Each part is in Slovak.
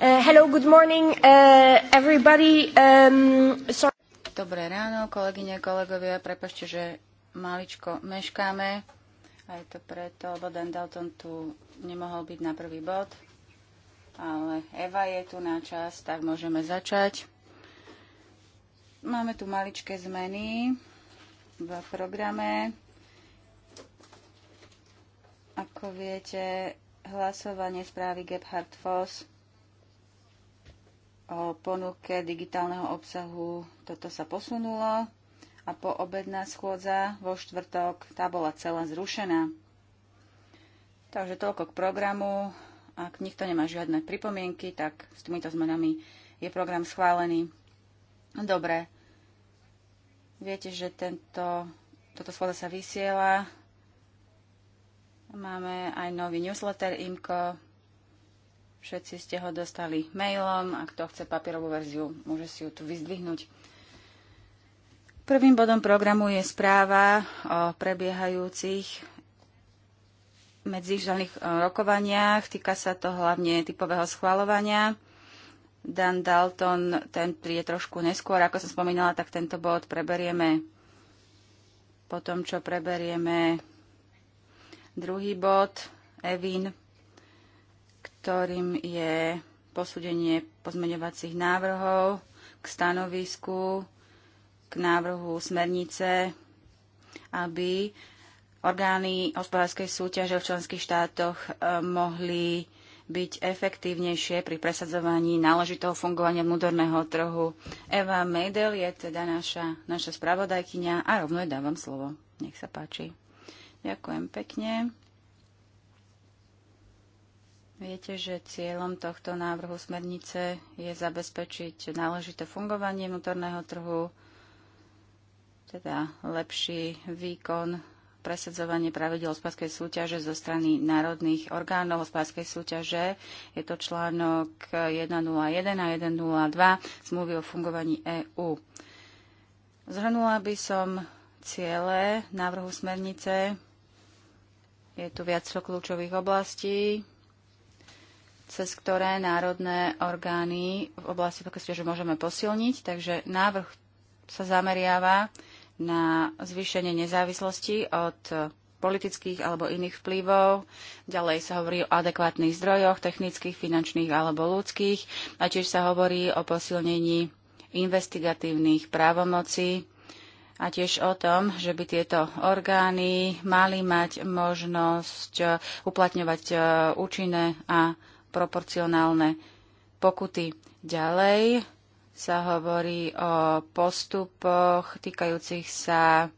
Uh, hello, good morning, uh, everybody. Um, sorry. Dobré ráno, kolegyne, kolegovia. Prepašte, že maličko meškáme. A je to preto, lebo Dan Dalton tu nemohol byť na prvý bod. Ale Eva je tu na čas, tak môžeme začať. Máme tu maličké zmeny v programe. Ako viete, hlasovanie správy Gebhard Foss o ponuke digitálneho obsahu. Toto sa posunulo a poobedná schôdza vo štvrtok, tá bola celá zrušená. Takže toľko k programu. Ak nikto nemá žiadne pripomienky, tak s týmito zmenami je program schválený. Dobre. Viete, že tento, toto schôdza sa vysiela Máme aj nový newsletter IMCO. Všetci ste ho dostali mailom a kto chce papierovú verziu, môže si ju tu vyzdvihnúť. Prvým bodom programu je správa o prebiehajúcich medzižalných eh, rokovaniach. Týka sa to hlavne typového schvalovania. Dan Dalton, ten príde trošku neskôr. Ako som spomínala, tak tento bod preberieme po tom, čo preberieme Druhý bod, Evin, ktorým je posúdenie pozmeňovacích návrhov k stanovisku, k návrhu smernice, aby orgány hospodárskej súťaže v členských štátoch e, mohli byť efektívnejšie pri presadzovaní náležitého fungovania vnútorného trhu. Eva Medel je teda naša, naša spravodajkynia a rovno je dávam slovo. Nech sa páči. Ďakujem pekne. Viete, že cieľom tohto návrhu smernice je zabezpečiť náležité fungovanie vnútorného trhu, teda lepší výkon presadzovanie pravidel hospodárskej súťaže zo strany národných orgánov hospodárskej súťaže. Je to článok 101 a 102 zmluvy o fungovaní EÚ. Zhrnula by som ciele návrhu smernice je tu viacero kľúčových oblastí, cez ktoré národné orgány v oblasti pokrytia, že môžeme posilniť. Takže návrh sa zameriava na zvýšenie nezávislosti od politických alebo iných vplyvov. Ďalej sa hovorí o adekvátnych zdrojoch, technických, finančných alebo ľudských. A tiež sa hovorí o posilnení investigatívnych právomocí a tiež o tom, že by tieto orgány mali mať možnosť uplatňovať e, účinné a proporcionálne pokuty. Ďalej sa hovorí o postupoch týkajúcich sa e,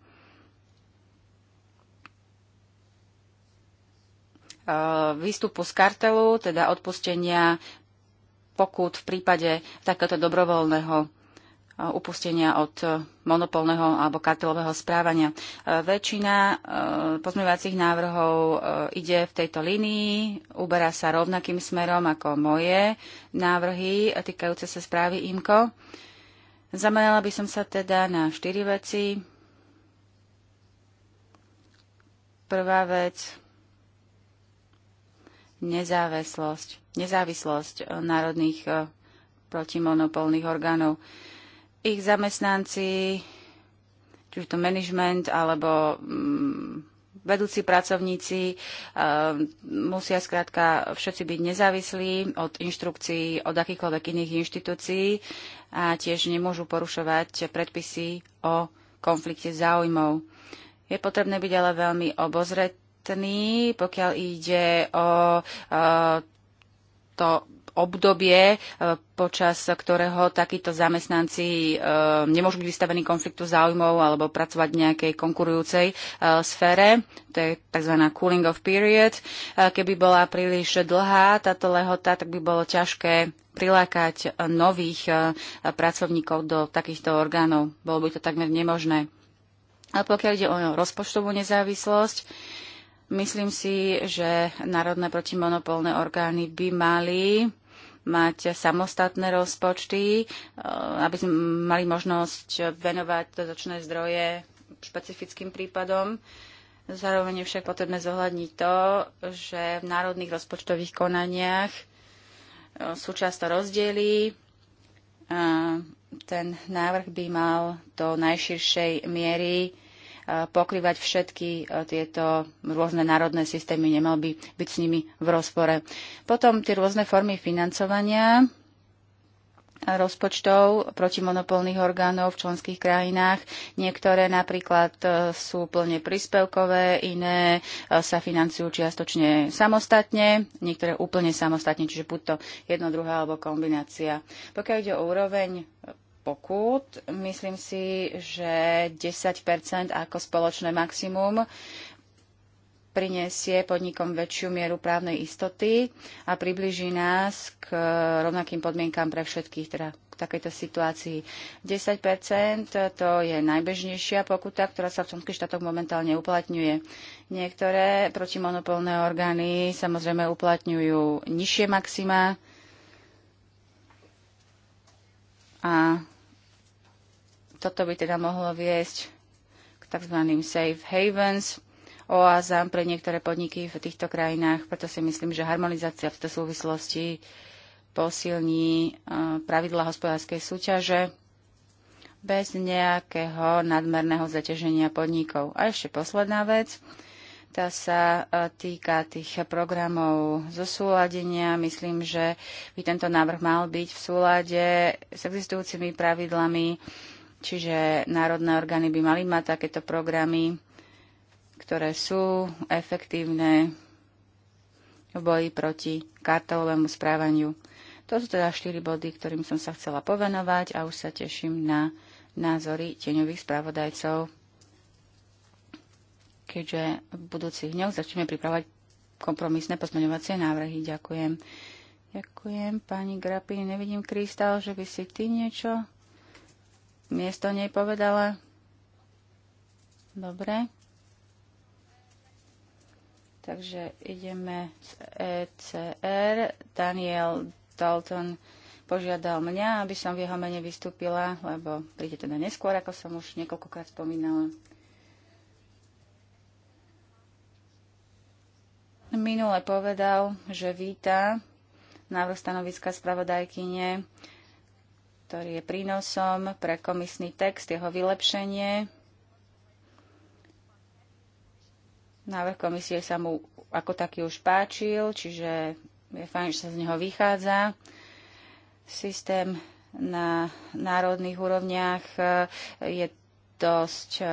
výstupu z kartelu, teda odpustenia pokut v prípade takéto dobrovoľného upustenia od e, monopolného alebo kartelového správania. E, väčšina e, pozmeňovacích návrhov ide v tejto línii, uberá sa rovnakým smerom ako moje návrhy týkajúce sa správy IMCO. Zamerala by som sa teda na štyri veci. Prvá vec, nezávislosť, nezávislosť národných protimonopolných orgánov ich zamestnanci, či už to management alebo mm, vedúci pracovníci e, musia skrátka všetci byť nezávislí od inštrukcií od akýchkoľvek iných inštitúcií a tiež nemôžu porušovať predpisy o konflikte záujmov. Je potrebné byť ale veľmi obozretný, pokiaľ ide o e, to obdobie, e, počas ktorého takíto zamestnanci e, nemôžu byť vystavení konfliktu záujmov alebo pracovať v nejakej konkurujúcej e, sfére. To je tzv. cooling off period. Keby bola príliš dlhá táto lehota, tak by bolo ťažké prilákať nových pracovníkov do takýchto orgánov. Bolo by to takmer nemožné. A pokiaľ ide o rozpočtovú nezávislosť, myslím si, že národné protimonopolné orgány by mali mať samostatné rozpočty, e, aby sme mali možnosť venovať dodatočné zdroje špecifickým prípadom. Zároveň je však potrebné zohľadniť to, že v národných rozpočtových konaniach e, sú často rozdiely. E, ten návrh by mal do najširšej miery pokrývať všetky e, tieto rôzne národné systémy, nemal by byť s nimi v rozpore. Potom tie rôzne formy financovania rozpočtov protimonopolných orgánov v členských krajinách. Niektoré napríklad e, sú plne príspevkové, iné e, sa financujú čiastočne samostatne, niektoré úplne samostatne, čiže buď to jedno, druhá alebo kombinácia. Pokiaľ ide o úroveň pokút. Myslím si, že 10 ako spoločné maximum prinesie podnikom väčšiu mieru právnej istoty a približí nás k rovnakým podmienkám pre všetkých, teda k takejto situácii. 10 to je najbežnejšia pokuta, ktorá sa v členských štátoch momentálne uplatňuje. Niektoré protimonopolné orgány samozrejme uplatňujú nižšie maxima a toto by teda mohlo viesť k tzv. safe havens, oázam pre niektoré podniky v týchto krajinách. Preto si myslím, že harmonizácia v tejto súvislosti posilní e, pravidla hospodárskej súťaže bez nejakého nadmerného zaťaženia podnikov. A ešte posledná vec, tá sa e, týka tých programov zosúladenia. Myslím, že by tento návrh mal byť v súlade s existujúcimi pravidlami Čiže národné orgány by mali mať takéto programy, ktoré sú efektívne v boji proti kartovému správaniu. To sú teda štyri body, ktorým som sa chcela povenovať a už sa teším na názory tieňových spravodajcov, keďže v budúcich dňoch začneme pripravať kompromisné pozmeňovacie návrhy. Ďakujem. Ďakujem, pani Grapi. Nevidím, Kristal, že by si ty niečo miesto nej povedala? Dobre. Takže ideme z ECR. Daniel Dalton požiadal mňa, aby som v jeho mene vystúpila, lebo príde teda neskôr, ako som už niekoľkokrát spomínala. Minule povedal, že víta návrh stanoviska spravodajkyne ktorý je prínosom pre komisný text, jeho vylepšenie. Návrh komisie sa mu ako taký už páčil, čiže je fajn, že sa z neho vychádza. Systém na národných úrovniach eh, je dosť e,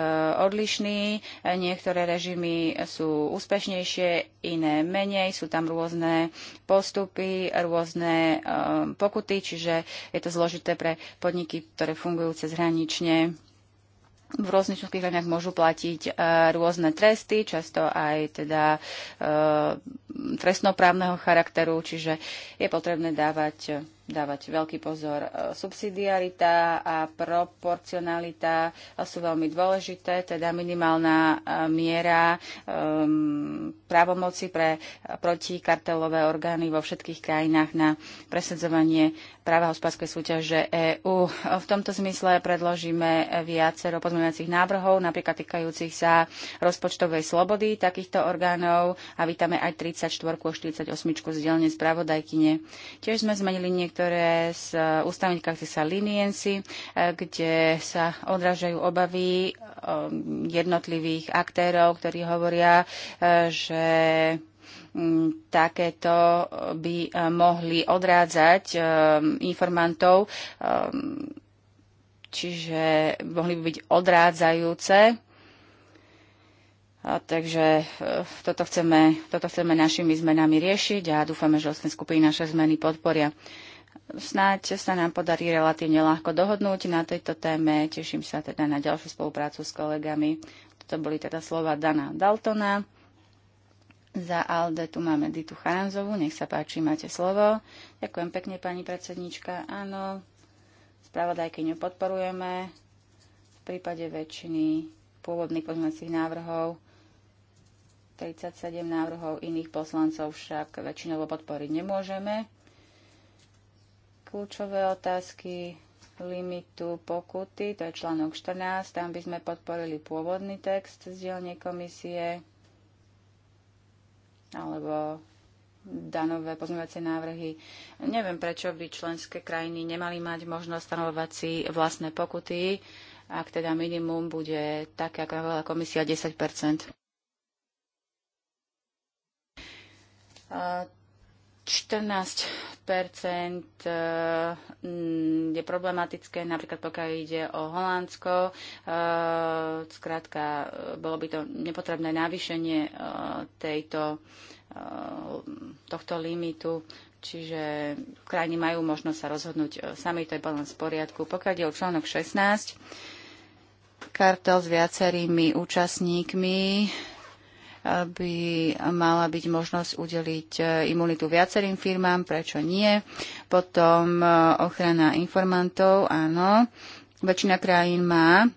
odlišný. Niektoré režimy sú úspešnejšie, iné menej. Sú tam rôzne postupy, rôzne e, pokuty, čiže je to zložité pre podniky, ktoré fungujú cez hranične. V rôznych členských krajinách môžu platiť e, rôzne tresty, často aj teda trestnoprávneho charakteru, čiže je potrebné dávať dávať veľký pozor. E, subsidiarita a proporcionalita e, sú veľmi dôležité, teda minimálna e, miera um, právomoci pre protikartelové orgány vo všetkých krajinách na presadzovanie práva hospodárskej súťaže EÚ. V tomto zmysle predložíme viacero pozmeňujúcich návrhov, napríklad týkajúcich sa rozpočtovej slobody takýchto orgánov a vítame aj 34 a 48 z dielne spravodajkyne. Tiež sme zmenili niekto ktoré z ústavných e, sa linienci, e, kde sa odrážajú obavy e, jednotlivých aktérov, ktorí hovoria, že takéto by mohli odrádzať informantov, čiže mohli by byť odrádzajúce. A takže toto chceme, toto chceme našimi zmenami riešiť a dúfame, že vlastne skupiny naše zmeny podporia. Snáď sa nám podarí relatívne ľahko dohodnúť na tejto téme. Teším sa teda na ďalšiu spoluprácu s kolegami. Toto boli teda slova Dana Daltona. Za ALDE tu máme Ditu Charanzovú. Nech sa páči, máte slovo. Ďakujem pekne, pani predsednička. Áno, spravodajkyňu podporujeme. V prípade väčšiny pôvodných poznacích návrhov 37 návrhov iných poslancov však väčšinovo podporiť nemôžeme. Kľúčové otázky limitu pokuty, to je článok 14, tam by sme podporili pôvodný text z dielne komisie alebo danové pozmeňovacie návrhy. Neviem, prečo by členské krajiny nemali mať možnosť stanovovať si vlastné pokuty, ak teda minimum bude také, ako hovorila komisia, 10 A 14 eh, mm, je problematické, napríklad pokiaľ ide o Holandsko. Eh, zkrátka, eh, bolo by to nepotrebné navýšenie tejto, tohto limitu, čiže krajiny majú možnosť sa rozhodnúť sami, to je balans v poriadku. Pokiaľ ide o článok 16, kartel s viacerými účastníkmi, by mala byť možnosť udeliť e, imunitu viacerým firmám, prečo nie. Potom e, ochrana informantov, áno. Väčšina krajín má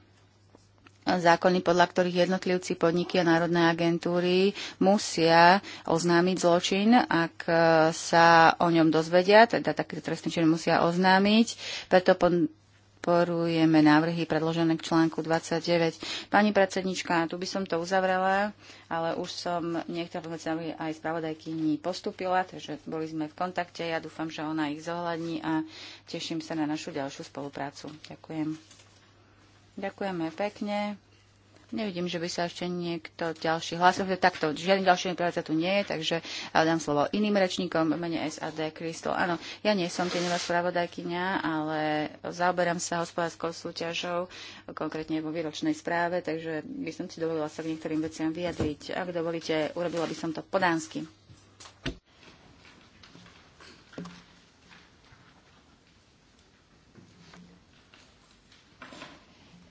zákony, podľa ktorých jednotlivci, podniky a národné agentúry musia oznámiť zločin, ak e, sa o ňom dozvedia, teda takýto trestný čin musia oznámiť. Preto podporujeme návrhy predložené k článku 29. Pani predsednička, tu by som to uzavrela, ale už som niektoré veci návrhy aj spravodajkyni postupila, takže boli sme v kontakte. Ja dúfam, že ona ich zohľadní a teším sa na našu ďalšiu spoluprácu. Ďakujem. Ďakujeme pekne. Nevidím, že by sa ešte niekto ďalší hlásil. Takto, žiadny ďalší práca tu nie je, takže eh, dám slovo iným rečníkom mene SAD Kristol. Áno, ja nie som tenová spravodajkyňa, ale zaoberám sa hospodárskou súťažou, konkrétne vo výročnej správe, takže by som si dovolila sa k niektorým veciam vyjadriť. Ak dovolíte, urobila by som to podánsky.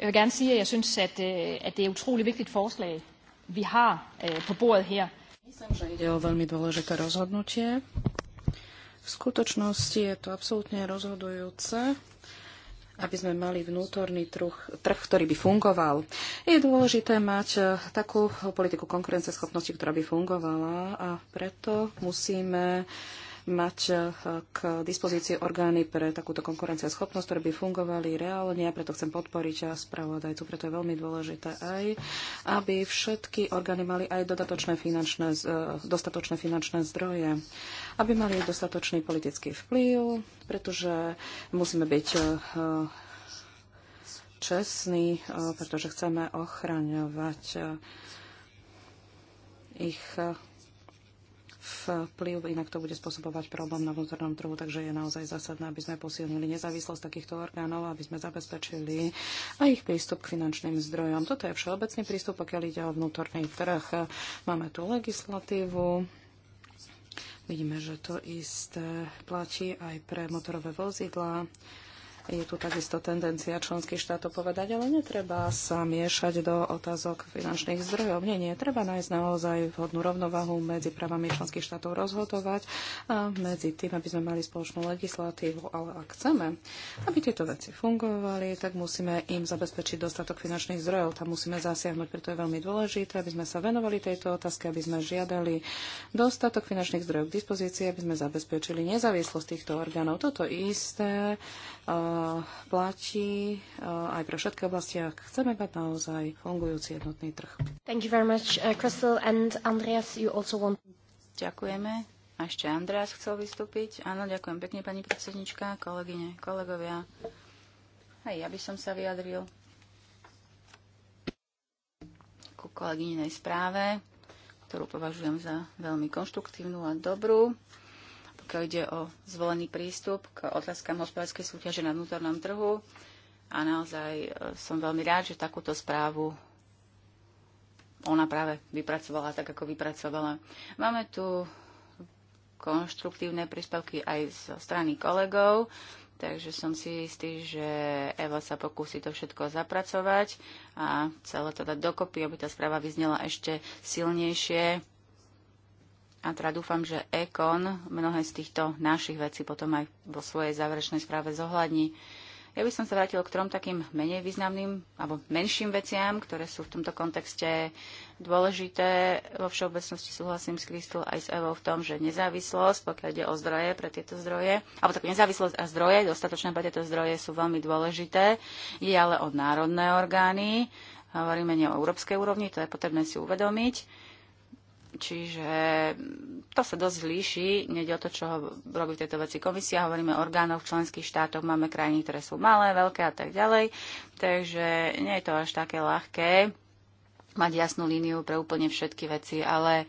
jeg vil gerne sige, at jeg synes, at, øh, at det er utrolig vigtigt forslag, vi har øh, på bordet her. Myslím, že ide o veľmi dôležité rozhodnutie. V skutočnosti je to absolútne rozhodujúce, aby sme mali vnútorný trh, trh, ktorý by fungoval. Je dôležité mať e, takú politiku konkurenceschopnosti, ktorá by fungovala a preto musíme uh, mať eh, k dispozícii orgány pre takúto konkurencieschopnosť, ktoré by fungovali reálne. A preto chcem podporiť a eh, spravodajcu. Preto je veľmi dôležité aj, aby všetky orgány mali aj dodatočné finančné, eh, dostatočné finančné zdroje aby mali dostatočný politický vplyv, pretože musíme byť čestní, pretože chceme ochraňovať ich vplyv, inak to bude spôsobovať problém na vnútornom trhu, takže je naozaj zásadné, aby sme posilnili nezávislosť takýchto orgánov, aby sme zabezpečili aj ich prístup k finančným zdrojom. Toto je všeobecný prístup, pokiaľ ide o vnútorný trh. Máme tu legislatívu, Vidíme, že to isté platí aj pre motorové vozidlá. Je tu takisto tendencia členských štátov povedať, ale netreba sa miešať do otázok finančných zdrojov. Nie, nie, treba nájsť naozaj vhodnú rovnovahu medzi právami členských štátov rozhodovať a medzi tým, aby sme mali spoločnú legislatívu. Ale ak chceme, aby tieto veci fungovali, tak musíme im zabezpečiť dostatok finančných zdrojov. Tam musíme zasiahnuť, preto je veľmi dôležité, aby sme sa venovali tejto otázke, aby sme žiadali dostatok finančných zdrojov k dispozícii, aby sme zabezpečili nezávislosť týchto orgánov. Toto isté uh, Eh, platí eh, aj pre všetky oblasti, ak chceme mať naozaj fungujúci jednotný trh. Thank you very much, uh, Crystal and Andreas, you also want... Ďakujeme. A ešte Andreas chcel vystúpiť. Áno, ďakujem pekne, pani predsednička, kolegyne, kolegovia. Hej, ja by som sa vyjadril ku kolegyninej správe, ktorú považujem za veľmi konštruktívnu a dobrú pokiaľ ide o zvolený prístup k otázkam hospodárskej súťaže na vnútornom trhu. A naozaj e, som veľmi rád, že takúto správu ona práve vypracovala tak, ako vypracovala. Máme tu konštruktívne príspevky aj zo strany kolegov, takže som si istý, že Eva sa pokúsi to všetko zapracovať a celé to dať dokopy, aby tá správa vyznela ešte silnejšie a teda dúfam, že Ekon mnohé z týchto našich vecí potom aj vo svojej záverečnej správe zohľadní. Ja by som sa vrátil k trom takým menej významným alebo menším veciam, ktoré sú v tomto kontexte dôležité. Vo všeobecnosti súhlasím s Kristul aj s Evo v tom, že nezávislosť, pokiaľ ide o zdroje pre tieto zdroje, alebo tak nezávislosť a zdroje, dostatočné pre tieto zdroje sú veľmi dôležité. Je ale od národné orgány, hovoríme nie o európskej úrovni, to je potrebné si uvedomiť Čiže to sa dosť líši, nejde o to, čo robí v tejto veci komisia, hovoríme o orgánoch v členských štátoch, máme krajiny, ktoré sú malé, veľké a tak ďalej, takže nie je to až také ľahké mať jasnú líniu pre úplne všetky veci, ale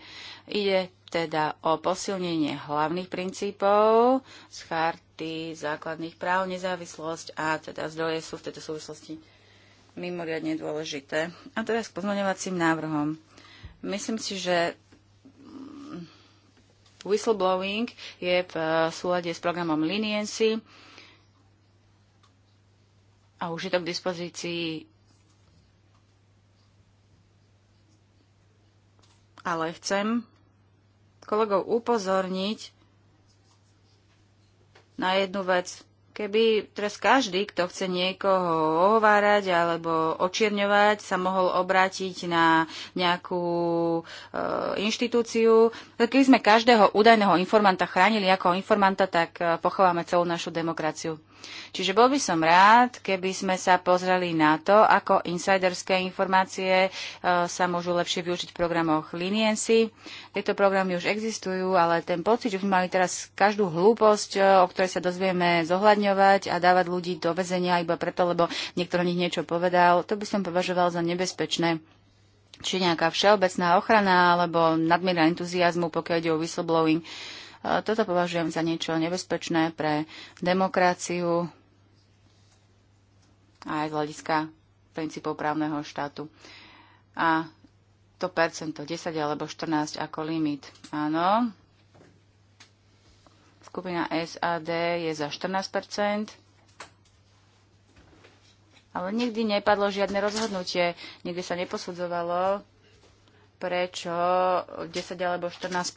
ide teda o posilnenie hlavných princípov z charty základných práv, nezávislosť a teda zdroje sú v tejto súvislosti mimoriadne dôležité. A teraz k pozmaňovacím návrhom. Myslím si, že whistleblowing je v e, súlade s programom Leniency a už je to k dispozícii ale chcem kolegov upozorniť na jednu vec. Keby teraz každý, kto chce niekoho ohovárať alebo očierňovať, sa mohol obrátiť na nejakú e, inštitúciu, keby sme každého údajného informanta chránili ako informanta, tak e, pochováme celú našu demokraciu. Čiže bol by som rád, keby sme sa pozreli na to, ako insiderské informácie e, sa môžu lepšie využiť v programoch Leniency. Tieto programy už existujú, ale ten pocit, že by mali teraz každú hlúposť, e, o ktorej sa dozvieme, zohľadňovať a dávať ľudí do väzenia iba preto, lebo niekto o nich niečo povedal, to by som považoval za nebezpečné či nejaká všeobecná ochrana alebo nadmierna entuziasmu, pokiaľ ide o whistleblowing. Uh, toto považujem za niečo nebezpečné pre demokraciu a aj z hľadiska princípov právneho štátu. A to percento, 10 alebo 14 ako limit. Áno. Skupina SAD je za 14 ale nikdy nepadlo žiadne rozhodnutie, nikdy sa neposudzovalo, prečo 10 alebo 14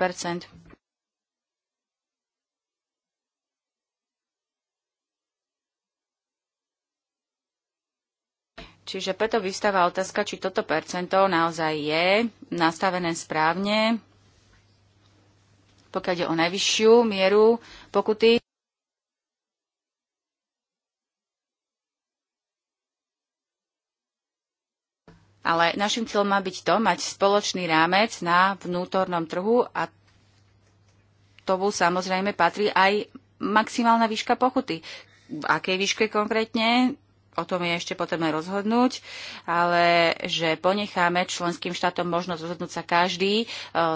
Čiže preto vystáva otázka, či toto percento naozaj je nastavené správne, pokiaľ je o najvyššiu mieru pokuty. Ale našim cieľom má byť to, mať spoločný rámec na vnútornom trhu a tomu samozrejme patrí aj maximálna výška pokuty. V akej výške konkrétne, o tom je ešte potrebné rozhodnúť, ale že ponecháme členským štátom možnosť rozhodnúť sa každý e,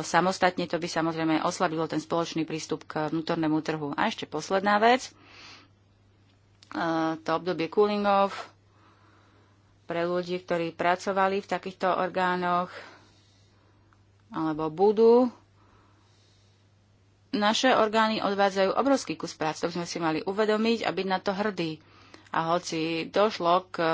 samostatne, to by samozrejme oslabilo ten spoločný prístup k vnútornému trhu. A ešte posledná vec, e, to obdobie cooling off pre ľudí, ktorí pracovali v takýchto orgánoch alebo budú. Naše orgány odvádzajú obrovský kus práce, to by sme si mali uvedomiť a byť na to hrdí. A hoci došlo k e,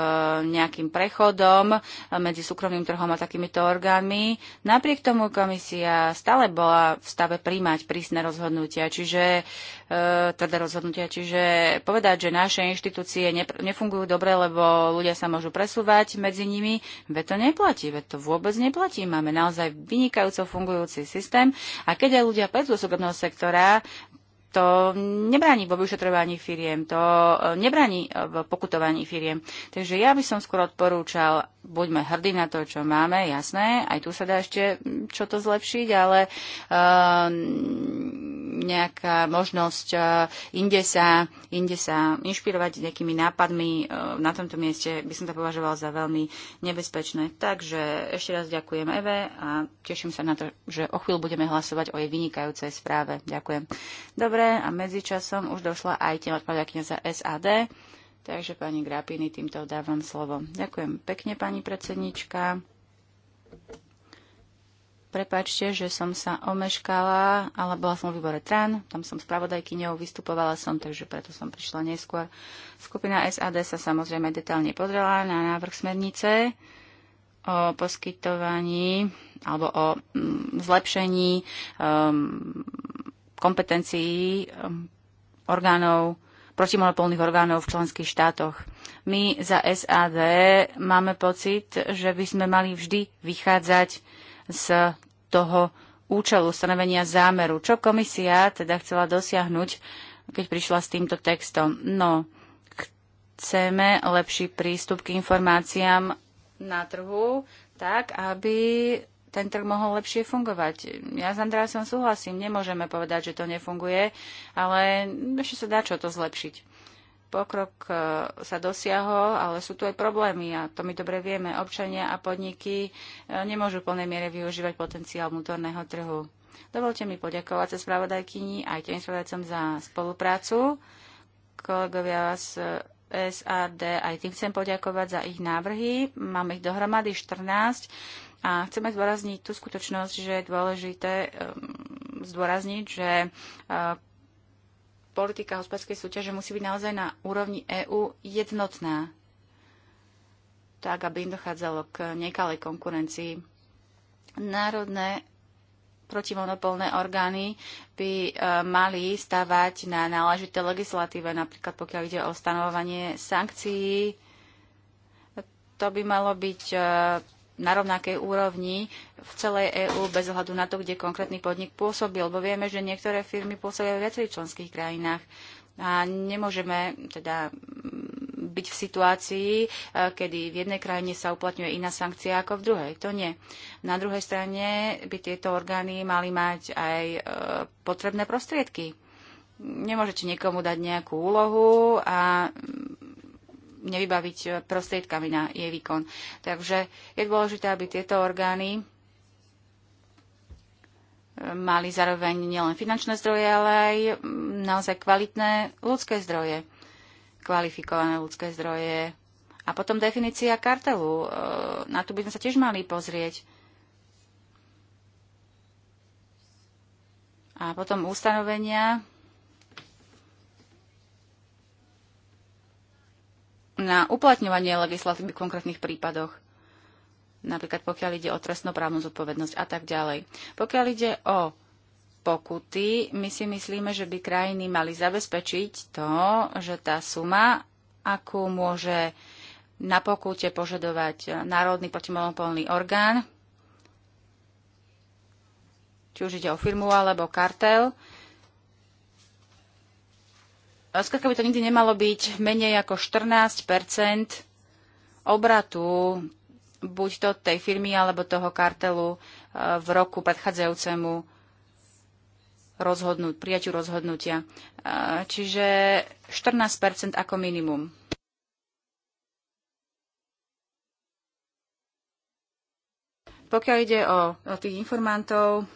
nejakým prechodom e, medzi súkromným trhom a takýmito orgánmi, napriek tomu komisia stále bola v stave príjmať prísne rozhodnutia, čiže teda rozhodnutia. Čiže povedať, že naše inštitúcie nefungujú dobre, lebo ľudia sa môžu presúvať medzi nimi, veď to neplatí, veď to vôbec neplatí. Máme naozaj vynikajúco fungujúci systém a keď aj ľudia prejdú súkromného sektora, to nebráni vo vyšetrovaní firiem, to eh, nebráni eh, v pokutovaní firiem. Takže ja by som skôr odporúčal, buďme hrdí na to, čo máme, jasné, aj tu sa dá ešte čo to zlepšiť, ale uh, nejaká možnosť uh, inde, sa, inde sa inšpirovať nejakými nápadmi uh, na tomto mieste by som to považoval za veľmi nebezpečné. Takže ešte raz ďakujem Eve a teším sa na to, že o chvíľu budeme hlasovať o jej vynikajúcej správe. Ďakujem. Dobre, a medzičasom už došla aj téma odpadakňa za SAD. Takže pani Grapini, týmto dávam slovo. Ďakujem pekne, pani predsednička. Prepačte, že som sa omeškala, ale bola som v výbore TRAN, tam som spravodajkyňou, vystupovala som, takže preto som prišla neskôr. Skupina SAD sa samozrejme detálne pozrela na návrh smernice o poskytovaní alebo o mm, zlepšení um, kompetencií um, orgánov protimonopolných orgánov v členských štátoch. My za SAD máme pocit, že by sme mali vždy vychádzať z toho účelu stanovenia zámeru. Čo komisia teda chcela dosiahnuť, keď prišla s týmto textom? No, chceme lepší prístup k informáciám na trhu, tak aby ten trh mohol lepšie fungovať. Ja s Andrásom súhlasím, nemôžeme povedať, že to nefunguje, ale ešte sa dá čo to zlepšiť. Pokrok e, sa dosiahol, ale sú tu aj problémy a to my dobre vieme. Občania a podniky e, nemôžu v plnej miere využívať potenciál vnútorného trhu. Dovolte mi poďakovať sa spravodajkyni aj tým spravodajcom za spoluprácu. Kolegovia z SAD, aj tým chcem poďakovať za ich návrhy. Mám ich dohromady 14 a chceme zdôrazniť tú skutočnosť, že je dôležité um, zdôrazniť, že uh, politika hospodárskej súťaže musí byť naozaj na úrovni EÚ jednotná, tak aby im dochádzalo k nekalej konkurencii. Národné protimonopolné orgány by uh, mali stavať na náležité legislatíve, napríklad pokiaľ ide o stanovovanie sankcií. To by malo byť uh, na rovnakej úrovni v celej EÚ bez ohľadu na to, kde konkrétny podnik pôsobil, lebo vieme, že niektoré firmy pôsobia v viacerých členských krajinách. A nemôžeme teda mm, byť v situácii, e, kedy v jednej krajine sa uplatňuje iná sankcia ako v druhej. To nie. Na druhej strane by tieto orgány mali mať aj e, potrebné prostriedky. Nemôžete niekomu dať nejakú úlohu a mm, nevybaviť e, prostriedkami na jej výkon. Takže je dôležité, aby tieto orgány e, mali zároveň nielen finančné zdroje, ale aj mm, naozaj kvalitné ľudské zdroje, kvalifikované ľudské zdroje. A potom definícia kartelu. E, na to by sme sa tiež mali pozrieť. A potom ustanovenia, na uplatňovanie legislatívy v konkrétnych prípadoch napríklad pokiaľ ide o trestnoprávnu zodpovednosť a tak ďalej. Pokiaľ ide o pokuty, my si myslíme, že by krajiny mali zabezpečiť to, že tá suma, akú môže na pokute požadovať národný protimonopolný orgán, či už ide o firmu alebo kartel, skrátka by to nikdy nemalo byť menej ako 14 obratu buď to tej firmy alebo toho kartelu e, v roku predchádzajúcemu rozhodnú, prijaťu rozhodnutia. E, čiže 14 ako minimum. Pokiaľ ide o, o tých informantov,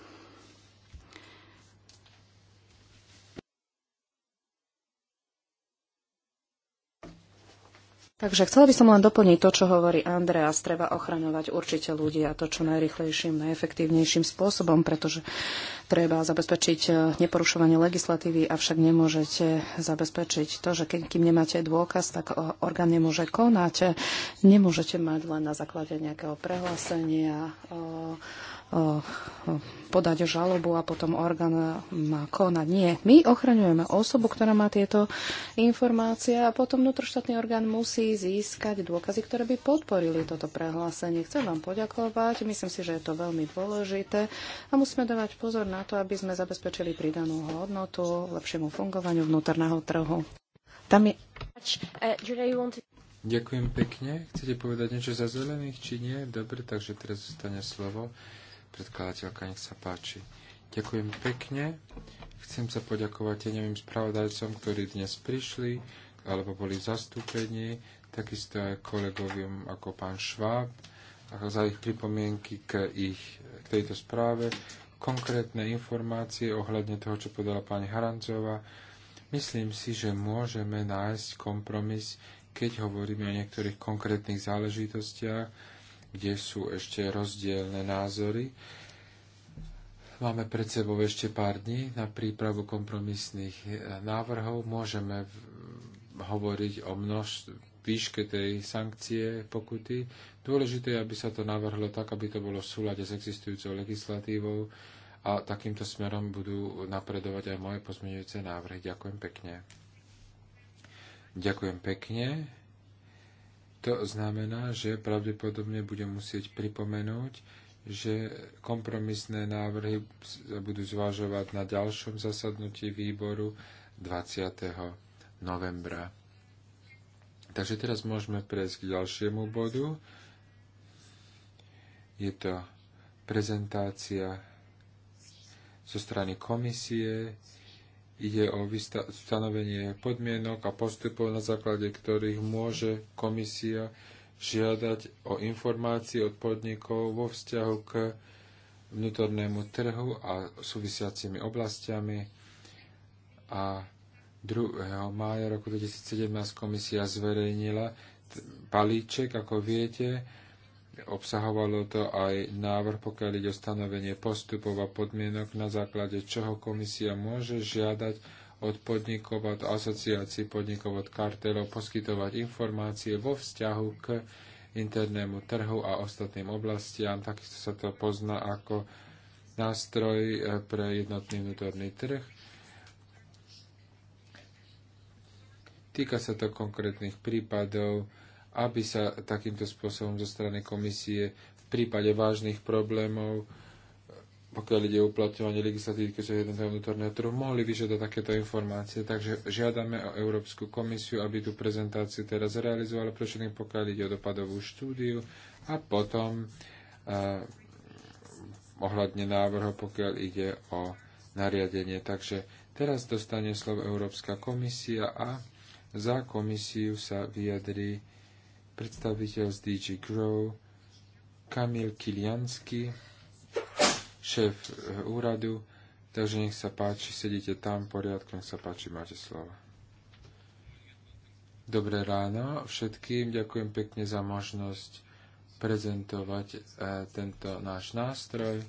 Takže chcela by som len doplniť to, čo hovorí Andreas. Treba ochraňovať určite ľudí a to čo najrychlejším, najefektívnejším spôsobom, pretože treba zabezpečiť e, neporušovanie legislatívy, avšak nemôžete zabezpečiť to, že keď, kým nemáte dôkaz, tak orgán nemôže konať. Nemôžete mať len na základe nejakého prehlásenia. O, e, Eh, podať žalobu a potom orgán má konať. Nie, my ochraňujeme osobu, ktorá má tieto informácie a potom vnútroštátny orgán musí získať dôkazy, ktoré by podporili toto prehlásenie. Chcem vám poďakovať, myslím si, že je to veľmi dôležité a musíme dávať pozor na to, aby sme zabezpečili pridanú hodnotu lepšiemu fungovaniu vnútorného trhu. Tam je... Ďakujem pekne. Chcete povedať niečo za zelených, či nie? Dobre, takže teraz zostane slovo predkladateľka, nech sa páči. Ďakujem pekne. Chcem sa poďakovať, tenovým spravodajcom, ktorí dnes prišli, alebo boli zastúpení, takisto aj kolegovium ako pán Šváb, za ich pripomienky k, ich, k tejto správe, konkrétne informácie ohľadne toho, čo podala pani Harancová. Myslím si, že môžeme nájsť kompromis, keď hovoríme o niektorých konkrétnych záležitostiach, kde sú ešte rozdielne názory. Máme pred sebou ešte pár dní na prípravu kompromisných eh, návrhov. Môžeme hovoriť o množ, výške tej sankcie, pokuty. Dôležité je, aby sa to navrhlo tak, aby to bolo v súlade s existujúcou legislatívou a takýmto smerom budú napredovať aj moje pozmeňujúce návrhy. Ďakujem pekne. Ďakujem pekne. To znamená, že pravdepodobne budem musieť pripomenúť, že kompromisné návrhy budú zvažovať na ďalšom zasadnutí výboru 20. novembra. Takže teraz môžeme prejsť k ďalšiemu bodu. Je to prezentácia zo strany komisie Ide o stanovenie podmienok a postupov, na základe ktorých môže komisia žiadať o informácie od podnikov vo vzťahu k vnútornému trhu a súvisiacimi oblastiami. A 2. mája roku 2017 komisia zverejnila balíček, ako viete, Obsahovalo to aj návrh, pokiaľ ide o stanovenie postupov a podmienok, na základe čoho komisia môže žiadať od podnikov, od asociácií podnikov, od kartelov poskytovať informácie vo vzťahu k internému trhu a ostatným oblastiam. Takisto sa to pozná ako nástroj eh, pre jednotný vnútorný trh. Týka sa to konkrétnych prípadov, aby sa takýmto spôsobom zo strany komisie v prípade vážnych problémov, pokiaľ ide o uplatňovanie legislatívy, keďže je jednotného vnútorného trhu, mohli vyžadať takéto informácie. Takže žiadame o Európsku komisiu, aby tú prezentáciu teraz realizovala, prečo pokiaľ ide o dopadovú štúdiu a potom eh, ohľadne návrhov, pokiaľ ide o nariadenie. Takže teraz dostane slovo Európska komisia a za komisiu sa vyjadrí predstaviteľ z DG Grow, Kamil Kiliansky, šéf eh, úradu, takže nech sa páči, sedíte tam v poriadku, nech sa páči, máte slovo. Dobré ráno všetkým, ďakujem pekne za možnosť prezentovať e, tento náš nástroj.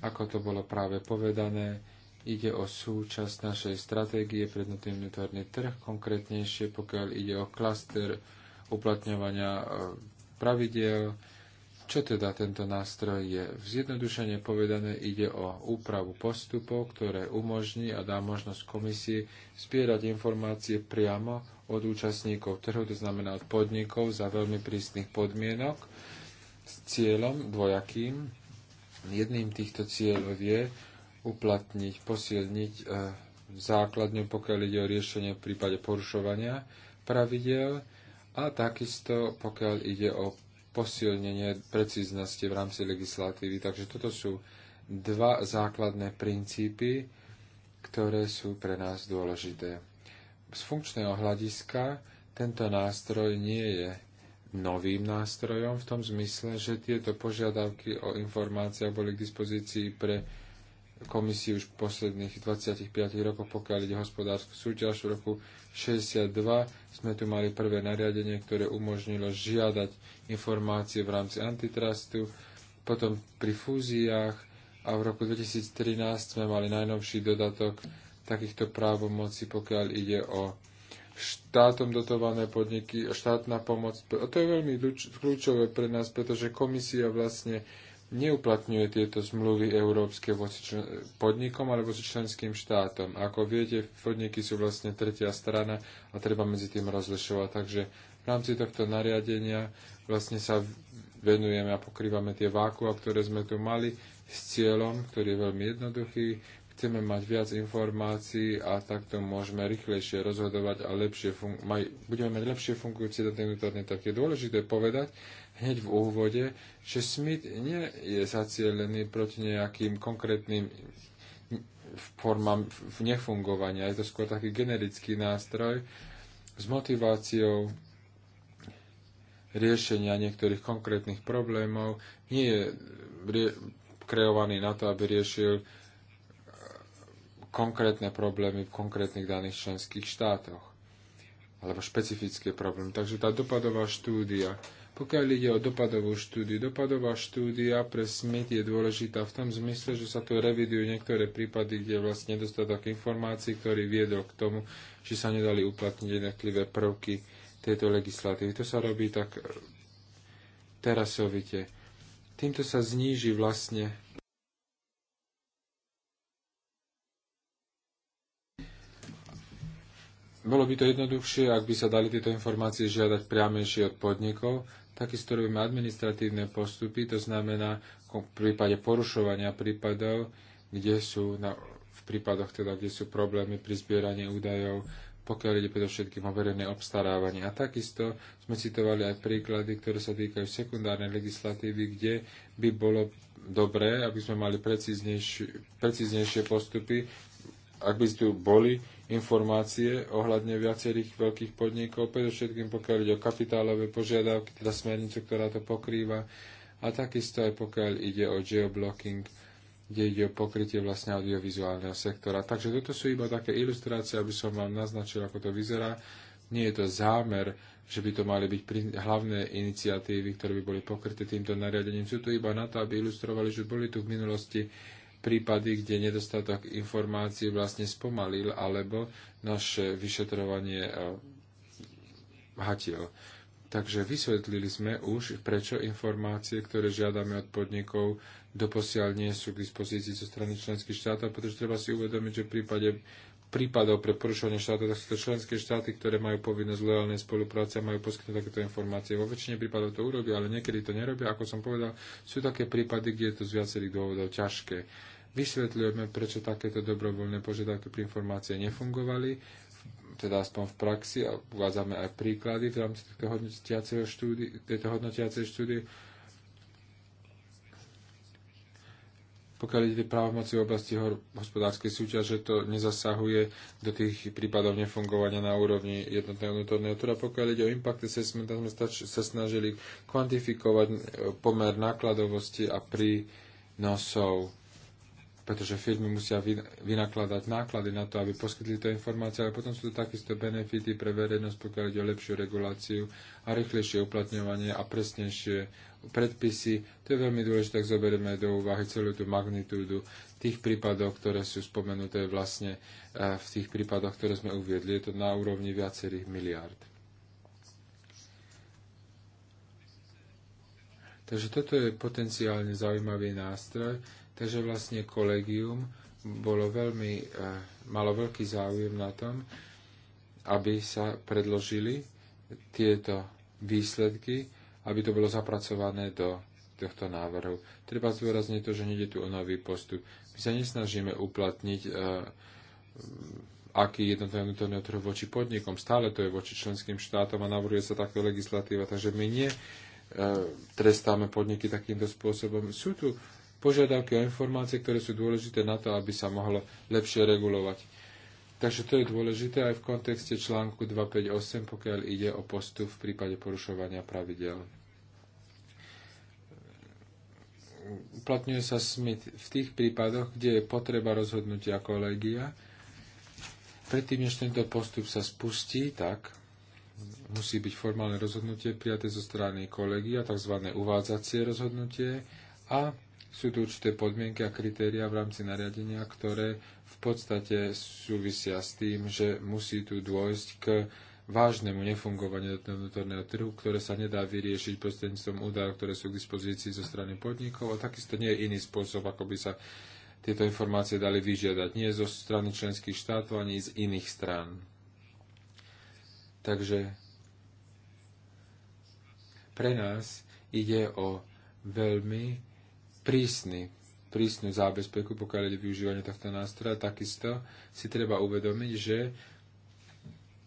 Ako to bolo práve povedané, ide o súčasť našej stratégie pre vnútorný trh, konkrétnejšie pokiaľ ide o klaster uplatňovania e, pravidel. Čo teda tento nástroj je? V zjednodušene povedané ide o úpravu postupov, ktoré umožní a dá možnosť komisii spierať informácie priamo od účastníkov trhu, to znamená od podnikov za veľmi prísnych podmienok s cieľom dvojakým. Jedným týchto cieľov je uplatniť, posilniť e, základňu, pokiaľ ide o riešenie v prípade porušovania pravidel a takisto, pokiaľ ide o posilnenie precíznosti v rámci legislatívy. Takže toto sú dva základné princípy, ktoré sú pre nás dôležité. Z funkčného hľadiska tento nástroj nie je novým nástrojom v tom zmysle, že tieto požiadavky o informáciách boli k dispozícii pre komisii už v posledných 25 rokoch, pokiaľ ide hospodárskú súťaž. V roku 62 sme tu mali prvé nariadenie, ktoré umožnilo žiadať informácie v rámci antitrustu. Potom pri fúziách a v roku 2013 sme mali najnovší dodatok takýchto právomocí, pokiaľ ide o štátom dotované podniky, štátna pomoc. A to je veľmi kľúčové pre nás, pretože komisia vlastne neuplatňuje tieto zmluvy európske voči podnikom alebo voči členským štátom. Ako viete, podniky sú vlastne tretia strana a treba medzi tým rozlišovať. Takže v rámci tohto nariadenia vlastne sa venujeme a pokrývame tie vákua, ktoré sme tu mali s cieľom, ktorý je veľmi jednoduchý. Chceme mať viac informácií a takto môžeme rýchlejšie rozhodovať a lepšie fun- maj- budeme mať lepšie fungujúci ten vnútorný trh. Je dôležité povedať, hneď v úvode, že Smith nie je zacielený proti nejakým konkrétnym formám nefungovania. Je to skôr taký generický nástroj s motiváciou riešenia niektorých konkrétnych problémov. Nie je kreovaný na to, aby riešil e, konkrétne problémy v konkrétnych daných členských štátoch alebo špecifické problémy. Takže tá dopadová štúdia pokiaľ ide o dopadovú štúdiu, dopadová štúdia pre SMIT je dôležitá v tom zmysle, že sa tu revidujú niektoré prípady, kde je vlastne nedostatok informácií, ktorý viedol k tomu, že sa nedali uplatniť jednotlivé prvky tejto legislatívy. To sa robí tak eh, terasovite. Týmto sa zníži vlastne Bolo by to jednoduchšie, ak by sa dali tieto informácie žiadať priamejšie od podnikov, Takisto robíme administratívne postupy, to znamená v prípade porušovania prípadov, kde sú na, v prípadoch teda, kde sú problémy pri zbieraní údajov, pokiaľ ide predovšetkým o verejné obstarávanie. A takisto sme citovali aj príklady, ktoré sa týkajú sekundárnej legislatívy, kde by bolo dobré, aby sme mali precíznejšie, precíznejšie postupy, ak by tu boli informácie ohľadne viacerých veľkých podnikov, predovšetkým pokiaľ ide o kapitálové požiadavky, teda smernicu, ktorá to pokrýva, a takisto aj pokiaľ ide o geoblocking, kde ide o pokrytie vlastne audiovizuálneho sektora. Takže toto sú iba také ilustrácie, aby som vám naznačil, ako to vyzerá. Nie je to zámer, že by to mali byť hlavné iniciatívy, ktoré by boli pokryté týmto nariadením. Sú to iba na to, aby ilustrovali, že boli tu v minulosti prípady, kde nedostatok informácií vlastne spomalil alebo naše vyšetrovanie e, hatil. Takže vysvetlili sme už, prečo informácie, ktoré žiadame od podnikov, doposiaľ nie sú k dispozícii zo strany členských štátov, pretože treba si uvedomiť, že v prípade prípadov pre porušovanie štátov, tak sú to členské štáty, ktoré majú povinnosť lojálnej spolupráce a majú poskytnúť takéto informácie. Vo väčšine prípadov to urobia, ale niekedy to nerobia. Ako som povedal, sú také prípady, kde je to z viacerých dôvodov ťažké vysvetľujeme, prečo takéto dobrovoľné požiadavky pri informácie nefungovali, teda aspoň v praxi a uvádzame aj príklady v rámci tejto hodnotiacej štúdie, pokiaľ ide právomoci v oblasti hospodárskej súťaže, to nezasahuje do tých prípadov nefungovania na úrovni jednotného vnútorného trhu. Pokiaľ ide o impact assessment, tam sme sa snažili kvantifikovať e, pomer nákladovosti a prínosov pretože firmy musia vynakladať náklady na to, aby poskytli to informácie, ale potom sú to takisto benefity pre verejnosť, pokiaľ ide o lepšiu reguláciu a rýchlejšie uplatňovanie a presnejšie predpisy. To je veľmi dôležité, ak zoberieme do úvahy celú tú magnitúdu tých prípadov, ktoré sú spomenuté vlastne e, v tých prípadoch, ktoré sme uviedli. Je to na úrovni viacerých miliárd. Takže toto je potenciálne zaujímavý nástroj, Takže vlastne kolegium bolo veľmi, e, malo veľký záujem na tom, aby sa predložili tieto výsledky, aby to bolo zapracované do tohto návrhu. Treba zdôrazniť to, že nejde tu o nový postup. My sa nesnažíme uplatniť e, aký jednotlivý vnútorný trh voči podnikom. Stále to je voči členským štátom a navrhuje sa taká legislatíva, takže my nie e, trestáme podniky takýmto spôsobom. Sú tu požiadavky o informácie, ktoré sú dôležité na to, aby sa mohlo lepšie regulovať. Takže to je dôležité aj v kontexte článku 258, pokiaľ ide o postup v prípade porušovania pravidel. Uplatňuje sa Smith v tých prípadoch, kde je potreba rozhodnutia kolégia. Predtým, než tento postup sa spustí, tak musí byť formálne rozhodnutie prijaté zo strany kolegia, tzv. uvádzacie rozhodnutie a sú tu určité podmienky a kritéria v rámci nariadenia, ktoré v podstate súvisia s tým, že musí tu dôjsť k vážnemu nefungovaniu vnútorného trhu, ktoré sa nedá vyriešiť prostredníctvom údajov, ktoré sú k dispozícii zo strany podnikov a takisto nie je iný spôsob, ako by sa tieto informácie dali vyžiadať. Nie zo strany členských štátov, ani z iných strán. Takže pre nás ide o veľmi prísny, prísnu zábezpeku, pokiaľ ide využívanie tohto nástroja, takisto si treba uvedomiť, že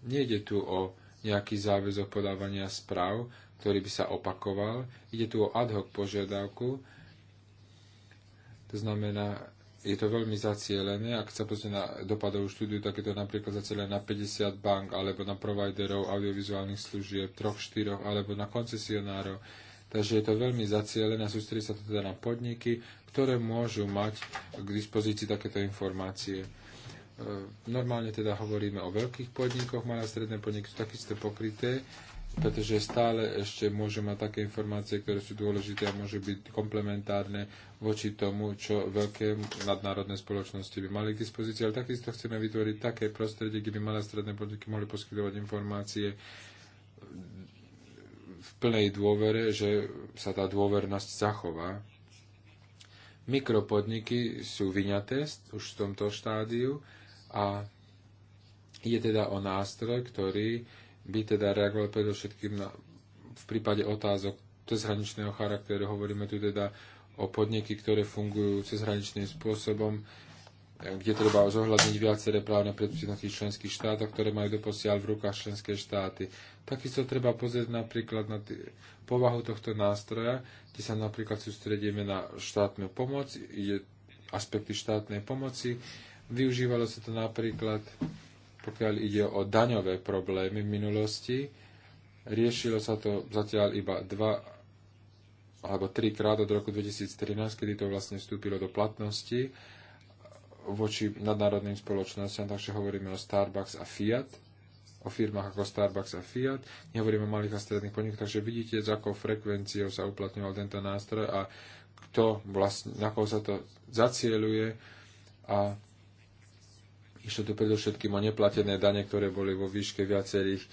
nejde tu o nejaký záväzok podávania správ, ktorý by sa opakoval. Ide tu o ad hoc požiadavku, to znamená, je to veľmi zacielené, ak sa pozrie na dopadovú štúdiu, tak je to napríklad zacielené na 50 bank, alebo na providerov audiovizuálnych služieb, troch, štyroch, alebo na koncesionárov. Takže je to veľmi zacielené a sústredí sa to teda na podniky, ktoré môžu mať k dispozícii takéto informácie. E, normálne teda hovoríme o veľkých podnikoch, malé a stredné podniky sú takisto pokryté, pretože stále ešte môžu mať také informácie, ktoré sú dôležité a môžu byť komplementárne voči tomu, čo veľké nadnárodné spoločnosti by mali k dispozícii. Ale takisto chceme vytvoriť také prostredie, kde by malé a stredné podniky mohli poskytovať informácie, v plnej dôvere, že sa tá dôvernosť zachová. Mikropodniky sú vyňaté už v tomto štádiu a je teda o nástroj, ktorý by teda reagoval predovšetkým na, v prípade otázok cezhraničného charakteru. Hovoríme tu teda o podniky, ktoré fungujú cezhraničným spôsobom kde treba zohľadniť viaceré právne predpisy členských štátoch, ktoré majú doposiaľ v rukách členské štáty. Takisto treba pozrieť napríklad na povahu tohto nástroja, kde sa napríklad sústredíme na štátnu pomoc, ide aspekty štátnej pomoci. Využívalo sa to napríklad, pokiaľ ide o daňové problémy v minulosti. Riešilo sa to zatiaľ iba dva alebo trikrát od roku 2013, kedy to vlastne vstúpilo do platnosti voči nadnárodným spoločnostiam, takže hovoríme o Starbucks a Fiat, o firmách ako Starbucks a Fiat, nehovoríme o malých a stredných podnikoch, takže vidíte, s akou frekvenciou sa uplatňoval tento nástroj a kto vlastne, na koho sa to zacieluje a išlo tu predovšetkým o neplatené dane, ktoré boli vo výške viacerých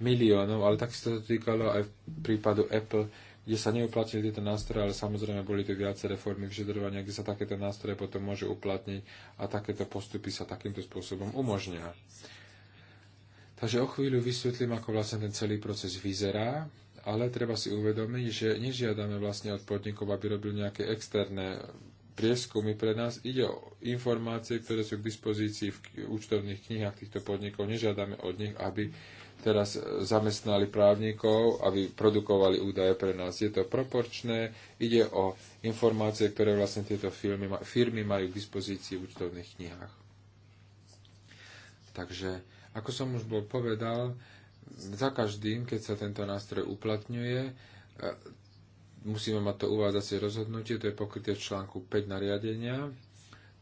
miliónov, ale takisto to týkalo aj v prípadu Apple, kde sa neuplatnili tieto nástroje, ale samozrejme boli tu viaceré formy vyžadovania, kde sa takéto nástroje potom môžu uplatniť a takéto postupy sa takýmto spôsobom umožnia. Takže o chvíľu vysvetlím, ako vlastne ten celý proces vyzerá, ale treba si uvedomiť, že nežiadame vlastne od podnikov, aby robil nejaké externé prieskumy pre nás. Ide o informácie, ktoré sú k dispozícii v účtovných knihách týchto podnikov. Nežiadame od nich, aby teraz zamestnali právnikov, aby produkovali údaje pre nás. Je to proporčné, ide o informácie, ktoré vlastne tieto firmy, firmy majú k dispozícii v účtovných knihách. Takže, ako som už bol povedal, za každým, keď sa tento nástroj uplatňuje, e, musíme mať to uvádzacie rozhodnutie, to je pokryté v článku 5 nariadenia.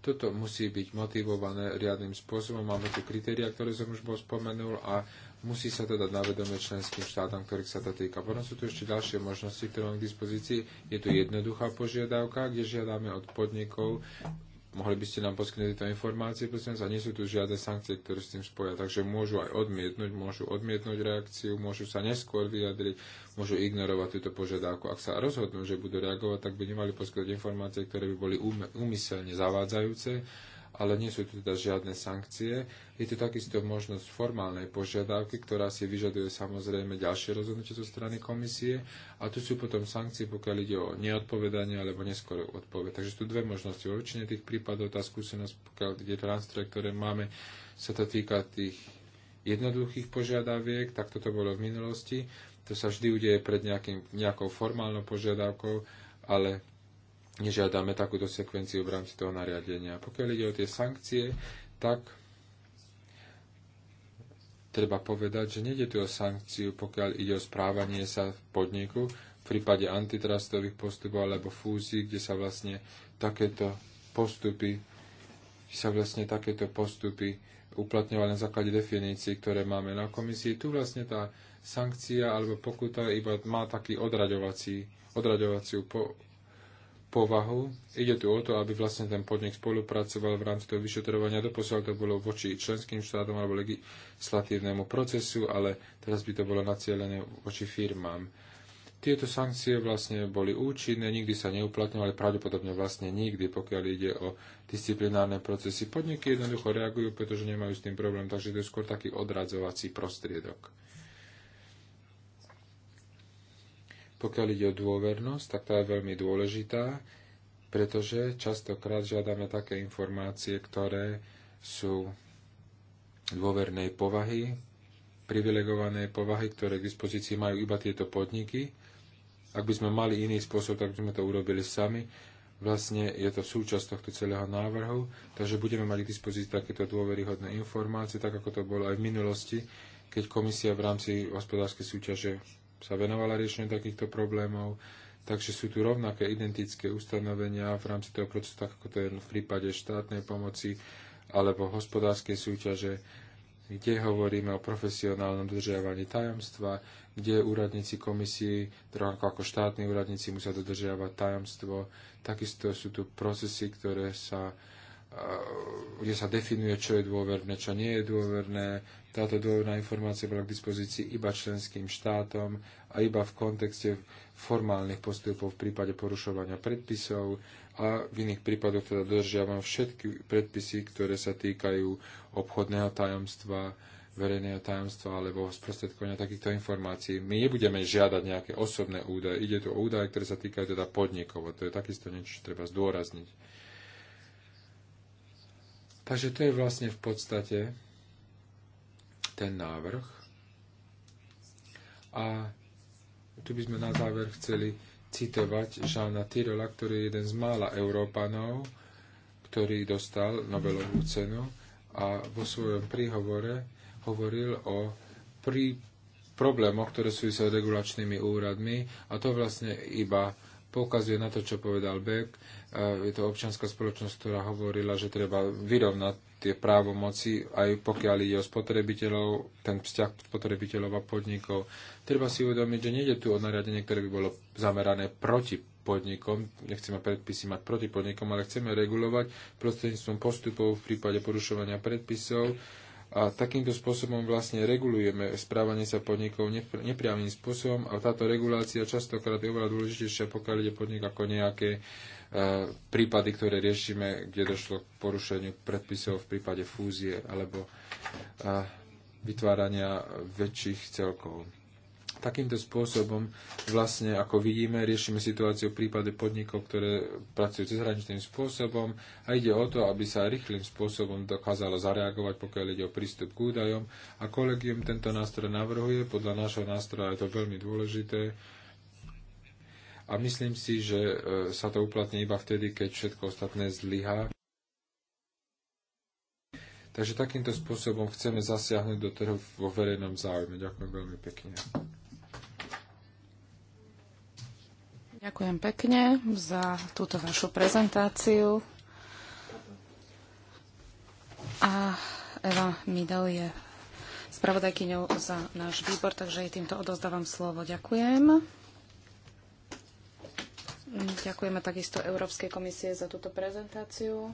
Toto musí byť motivované riadnym spôsobom. Máme tu kritéria, ktoré som už bol spomenul a Musí sa to dať na vedomie členským štátom, ktorých sa to týka. Potom sú tu ešte ďalšie možnosti, ktoré máme k dispozícii. Je tu jednoduchá požiadavka, kde žiadame od podnikov, mohli by ste nám poskytnúť tieto informácie, prosím sa, nie sú tu žiadne sankcie, ktoré s tým spoja, takže môžu aj odmietnúť, môžu odmietnúť reakciu, môžu sa neskôr vyjadriť, môžu ignorovať túto požiadavku. Ak sa rozhodnú, že budú reagovať, tak by nemali poskytnúť informácie, ktoré by boli úmyselne zavádzajúce, ale nie sú tu teda žiadne sankcie. Je to takisto možnosť formálnej požiadavky, ktorá si vyžaduje samozrejme ďalšie rozhodnutie zo strany komisie a tu sú potom sankcie, pokiaľ ide o neodpovedanie alebo neskorú odpoveď. Takže sú tu dve možnosti. Vo väčšine tých prípadov tá skúsenosť, pokiaľ ide nástroje, ktoré máme, sa to týka tých jednoduchých požiadaviek, tak toto bolo v minulosti. To sa vždy udeje pred nejakým, nejakou formálnou požiadavkou, ale nežiadame takúto sekvenciu v rámci toho nariadenia. Pokiaľ ide o tie sankcie, tak treba povedať, že nejde tu o sankciu, pokiaľ ide o správanie sa v podniku, v prípade antitrustových postupov alebo fúzií, kde sa vlastne takéto postupy sa vlastne takéto postupy uplatňovali na základe definícií, ktoré máme na komisii. Tu vlastne tá sankcia alebo pokuta iba má taký odraďovací, odraďovaciu po, povahu. Ide tu o to, aby vlastne ten podnik spolupracoval v rámci toho vyšetrovania. Doposiaľ to bolo voči členským štátom alebo legislatívnemu procesu, ale teraz by to bolo nacielené voči firmám. Tieto sankcie vlastne boli účinné, nikdy sa neuplatňovali, pravdepodobne vlastne nikdy, pokiaľ ide o disciplinárne procesy. Podniky jednoducho reagujú, pretože nemajú s tým problém, takže to je skôr taký odradzovací prostriedok. Pokiaľ ide o dôvernosť, tak tá je veľmi dôležitá, pretože častokrát žiadame také informácie, ktoré sú dôvernej povahy, privilegované povahy, ktoré k dispozícii majú iba tieto podniky. Ak by sme mali iný spôsob, tak by sme to urobili sami. Vlastne je to súčasť tohto celého návrhu, takže budeme mať k dispozícii takéto dôveryhodné informácie, tak ako to bolo aj v minulosti, keď komisia v rámci hospodárskej súťaže sa venovala riešeniu takýchto problémov, takže sú tu rovnaké identické ustanovenia v rámci toho procesu, tak ako to je v prípade štátnej pomoci alebo hospodárskej súťaže, kde hovoríme o profesionálnom dodržiavaní tajomstva, kde úradníci komisii, rovnako teda ako štátni úradníci, musia dodržiavať tajomstvo. Takisto sú tu procesy, ktoré sa kde sa definuje, čo je dôverné, čo nie je dôverné. Táto dôverná informácia bola k dispozícii iba členským štátom a iba v kontexte formálnych postupov v prípade porušovania predpisov a v iných prípadoch teda dodržiavam všetky predpisy, ktoré sa týkajú obchodného tajomstva, verejného tajomstva alebo sprostredkovania takýchto informácií. My nebudeme žiadať nejaké osobné údaje. Ide tu o údaje, ktoré sa týkajú teda podnikov. A to je takisto niečo, čo treba zdôrazniť. Takže to je vlastne v podstate ten návrh. A tu by sme na záver chceli citovať Žána Tyrola, ktorý je jeden z mála Európanov, ktorý dostal Nobelovú cenu a vo svojom príhovore hovoril o pri problémoch, ktoré sú s regulačnými úradmi a to vlastne iba poukazuje na to, čo povedal Beck. Je to občianská spoločnosť, ktorá hovorila, že treba vyrovnať tie právomoci, aj pokiaľ ide o spotrebiteľov, ten vzťah spotrebiteľov a podnikov. Treba si uvedomiť, že nejde tu o nariadenie, ktoré by bolo zamerané proti podnikom, nechceme predpisy mať proti podnikom, ale chceme regulovať prostredníctvom postupov v prípade porušovania predpisov, a takýmto spôsobom vlastne regulujeme správanie sa podnikov nepriamým spôsobom a táto regulácia častokrát je oveľa dôležitejšia, pokiaľ ide podnik ako nejaké e, prípady, ktoré riešime, kde došlo k porušeniu predpisov v prípade fúzie alebo e, vytvárania väčších celkov. Takýmto spôsobom vlastne, ako vidíme, riešime situáciu v prípade podnikov, ktoré pracujú cezhraničným spôsobom a ide o to, aby sa rýchlým spôsobom dokázalo zareagovať, pokiaľ ide o prístup k údajom. A kolegium tento nástroj navrhuje, podľa nášho nástroja je to veľmi dôležité, a myslím si, že e, sa to uplatní iba vtedy, keď všetko ostatné zlyhá. Takže takýmto spôsobom chceme zasiahnuť do trhu vo verejnom záujme. Ďakujem veľmi pekne. Ďakujem pekne za túto vašu prezentáciu. A Eva Midel je spravodajkyňou za náš výbor, takže jej týmto odozdávam slovo. Ďakujem. Ďakujeme takisto Európskej komisie za túto prezentáciu,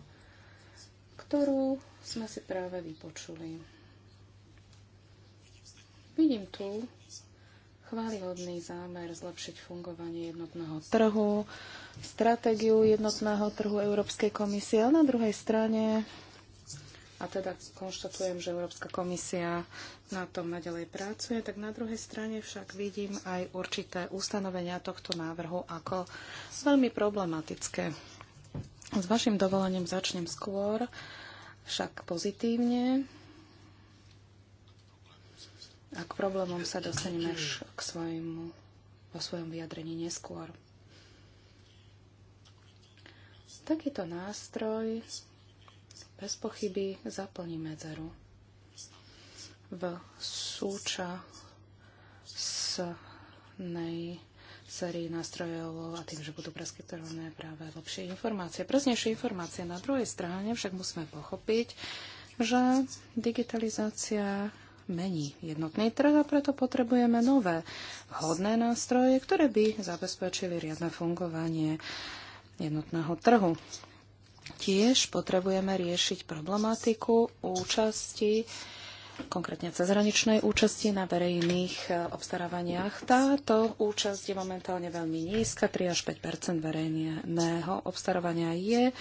ktorú sme si práve vypočuli. Vidím tu chválihodný zámer zlepšiť fungovanie jednotného trhu, stratégiu jednotného trhu Európskej komisie, ale na druhej strane a teda konštatujem, že Európska komisia na tom naďalej pracuje, tak na druhej strane však vidím aj určité ustanovenia tohto návrhu ako veľmi problematické. S vašim dovolením začnem skôr, však pozitívne. A k problémom sa dostaneme až k svojmu, vo svojom vyjadrení neskôr. Takýto nástroj bez pochyby zaplní medzeru v súča s nej sérii nástrojov a tým, že budú preskytované práve lepšie informácie, Preznejšie informácie. Na druhej strane však musíme pochopiť, že digitalizácia mení jednotný trh a preto potrebujeme nové vhodné nástroje, ktoré by zabezpečili riadne fungovanie jednotného trhu. Tiež potrebujeme riešiť problematiku účasti konkrétne cezhraničnej účasti na verejných e, obstarávaniach. Táto účasť je momentálne veľmi nízka, 3 až 5 verejného obstarávania je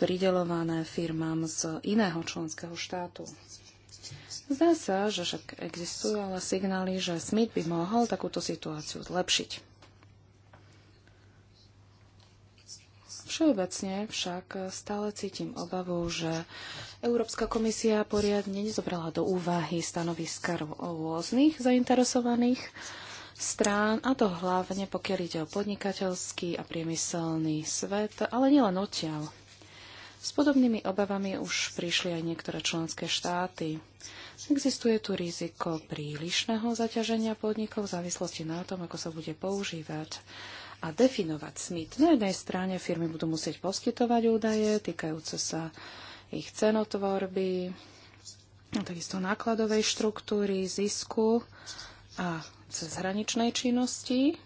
pridelované firmám z iného členského štátu. Zdá sa, že však existujú ale signály, že Smith by mohol takúto situáciu zlepšiť. Všeobecne však stále cítim obavu, že Európska komisia poriadne nezobrala do úvahy stanoviska rôznych zainteresovaných strán, a to hlavne pokiaľ ide o podnikateľský a priemyselný svet, ale nielen odtiaľ. S podobnými obavami už prišli aj niektoré členské štáty. Existuje tu riziko prílišného zaťaženia podnikov v závislosti na tom, ako sa bude používať a definovať SMIT. Na jednej strane firmy budú musieť poskytovať údaje týkajúce sa ich cenotvorby, takisto nákladovej štruktúry, zisku a cezhraničnej činnosti.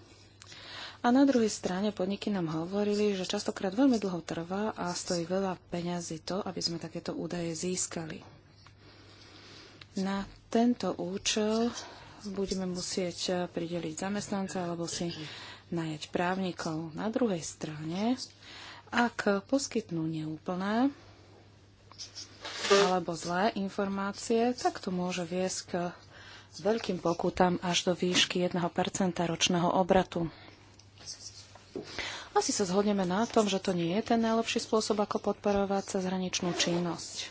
A na druhej strane podniky nám hovorili, že častokrát veľmi dlho trvá a stojí veľa peňazí to, aby sme takéto údaje získali. Na tento účel budeme musieť eh, prideliť zamestnanca alebo si najať právnikov. Na druhej strane, ak poskytnú neúplné alebo zlé informácie, tak to môže viesť k veľkým pokutám až do výšky 1% ročného obratu. Asi sa zhodneme na tom, že to nie je ten najlepší spôsob, ako podporovať cezhraničnú činnosť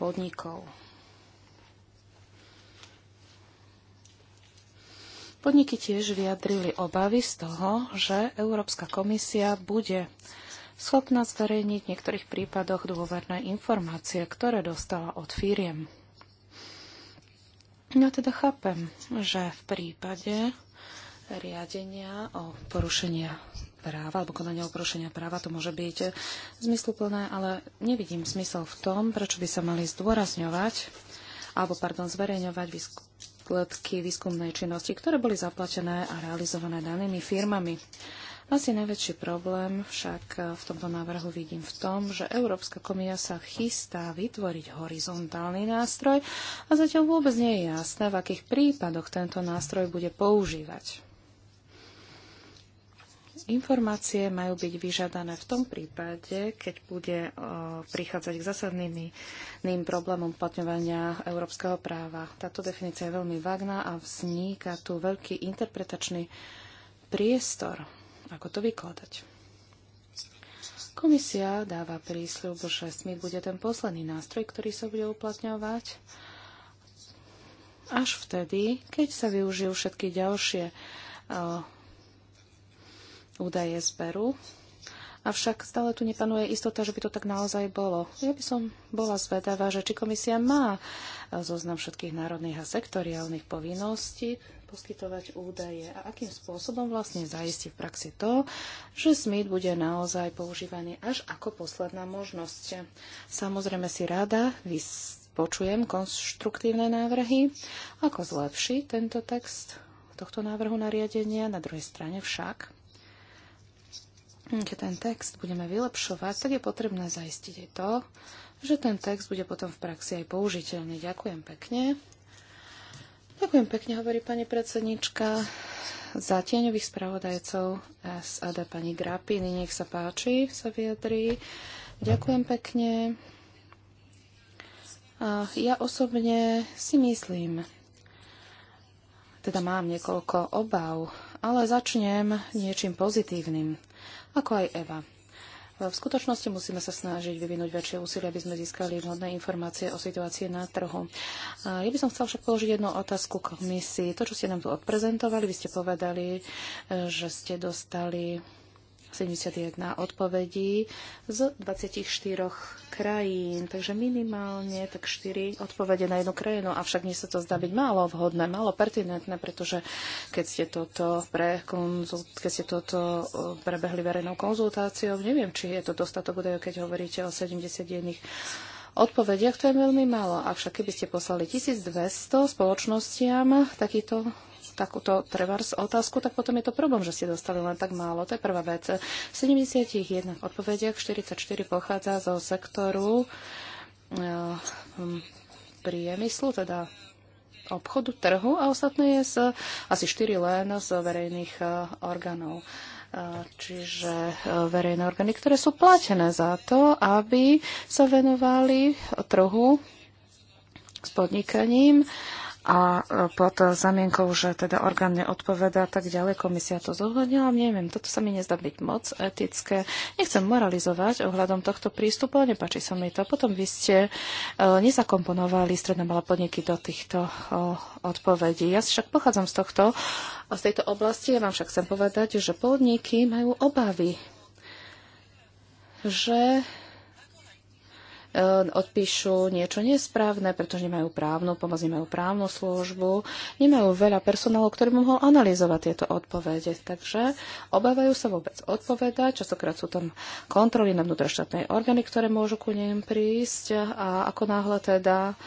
podnikov. Podniky tiež vyjadrili obavy z toho, že Európska komisia bude schopná zverejniť v niektorých prípadoch dôverné informácie, ktoré dostala od firiem. Ja teda chápem, že v prípade riadenia o porušenia práva alebo konania o porušenia práva to môže byť zmysluplné, ale nevidím zmysel v tom, prečo by sa mali zdôrazňovať alebo pardon, zverejňovať výsledky výskumnej činnosti, ktoré boli zaplatené a realizované danými firmami. Asi najväčší problém však v tomto návrhu vidím v tom, že Európska komia sa chystá vytvoriť horizontálny nástroj a zatiaľ vôbec nie je jasné, v akých prípadoch tento nástroj bude používať. Informácie majú byť vyžadané v tom prípade, keď bude prichádzať k zásadným problémom uplatňovania európskeho práva. Táto definícia je veľmi vágná a vzniká tu veľký interpretačný priestor, ako to vykladať. Komisia dáva prísľub, že SMIT bude ten posledný nástroj, ktorý sa bude uplatňovať až vtedy, keď sa využijú všetky ďalšie uh, údaje zberu. Avšak stále tu nepanuje istota, že by to tak naozaj bolo. Ja by som bola zvedavá, že či komisia má eh, zoznam všetkých národných a sektoriálnych povinností poskytovať údaje a akým spôsobom vlastne zaistí v praxi to, že SMIT bude naozaj používaný až ako posledná možnosť. Samozrejme si rada počujem konštruktívne návrhy, ako zlepší tento text tohto návrhu nariadenia. Na druhej strane však keď ten text budeme vylepšovať, tak je potrebné zaistiť aj to, že ten text bude potom v praxi aj použiteľný. Ďakujem pekne. Ďakujem pekne, hovorí pani predsednička. Za tieňových spravodajcov SAD pani Grapiny, nech sa páči, sa vyjadrí. Ďakujem pekne. A ja osobne si myslím, teda mám niekoľko obav ale začnem niečím pozitívnym, ako aj Eva. V skutočnosti musíme sa snažiť vyvinúť väčšie úsilie, aby sme získali vhodné informácie o situácii na trhu. ja by som chcel však položiť jednu otázku komisii. To, čo ste nám tu odprezentovali, vy ste povedali, e, že ste dostali 71 odpovedí z 24 krajín, takže minimálne tak 4 odpovede na jednu krajinu, avšak nie sa to zdá byť málo vhodné, málo pertinentné, pretože keď ste toto, pre konzult, keď ste toto prebehli verejnou konzultáciou, neviem, či je to dostatok údajov, keď hovoríte o 71 odpovediach, to je veľmi málo. Avšak keby ste poslali 1200 spoločnostiam takýto takúto trevars otázku, tak potom je to problém, že ste dostali len tak málo. To je prvá vec. V 71 odpovediach 44 pochádza zo sektoru eh, priemyslu, teda obchodu, trhu a ostatné je z, asi 4 len z verejných eh, orgánov eh, čiže verejné orgány, ktoré sú platené za to, aby sa venovali trhu s podnikaním a e, pod zamienkou, že teda orgán a tak ďalej, komisia to zohľadnila, neviem, toto sa mi nezdá byť moc etické. Nechcem moralizovať ohľadom tohto prístupu, ale nepáči sa mi to. Potom vy ste e, nezakomponovali stredné malé podniky do týchto e, odpovedí. Ja však pochádzam z tohto, z tejto oblasti, ja vám však chcem povedať, že podniky majú obavy, že Ehm, odpíšu niečo nesprávne, pretože nemajú právnu pomoc, nemajú právnu službu, nemajú veľa personálov, ktorý by mohol analyzovať tieto odpovede. Takže obávajú sa vôbec odpovedať. Častokrát sú tam kontroly na vnútroštátnej orgány, ktoré môžu ku nim prísť a ako náhle teda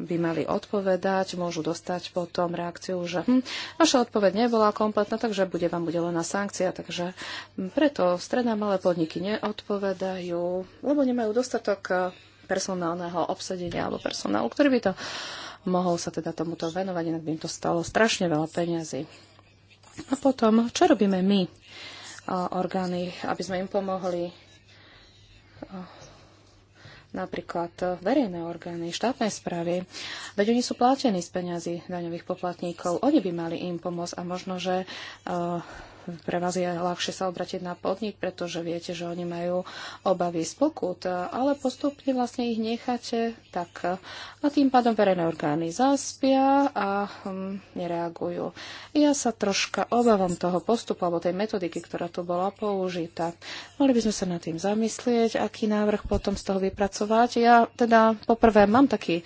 by mali odpovedať, môžu dostať potom reakciu, že hm, vaša odpoveď nebola kompletná, takže bude vám udelená sankcia. Takže preto stredné malé podniky neodpovedajú, lebo nemajú dostatok eh, personálneho obsadenia alebo personálu, ktorý by to mohol sa teda tomuto venovať, inak by im to stalo strašne veľa peňazí. A potom, čo robíme my, eh, orgány, aby sme im pomohli eh, napríklad eh, verejné orgány, štátnej správy, veď oni sú platení z peňazí daňových poplatníkov, oni by mali im pomôcť a možno, že uh, pre vás je ľahšie sa obratiť na podnik, pretože viete, že oni majú obavy z pokut, ale postupne vlastne ich necháte tak. A tým pádom verejné orgány zaspia a hm, nereagujú. Ja sa troška obávam toho postupu alebo tej metodiky, ktorá tu bola použitá. Mali by sme sa nad tým zamyslieť, aký návrh potom z toho vypracovať. Ja teda poprvé mám taký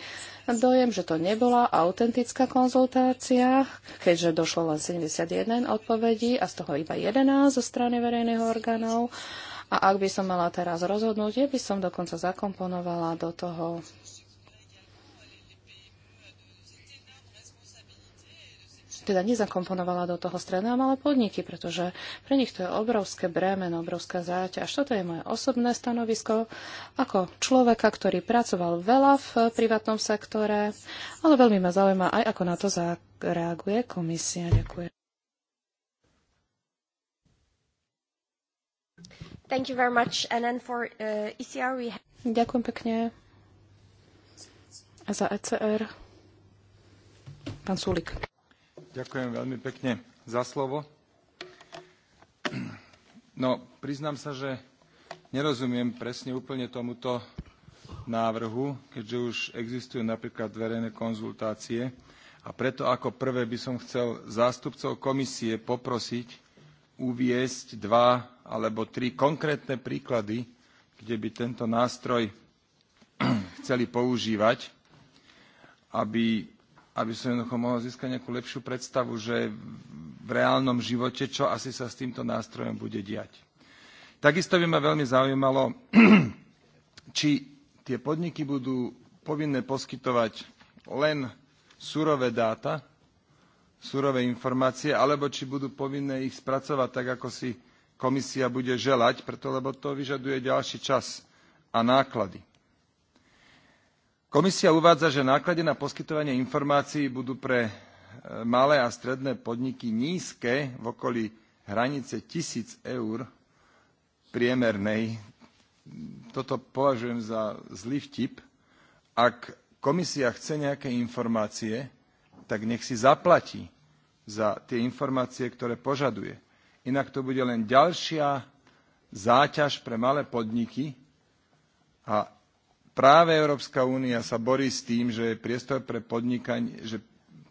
dojem, že to nebola autentická konzultácia, keďže došlo len 71 odpovedí a z toho iba 11 zo strany verejných orgánov. A ak by som mala teraz rozhodnúť, ja by som dokonca zakomponovala do toho teda nezakomponovala do toho stredné a malé podniky, pretože pre nich to je obrovské bremen, obrovská záťaž. Toto je moje osobné stanovisko ako človeka, ktorý pracoval veľa v privátnom sektore, ale veľmi ma zaujíma aj ako na to zareaguje komisia. Ďakujem. Thank you very much. And then for uh, ECR we have... Ďakujem pekne za ECR. Pán Sulik. Ďakujem veľmi pekne za slovo. No, priznám sa, že nerozumiem presne úplne tomuto návrhu, keďže už existujú napríklad verejné konzultácie. A preto ako prvé by som chcel zástupcov komisie poprosiť uviesť dva alebo tri konkrétne príklady, kde by tento nástroj chceli používať, aby aby som jednoducho mohol získať nejakú lepšiu predstavu, že v reálnom živote, čo asi sa s týmto nástrojom bude diať. Takisto by ma veľmi zaujímalo, či tie podniky budú povinné poskytovať len surové dáta, surové informácie, alebo či budú povinné ich spracovať tak, ako si komisia bude želať, preto lebo to vyžaduje ďalší čas a náklady. Komisia uvádza, že náklady na poskytovanie informácií budú pre e, malé a stredné podniky nízke v okolí hranice tisíc eur priemernej. Toto považujem za zlý vtip. Ak komisia chce nejaké informácie, tak nech si zaplatí za tie informácie, ktoré požaduje. Inak to bude len ďalšia záťaž pre malé podniky a práve Európska únia sa borí s tým, že priestor pre podnikanie, že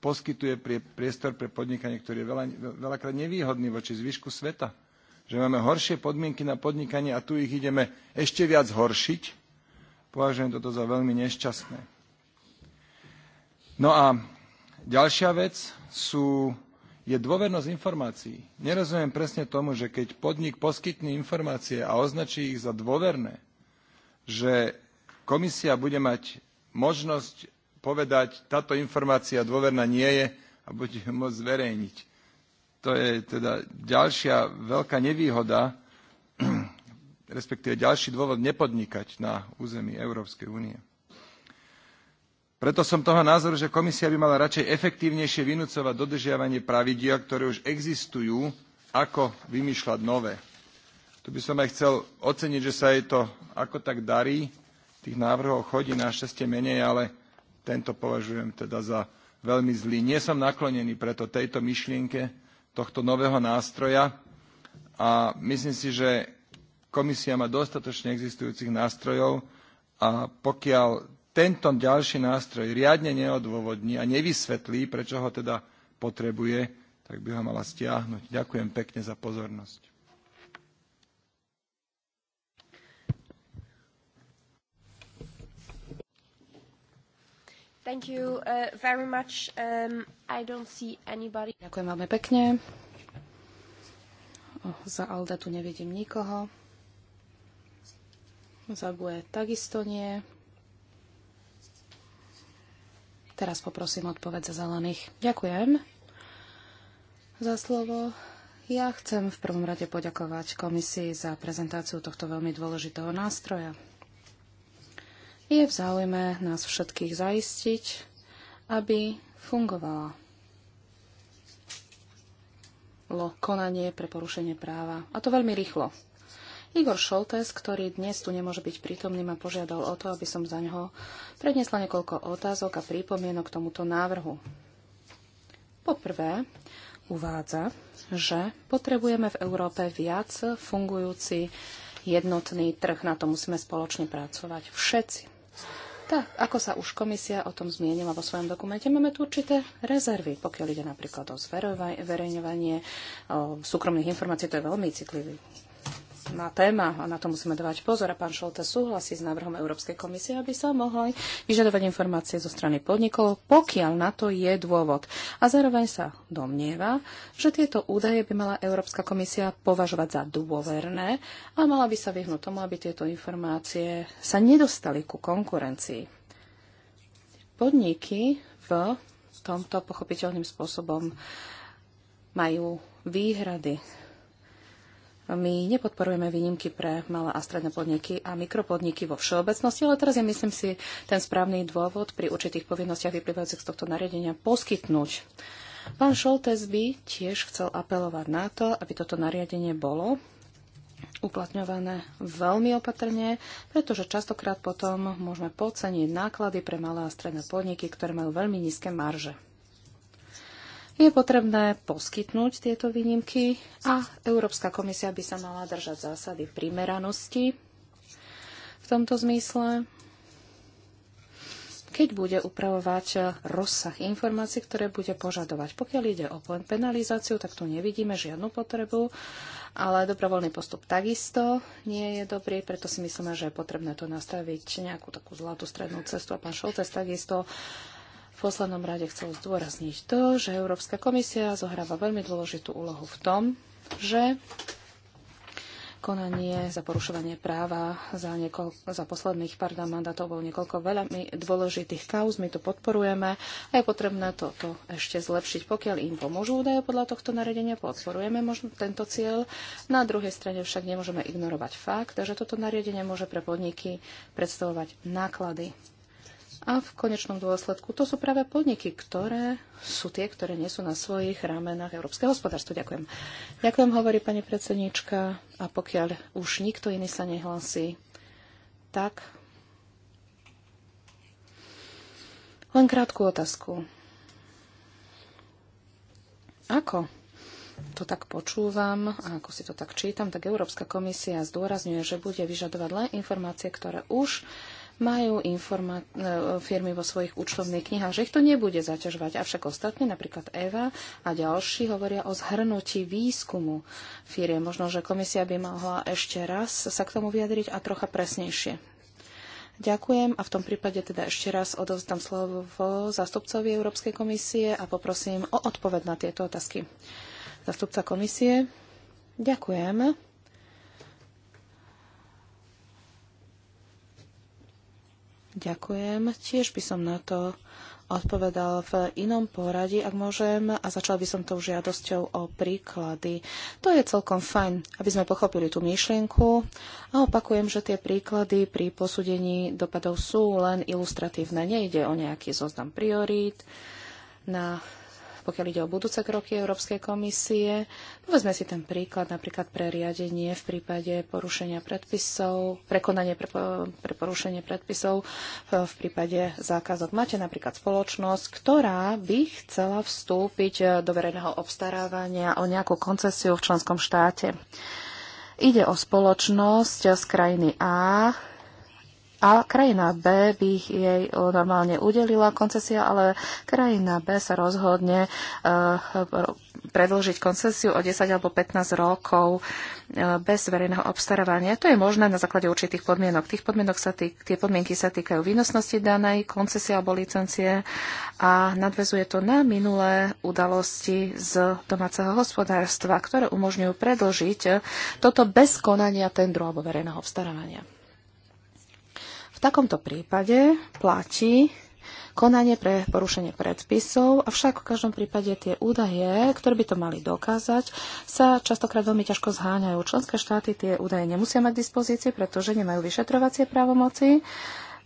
poskytuje priestor pre podnikanie, ktorý je veľa, veľakrát nevýhodný voči zvyšku sveta. Že máme horšie podmienky na podnikanie a tu ich ideme ešte viac horšiť. Považujem toto za veľmi nešťastné. No a ďalšia vec sú, je dôvernosť informácií. Nerozumiem presne tomu, že keď podnik poskytne informácie a označí ich za dôverné, že komisia bude mať možnosť povedať, táto informácia dôverná nie je a bude ju môcť zverejniť. To je teda ďalšia veľká nevýhoda, respektíve ďalší dôvod nepodnikať na území Európskej únie. Preto som toho názoru, že komisia by mala radšej efektívnejšie vynúcovať dodržiavanie pravidiel, ktoré už existujú, ako vymýšľať nové. Tu by som aj chcel oceniť, že sa jej to ako tak darí tých návrhov chodí na šťastie menej, ale tento považujem teda za veľmi zlý. Nie som naklonený preto tejto myšlienke tohto nového nástroja a myslím si, že komisia má dostatočne existujúcich nástrojov a pokiaľ tento ďalší nástroj riadne neodôvodní a nevysvetlí, prečo ho teda potrebuje, tak by ho mala stiahnuť. Ďakujem pekne za pozornosť. Thank you uh, very much. Um, I don't see anybody. Ďakujem veľmi pekne. Oh, za Alda tu nevidím nikoho. Za Gue takisto nie. Teraz poprosím odpoveď za zelených. Ďakujem za slovo. Ja chcem v prvom rade poďakovať komisii za prezentáciu tohto veľmi dôležitého nástroja. Je v záujme nás všetkých zaistiť, aby fungovala konanie pre porušenie práva. A to veľmi rýchlo. Igor Šoltes, ktorý dnes tu nemôže byť prítomný, ma požiadal o to, aby som za ňoho prednesla niekoľko otázok a prípomienok k tomuto návrhu. Poprvé, uvádza, že potrebujeme v Európe viac fungujúci jednotný trh. Na to musíme spoločne pracovať všetci. Tak, ako sa už komisia o tom zmienila vo svojom dokumente, máme tu určité rezervy, pokiaľ ide napríklad o zverejňovanie o súkromných informácií, to je veľmi citlivý na téma a na to musíme dávať pozor. A pán Šolta súhlasí s návrhom Európskej komisie, aby sa mohli vyžadovať informácie zo strany podnikov, pokiaľ na to je dôvod. A zároveň sa domnieva, že tieto údaje by mala Európska komisia považovať za dôverné a mala by sa vyhnúť tomu, aby tieto informácie sa nedostali ku konkurencii. Podniky v tomto pochopiteľným spôsobom majú výhrady my nepodporujeme výnimky pre malé a stredné podniky a mikropodniky vo všeobecnosti, ale teraz je, ja myslím si, ten správny dôvod pri určitých povinnostiach vyplývajúcich z tohto nariadenia poskytnúť. Pán Šoltes by tiež chcel apelovať na to, aby toto nariadenie bolo uplatňované veľmi opatrne, pretože častokrát potom môžeme podceniť náklady pre malé a stredné podniky, ktoré majú veľmi nízke marže. Je potrebné poskytnúť tieto výnimky a Európska komisia by sa mala držať zásady primeranosti v tomto zmysle, keď bude upravovať rozsah informácií, ktoré bude požadovať. Pokiaľ ide o penalizáciu, tak tu nevidíme žiadnu potrebu, ale dobrovoľný postup takisto nie je dobrý, preto si myslíme, že je potrebné to nastaviť nejakú takú zlatú strednú cestu a pán Šoltes takisto v poslednom rade chcel zdôrazniť to, že Európska komisia zohráva veľmi dôležitú úlohu v tom, že konanie za porušovanie práva za, niekoľko, za posledných pár mandátov bolo niekoľko veľmi dôležitých kauz. My to podporujeme a je potrebné toto ešte zlepšiť. Pokiaľ im pomôžu údaje podľa tohto nariadenia. podporujeme možno tento cieľ. Na druhej strane však nemôžeme ignorovať fakt, že toto nariadenie môže pre podniky predstavovať náklady a v konečnom dôsledku to sú práve podniky, ktoré sú tie, ktoré nie sú na svojich ramenách európskeho hospodárstva. Ďakujem. Ďakujem, hovorí pani predsednička. A pokiaľ už nikto iný sa nehlasí, tak len krátku otázku. Ako to tak počúvam a ako si to tak čítam, tak Európska komisia zdôrazňuje, že bude vyžadovať len informácie, ktoré už majú informa- e, firmy vo svojich účtovných knihách, že ich to nebude zaťažovať. Avšak ostatní, napríklad Eva a ďalší, hovoria o zhrnutí výskumu firie. Možno, že komisia by mohla ešte raz sa k tomu vyjadriť a trocha presnejšie. Ďakujem a v tom prípade teda ešte raz odovzdám slovo zástupcovi Európskej komisie a poprosím o odpoved na tieto otázky. Zastupca komisie. Ďakujem. Ďakujem. Tiež by som na to odpovedal v inom poradí, ak môžem, a začal by som tou žiadosťou o príklady. To je celkom fajn, aby sme pochopili tú myšlienku a opakujem, že tie príklady pri posúdení dopadov sú len ilustratívne. Nejde o nejaký zoznam priorít na pokiaľ ide o budúce kroky Európskej komisie. Povedzme si ten príklad napríklad pre riadenie v prípade porušenia predpisov, prekonanie pre, pre porušenie predpisov v prípade zákazok. Máte napríklad spoločnosť, ktorá by chcela vstúpiť eh, do verejného obstarávania o nejakú koncesiu v členskom štáte. Ide o spoločnosť z krajiny A, a krajina B by ich jej eh, normálne udelila koncesia, ale krajina B sa rozhodne eh, predlžiť koncesiu o 10 alebo 15 rokov eh, bez verejného obstarávania. To je možné na základe určitých podmienok. Tých podmienok sa tý, tie podmienky sa týkajú výnosnosti danej koncesie alebo licencie a nadvezuje to na minulé udalosti z domáceho hospodárstva, ktoré umožňujú predlžiť toto bez konania tendru alebo verejného obstarávania takomto prípade platí konanie pre porušenie predpisov, avšak v každom prípade tie údaje, ktoré by to mali dokázať, sa častokrát veľmi ťažko zháňajú. Členské štáty tie údaje nemusia mať k dispozícii, pretože nemajú vyšetrovacie právomoci,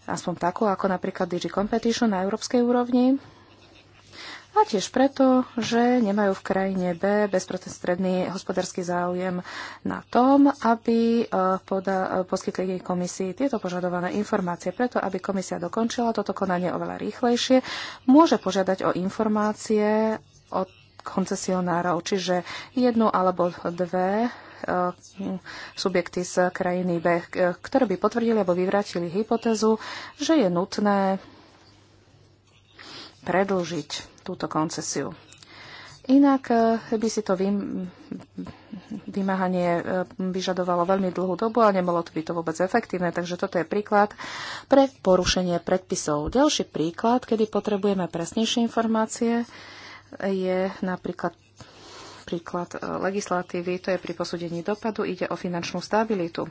aspoň takú ako napríklad DG Competition na európskej úrovni, a tiež preto, že nemajú v krajine B bezprostredný hospodársky záujem na tom, aby e, poda- e, poskytli komisii tieto požadované informácie. Preto, aby komisia dokončila toto konanie oveľa rýchlejšie, môže požiadať o informácie od koncesionárov, čiže jednu alebo dve e, subjekty z krajiny B, ktoré by potvrdili alebo vyvrátili hypotézu, že je nutné predlžiť túto koncesiu. Inak eh, by si to vymáhanie eh, vyžadovalo veľmi dlhú dobu a nebolo to by to vôbec efektívne, takže toto je príklad pre porušenie predpisov. Ďalší príklad, kedy potrebujeme presnejšie informácie, je napríklad príklad eh, legislatívy, to je pri posúdení dopadu, ide o finančnú stabilitu.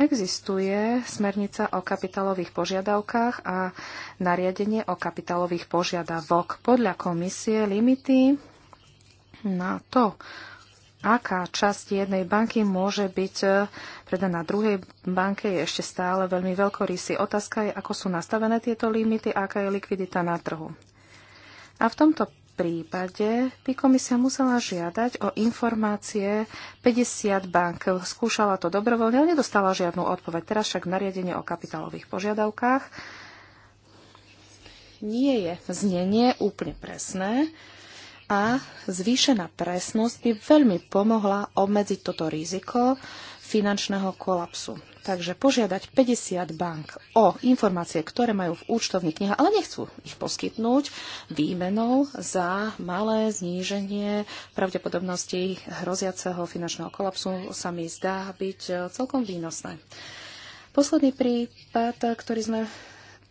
Existuje smernica o kapitálových požiadavkách a nariadenie o kapitálových požiadavok. Podľa komisie limity na to, aká časť jednej banky môže byť eh, predaná druhej banke, je ešte stále veľmi veľkorysý. Otázka je, ako sú nastavené tieto limity a aká je likvidita na trhu. A v tomto prípade by komisia musela žiadať o informácie 50 bank. Skúšala to dobrovoľne, ale nedostala žiadnu odpoveď. Teraz však nariadenie o kapitálových požiadavkách nie je znenie úplne presné a zvýšená presnosť by veľmi pomohla obmedziť toto riziko finančného kolapsu. Takže požiadať 50 bank o informácie, ktoré majú v účtovných knihách, ale nechcú ich poskytnúť výmenou za malé zníženie pravdepodobnosti hroziaceho finančného kolapsu sa mi zdá byť eh, celkom výnosné. Posledný prípad, ktorý sme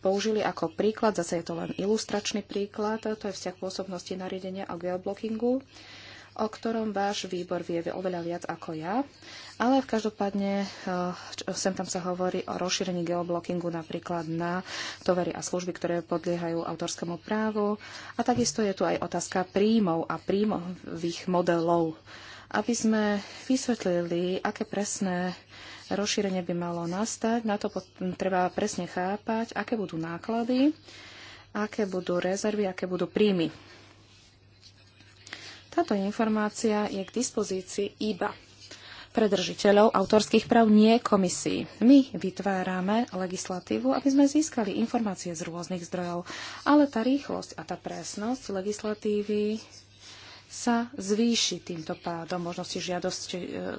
použili ako príklad, zase je to len ilustračný príklad, to je vzťah pôsobnosti nariadenia a geoblockingu o ktorom váš výbor vie oveľa viac ako ja. Ale v každopádne eh, sem tam sa hovorí o rozšírení geoblockingu napríklad na tovary a služby, ktoré podliehajú autorskému právu. A takisto je tu aj otázka príjmov a príjmových modelov. Aby sme vysvetlili, aké presné rozšírenie by malo nastať, na to treba presne chápať, aké budú náklady, aké budú rezervy, aké budú príjmy Takáto informácia je k dispozícii iba pre držiteľov autorských práv nie komisii. My vytvárame legislatívu, aby sme získali informácie z rôznych zdrojov, ale tá rýchlosť a tá presnosť legislatívy sa zvýši týmto pádom možnosti žiadosť, e,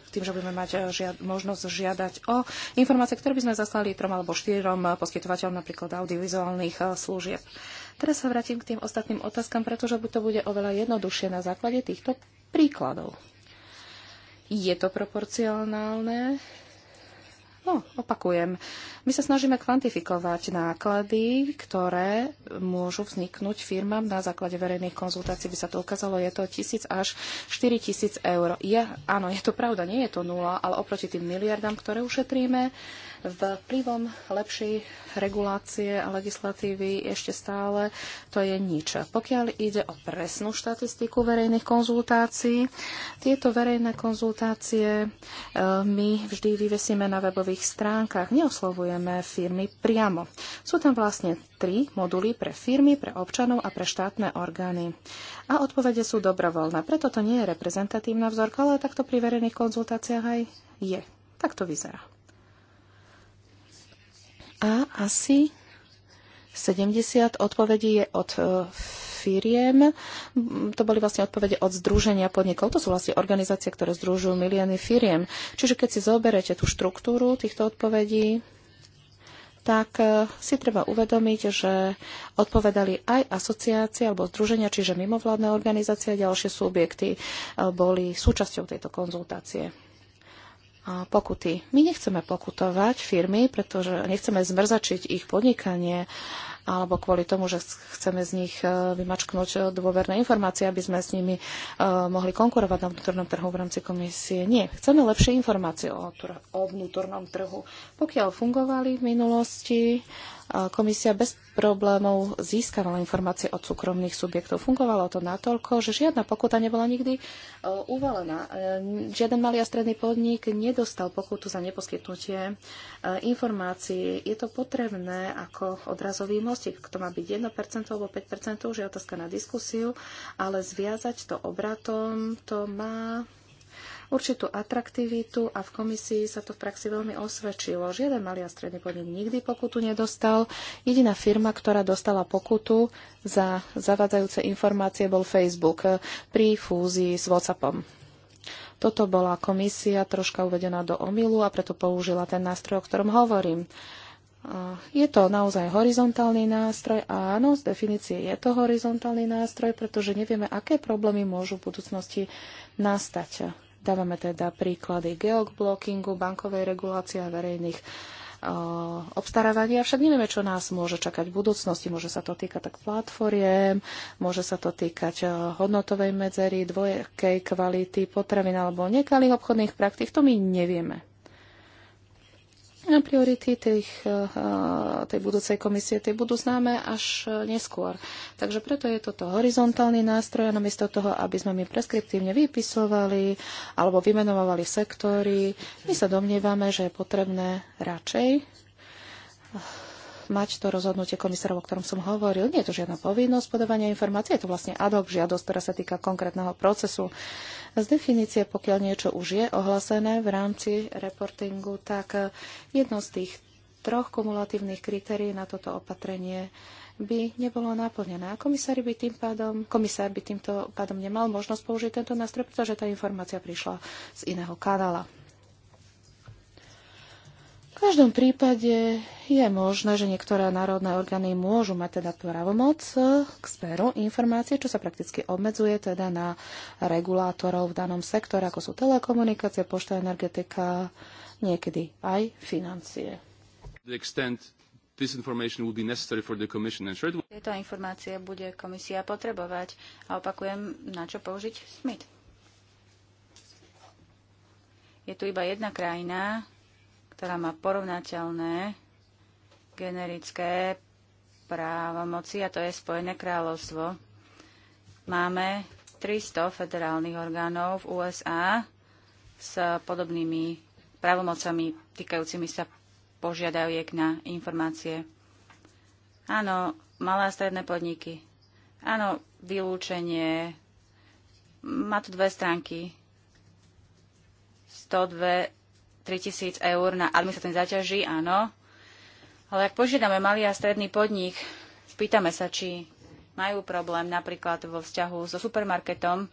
tým, že budeme mať e, žiad, možnosť žiadať o informácie, ktoré by sme zaslali trom alebo štyrom poskytovateľom napríklad audiovizuálnych e, služieb. Teraz sa vrátim k tým ostatným otázkam, pretože to bude oveľa jednoduchšie na základe týchto príkladov. Je to proporcionálne? No, opakujem. My sa snažíme kvantifikovať náklady, ktoré môžu vzniknúť firmám na základe verejných konzultácií. By sa to ukázalo, je to 1000 až 4000 eur. Je, áno, je to pravda, nie je to nula, ale oproti tým miliardám, ktoré ušetríme, uh, Vplyvom lepšej regulácie a legislatívy ešte stále to je nič. Pokiaľ ide o presnú štatistiku verejných konzultácií, tieto verejné konzultácie e, my vždy vyvesíme na webových stránkach. Neoslovujeme firmy priamo. Sú tam vlastne tri moduly pre firmy, pre občanov a pre štátne orgány. A odpovede sú dobrovoľné. Preto to nie je reprezentatívna vzorka, ale takto pri verejných konzultáciách aj je. Tak to vyzerá. A asi 70 odpovedí je od e, firiem. To boli vlastne odpovede od Združenia podnikov. To sú vlastne organizácie, ktoré združujú milióny firiem. Čiže keď si zoberete tú štruktúru týchto odpovedí, tak e, si treba uvedomiť, že odpovedali aj asociácie alebo združenia, čiže mimovládne organizácie a ďalšie subjekty e, boli súčasťou tejto konzultácie pokuty. My nechceme pokutovať firmy, pretože nechceme zmrzačiť ich podnikanie alebo kvôli tomu, že chceme z nich e, vymačknúť e, dôverné informácie, aby sme s nimi e, mohli konkurovať na vnútornom trhu v rámci komisie. Nie, chceme lepšie informácie o, o vnútornom trhu. Pokiaľ fungovali v minulosti, komisia bez problémov získavala informácie od súkromných subjektov. Fungovalo to natoľko, že žiadna pokuta nebola nikdy e, uvalená. E, žiaden malý a stredný podnik nedostal pokutu za neposkytnutie e, informácií. Je to potrebné ako odrazový mostík. Kto má byť 1% alebo 5%, už je otázka na diskusiu, ale zviazať to obratom, to má určitú atraktivitu a v komisii sa to v praxi veľmi osvedčilo. Žiaden malý a stredný podnik nikdy pokutu nedostal. Jediná firma, ktorá dostala pokutu za zavádzajúce informácie bol Facebook pri fúzii s WhatsAppom. Toto bola komisia troška uvedená do omilu a preto použila ten nástroj, o ktorom hovorím. Je to naozaj horizontálny nástroj? Áno, z definície je to horizontálny nástroj, pretože nevieme, aké problémy môžu v budúcnosti nastať. Dávame teda príklady geoblockingu, bankovej regulácie a verejných e, obstarávania. Však nevieme, čo nás môže čakať v budúcnosti. Môže sa to týkať tak platformiem, môže sa to týkať e, hodnotovej medzery, dvojakej kvality potravín alebo nekalých obchodných praktík. To my nevieme priority tých, eh, tej budúcej komisie tie budú známe až eh, neskôr. Takže preto je toto horizontálny nástroj a namiesto toho, aby sme my preskriptívne vypisovali alebo vymenovali sektory, my sa domnievame, že je potrebné radšej eh, mať to rozhodnutie komisárov, o ktorom som hovoril. Nie je to žiadna povinnosť podávania informácie, je to vlastne ad hoc žiadosť, ktorá sa týka konkrétneho procesu. Z definície, pokiaľ niečo už je ohlásené v rámci reportingu, tak eh, jedno z tých troch kumulatívnych kritérií na toto opatrenie by nebolo naplnené. A komisár by, tým pádom, komisár by týmto pádom nemal možnosť použiť tento nástroj, pretože tá informácia prišla z iného kanála. V každom prípade je možné, že niektoré národné orgány môžu mať teda pravomoc eh, k zberu informácie, čo sa prakticky obmedzuje teda na regulátorov v danom sektore, ako sú telekomunikácie, pošta, energetika, niekedy aj financie. Tieto informácie bude komisia potrebovať a opakujem, na čo použiť SMIT. Je tu iba jedna krajina, ktorá má porovnateľné generické právomoci a to je Spojené kráľovstvo. Máme 300 federálnych orgánov v USA s podobnými právomocami týkajúcimi sa požiadaviek na informácie. Áno, malé a stredné podniky. Áno, vylúčenie. Má tu dve stránky. 102 3000 eur na administratívnej záťaži, áno. Ale ak požiadame malý a stredný podnik, spýtame sa, či majú problém napríklad vo vzťahu so supermarketom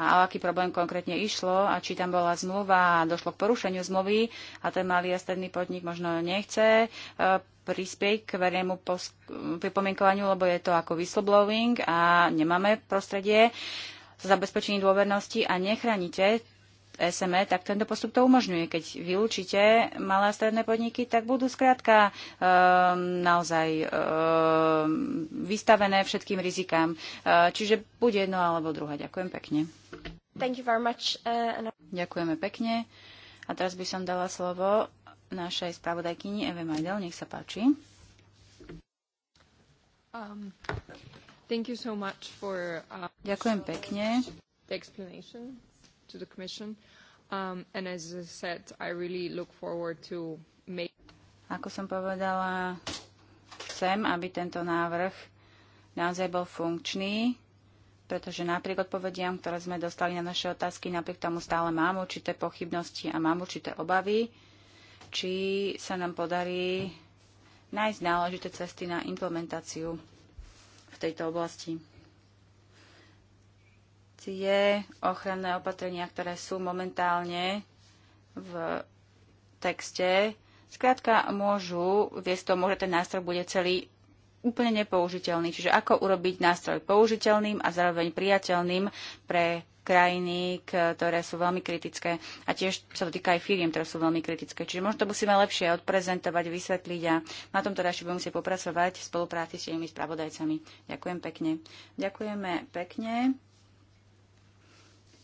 a o aký problém konkrétne išlo a či tam bola zmluva a došlo k porušeniu zmluvy a ten malý a stredný podnik možno nechce e, prispieť k verejnému pripomienkovaniu, lebo je to ako whistleblowing a nemáme prostredie zabezpečení dôvernosti a nechránite SME, tak tento postup to umožňuje. Keď vylúčite malé a stredné podniky, tak budú skrátka ehm, naozaj ehm, vystavené všetkým rizikám. Ehm, čiže buď jedno alebo druhé. Ďakujem pekne. Thank you very much, uh, Ďakujeme pekne. A teraz by som dala slovo našej spravodajkyni Eve Majdel. Nech sa páči. Um, thank you so much for, uh, Ďakujem pekne. The explanation to the Commission. Um, and as I said, I really look forward to make... Ako som povedala, chcem, aby tento návrh naozaj bol funkčný, pretože napriek odpovediam, ktoré sme dostali na naše otázky, napriek tomu stále mám určité pochybnosti a mám určité obavy, či sa nám podarí nájsť náležité cesty na implementáciu v tejto oblasti tie ochranné opatrenia, ktoré sú momentálne v texte, skrátka môžu viesť tomu, že ten nástroj bude celý úplne nepoužiteľný. Čiže ako urobiť nástroj použiteľným a zároveň priateľným pre krajiny, ktoré sú veľmi kritické. A tiež sa to týka aj firiem, ktoré sú veľmi kritické. Čiže možno to musíme lepšie odprezentovať, vysvetliť a na tom teda ešte budeme musieť popracovať v spolupráci s tými spravodajcami. Ďakujem pekne. Ďakujeme pekne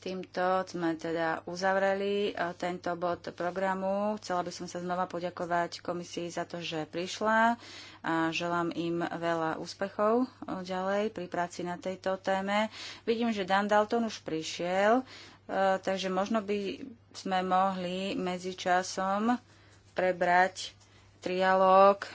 týmto sme teda uzavreli e, tento bod programu. Chcela by som sa znova poďakovať komisii za to, že prišla a želám im veľa úspechov e, ďalej pri práci na tejto téme. Vidím, že Dan Dalton už prišiel, e, takže možno by sme mohli medzi časom prebrať trialóg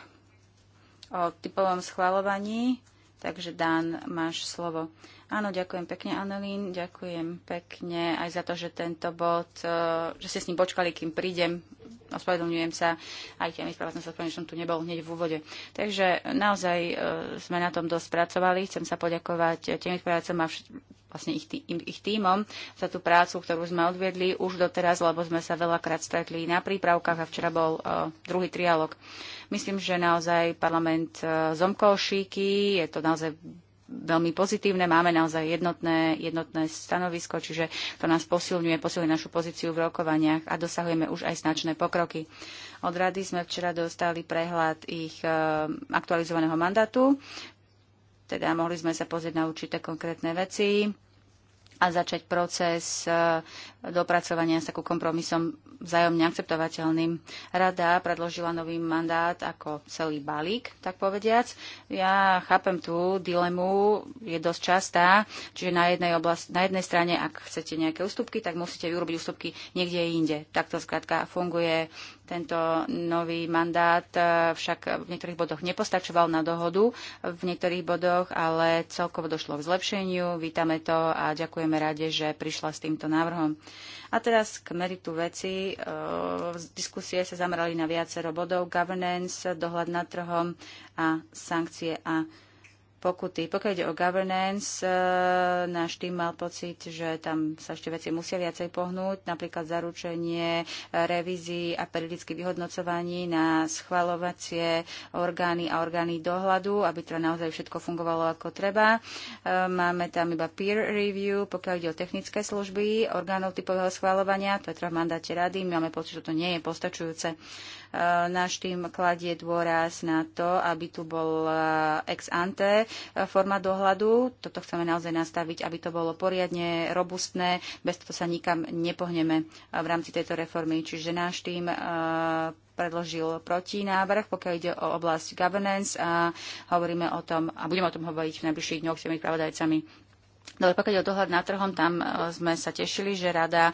o typovom schvalovaní. Takže Dan, máš slovo. Áno, ďakujem pekne, Anelín, ďakujem pekne aj za to, že tento bod, e, že ste s ním počkali, kým prídem. Ospravedlňujem sa, aj tým ispravať som sa že som tu nebol hneď v úvode. Takže naozaj e, sme na tom dosť pracovali. Chcem sa poďakovať tým ispravacom a vlastne ich, tý, ich tímom za tú prácu, ktorú sme odviedli už doteraz, lebo sme sa veľakrát stretli na prípravkách a včera bol uh, druhý trialog. Myslím, že naozaj parlament uh, zomkol šíky, je to naozaj veľmi pozitívne. Máme naozaj jednotné, jednotné stanovisko, čiže to nás posilňuje, posilňuje našu pozíciu v rokovaniach a dosahujeme už aj značné pokroky. Od rady sme včera dostali prehľad ich e, aktualizovaného mandátu, teda mohli sme sa pozrieť na určité konkrétne veci a začať proces e, dopracovania sa ku kompromisom vzájomne akceptovateľným. Rada predložila nový mandát ako celý balík, tak povediac. Ja chápem tú dilemu, je dosť častá, čiže na jednej, oblast, na jednej strane, ak chcete nejaké ústupky, tak musíte urobiť ústupky niekde inde. Takto skrátka funguje tento nový mandát eh, však v niektorých bodoch nepostačoval na dohodu, v niektorých bodoch, ale celkovo došlo k zlepšeniu. Vítame to a ďakujeme rade, že prišla s týmto návrhom. A teraz k meritu veci. Eh, z diskusie sa zamerali na viacero bodov, governance, dohľad nad trhom a sankcie a pokuty. Pokiaľ ide o governance, e, náš tým mal pocit, že tam sa ešte veci musia viacej pohnúť, napríklad zaručenie e, revízií a periodických vyhodnocovaní na schvalovacie orgány a orgány dohľadu, aby teda naozaj všetko fungovalo ako treba. E, máme tam iba peer review, pokiaľ ide o technické služby orgánov typového schvalovania, to je teda v mandáte rady, my máme pocit, že to nie je postačujúce. Eh, náš tým kladie dôraz na to, aby tu bol eh, ex ante eh, forma dohľadu. Toto chceme naozaj nastaviť, aby to bolo poriadne robustné. Bez toho sa nikam nepohneme v rámci tejto reformy. Čiže náš tým predložil protinávrh, pokiaľ ide o oblasť governance a hovoríme o tom a budeme o tom hovoriť v najbližších dňoch s tými pravodajcami Dobre, pokiaľ ide o dohľad nad trhom, tam e, sme sa tešili, že rada e,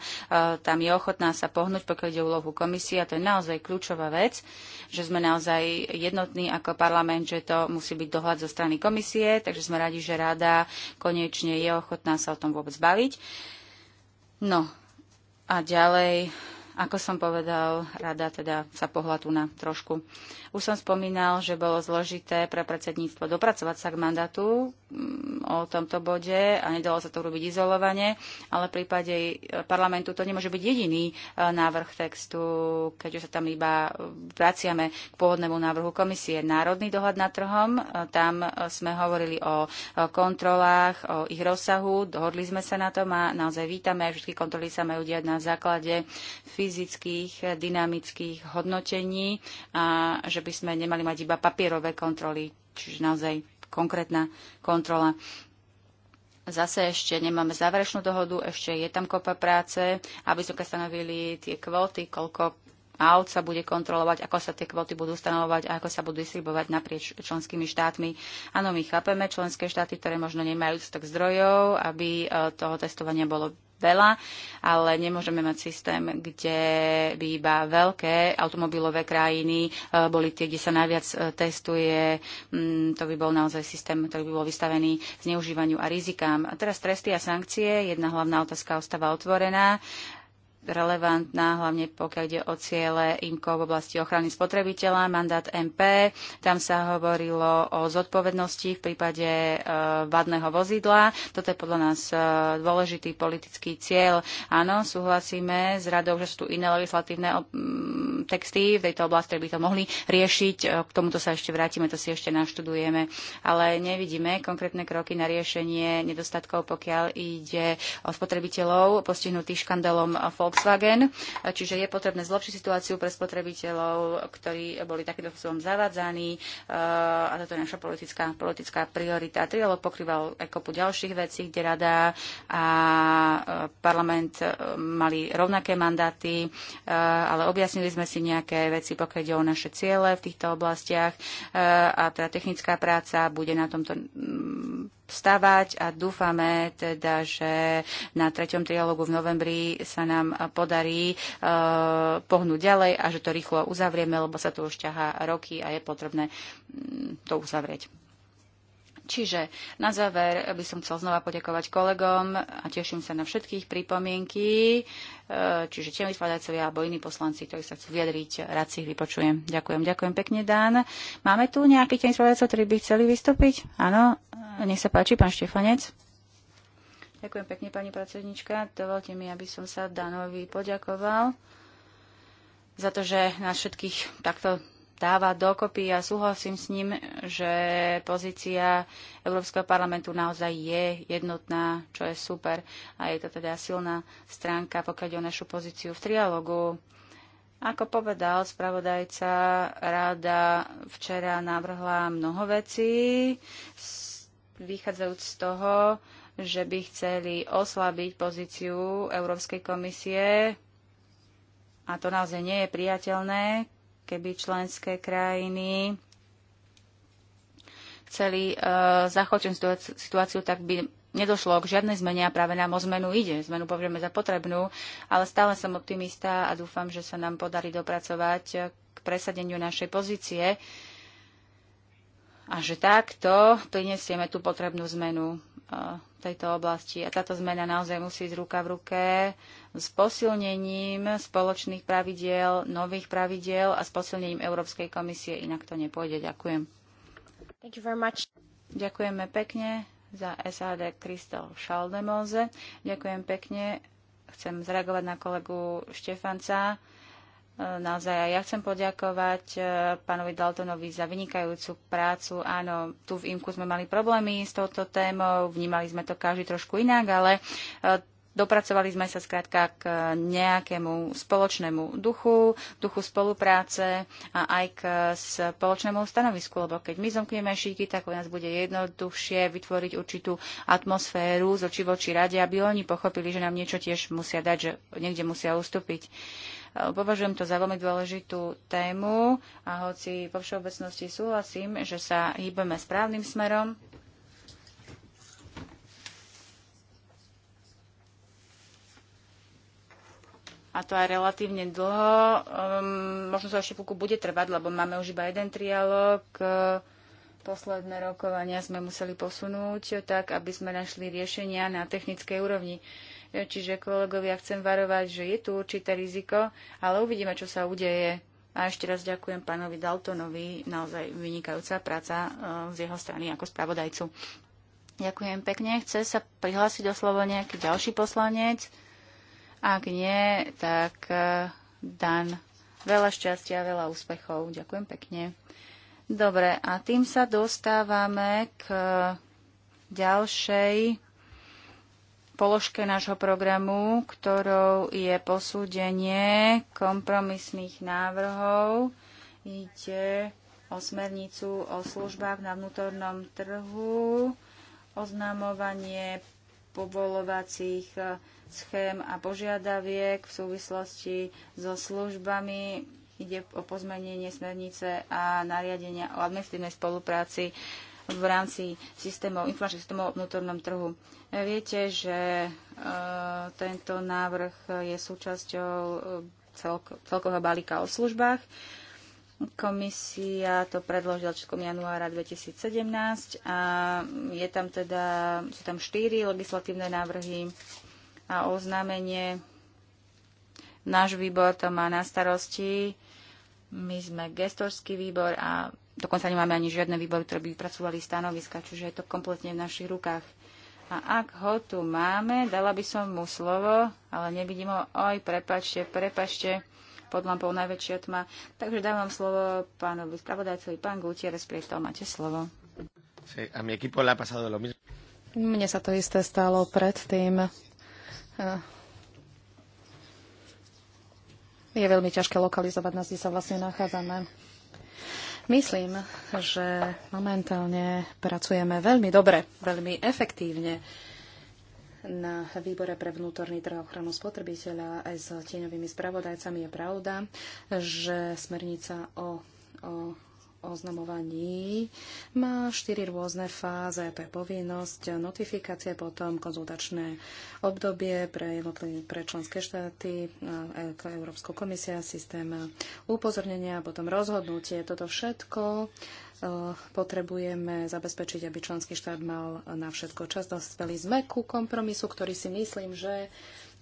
tam je ochotná sa pohnúť, pokiaľ ide o úlohu komisie a to je naozaj kľúčová vec, že sme naozaj jednotní ako parlament, že to musí byť dohľad zo strany komisie, takže sme radi, že rada konečne je ochotná sa o tom vôbec baviť. No a ďalej, ako som povedal, rada teda sa pohla tu na trošku. Už som spomínal, že bolo zložité pre predsedníctvo dopracovať sa k mandátu o tomto bode a nedalo sa to urobiť izolovane, ale v prípade eh, parlamentu to nemôže byť jediný eh, návrh textu, keďže sa tam iba eh, vraciame k pôvodnému návrhu komisie. Národný dohľad nad trhom, tam sme hovorili o kontrolách, o ich rozsahu, dohodli sme sa na tom a naozaj vítame, všetky kontroly sa majú diať na základe fyzických, dynamických hodnotení a že by sme nemali mať iba papierové kontroly, čiže naozaj konkrétna kontrola. Zase ešte nemáme záverečnú dohodu, ešte je tam kopa práce, aby sme stanovili tie kvóty, koľko aut sa bude kontrolovať, ako sa tie kvóty budú stanovovať a ako sa budú distribuovať naprieč členskými štátmi. Áno, my chápeme členské štáty, ktoré možno nemajú tak zdrojov, aby e, toho testovania bolo veľa, ale nemôžeme mať systém, kde by iba veľké automobilové krajiny e, boli tie, kde sa najviac e, testuje. Mm, to by bol naozaj systém, ktorý by bol vystavený zneužívaniu a rizikám. A teraz tresty a sankcie. Jedna hlavná otázka ostáva otvorená relevantná, hlavne pokiaľ ide o ciele IMCO v oblasti ochrany spotrebiteľa, mandát MP. Tam sa hovorilo o zodpovednosti v prípade e, vadného vozidla. Toto je podľa nás e, dôležitý politický cieľ. Áno, súhlasíme s radou, že sú tu iné legislatívne texty v tejto oblasti, ktoré by to mohli riešiť. E, k tomuto sa ešte vrátime, to si ešte naštudujeme. Ale nevidíme konkrétne kroky na riešenie nedostatkov, pokiaľ ide o spotrebiteľov postihnutých škandalom Volkswagen Volkswagen, čiže je potrebné zlepšiť situáciu pre spotrebiteľov, ktorí boli takýmto spôsobom zavádzaní eh, a toto je naša politická, politická priorita. Trialog pokrýval aj kopu ďalších vecí, kde rada a eh, parlament eh, mali rovnaké mandáty, ale objasnili sme si nejaké veci, pokiaľ ide o naše ciele v týchto oblastiach a teda technická práca bude na tomto mm, stavať a dúfame teda, že na treťom trialogu v novembri sa nám podarí e, pohnúť ďalej a že to rýchlo uzavrieme, lebo sa to už ťahá roky a je potrebné mm, to uzavrieť. Čiže na záver by som chcel znova poďakovať kolegom a teším sa na všetkých pripomienky, e, čiže tie vyskladajcovia alebo iní poslanci, ktorí sa chcú vyjadriť, rád si ich vypočujem. Ďakujem, ďakujem pekne, Dan. Máme tu nejaký tie vyskladajcov, ktorí by chceli vystúpiť? Áno, nech sa páči, pán Štefanec. Ďakujem pekne, pani pracovníčka. Dovolte mi, aby som sa Danovi poďakoval za to, že nás všetkých takto dáva dokopy a ja súhlasím s ním, že pozícia Európskeho parlamentu naozaj je jednotná, čo je super. A je to teda silná stránka, pokiaľ o našu pozíciu v trialogu. Ako povedal spravodajca, rada včera navrhla mnoho vecí, vychádzajúc z toho, že by chceli oslabiť pozíciu Európskej komisie. A to naozaj nie je priateľné, keby členské krajiny chceli uh, e, zachočiť situáciu, tak by nedošlo k žiadnej zmene a práve nám o zmenu ide. Zmenu povieme za potrebnú, ale stále som optimista a dúfam, že sa nám podarí dopracovať k presadeniu našej pozície a že takto prinesieme tú potrebnú zmenu. Eh, tejto oblasti. A táto zmena naozaj musí ísť ruka v ruke s posilnením spoločných pravidiel, nových pravidiel a s posilnením Európskej komisie. Inak to nepôjde. Ďakujem. Thank you very much. Ďakujeme pekne za SAD Kristel Šaldemose. Ďakujem pekne. Chcem zareagovať na kolegu Štefanca. Naozaj ja chcem poďakovať e, pánovi Daltonovi za vynikajúcu prácu. Áno, tu v IMKU sme mali problémy s touto témou, vnímali sme to každý trošku inak, ale e, dopracovali sme sa skrátka k nejakému spoločnému duchu, duchu spolupráce a aj k spoločnému stanovisku, lebo keď my zomkneme šíky, tak u nás bude jednoduchšie vytvoriť určitú atmosféru z očí voči rade, aby oni pochopili, že nám niečo tiež musia dať, že niekde musia ustúpiť. Eh, považujem to za veľmi dôležitú tému a hoci vo všeobecnosti súhlasím, že sa hýbeme správnym smerom, a to aj relatívne dlho. Um, možno sa ešte chvíľku bude trvať, lebo máme už iba jeden trialog. Eh, posledné rokovania sme museli posunúť eh, tak, aby sme našli riešenia na technickej úrovni. Uh, Čiže kolegovia, chcem varovať, že je tu určité riziko, ale uvidíme, čo sa udeje. A ešte raz ďakujem pánovi Daltonovi, naozaj vynikajúca práca e, z jeho strany ako spravodajcu. Ďakujem pekne. Chce sa prihlásiť o slovo nejaký ďalší poslanec? Ak nie, tak e, Dan. Veľa šťastia, veľa úspechov. Ďakujem pekne. Dobre, a tým sa dostávame k e, ďalšej položke nášho programu, ktorou je posúdenie kompromisných návrhov. Ide o smernicu o službách na vnútornom trhu, oznamovanie povolovacích eh, schém a požiadaviek v súvislosti so službami. Ide o pozmenenie smernice a nariadenia o administratívnej spolupráci v rámci systémov, informačných systémov o vnútornom trhu. Viete, že e, tento návrh je súčasťou e, celkového balíka o službách. Komisia to predložila začiatkom januára 2017 a je tam teda, sú tam štyri legislatívne návrhy a oznámenie. Náš výbor to má na starosti. My sme gestorský výbor a dokonca nemáme ani žiadne výbory, ktoré by vypracovali stanoviska, čiže je to kompletne v našich rukách. A ak ho tu máme, dala by som mu slovo, ale nevidím ho. Oj, prepačte, prepačte, pod lampou najväčšia tma. Takže dávam slovo pánovi spravodajcovi, pán Gutierrez, toho máte slovo. Mne sa to isté stalo predtým. Eh, je veľmi ťažké lokalizovať nás, kde sa vlastne nachádzame. Myslím, že momentálne pracujeme veľmi dobre, veľmi efektívne na výbore pre vnútorný trh ochranu spotrebiteľa aj s tieňovými spravodajcami je pravda, že smernica o, o oznamovaní má štyri rôzne fáze. To je povinnosť notifikácie, potom konzultačné obdobie pre, pre členské štáty, e, Európsku komisia, systém upozornenia, potom rozhodnutie. Toto všetko e, potrebujeme zabezpečiť, aby členský štát mal na všetko čas. Dospeli sme ku kompromisu, ktorý si myslím, že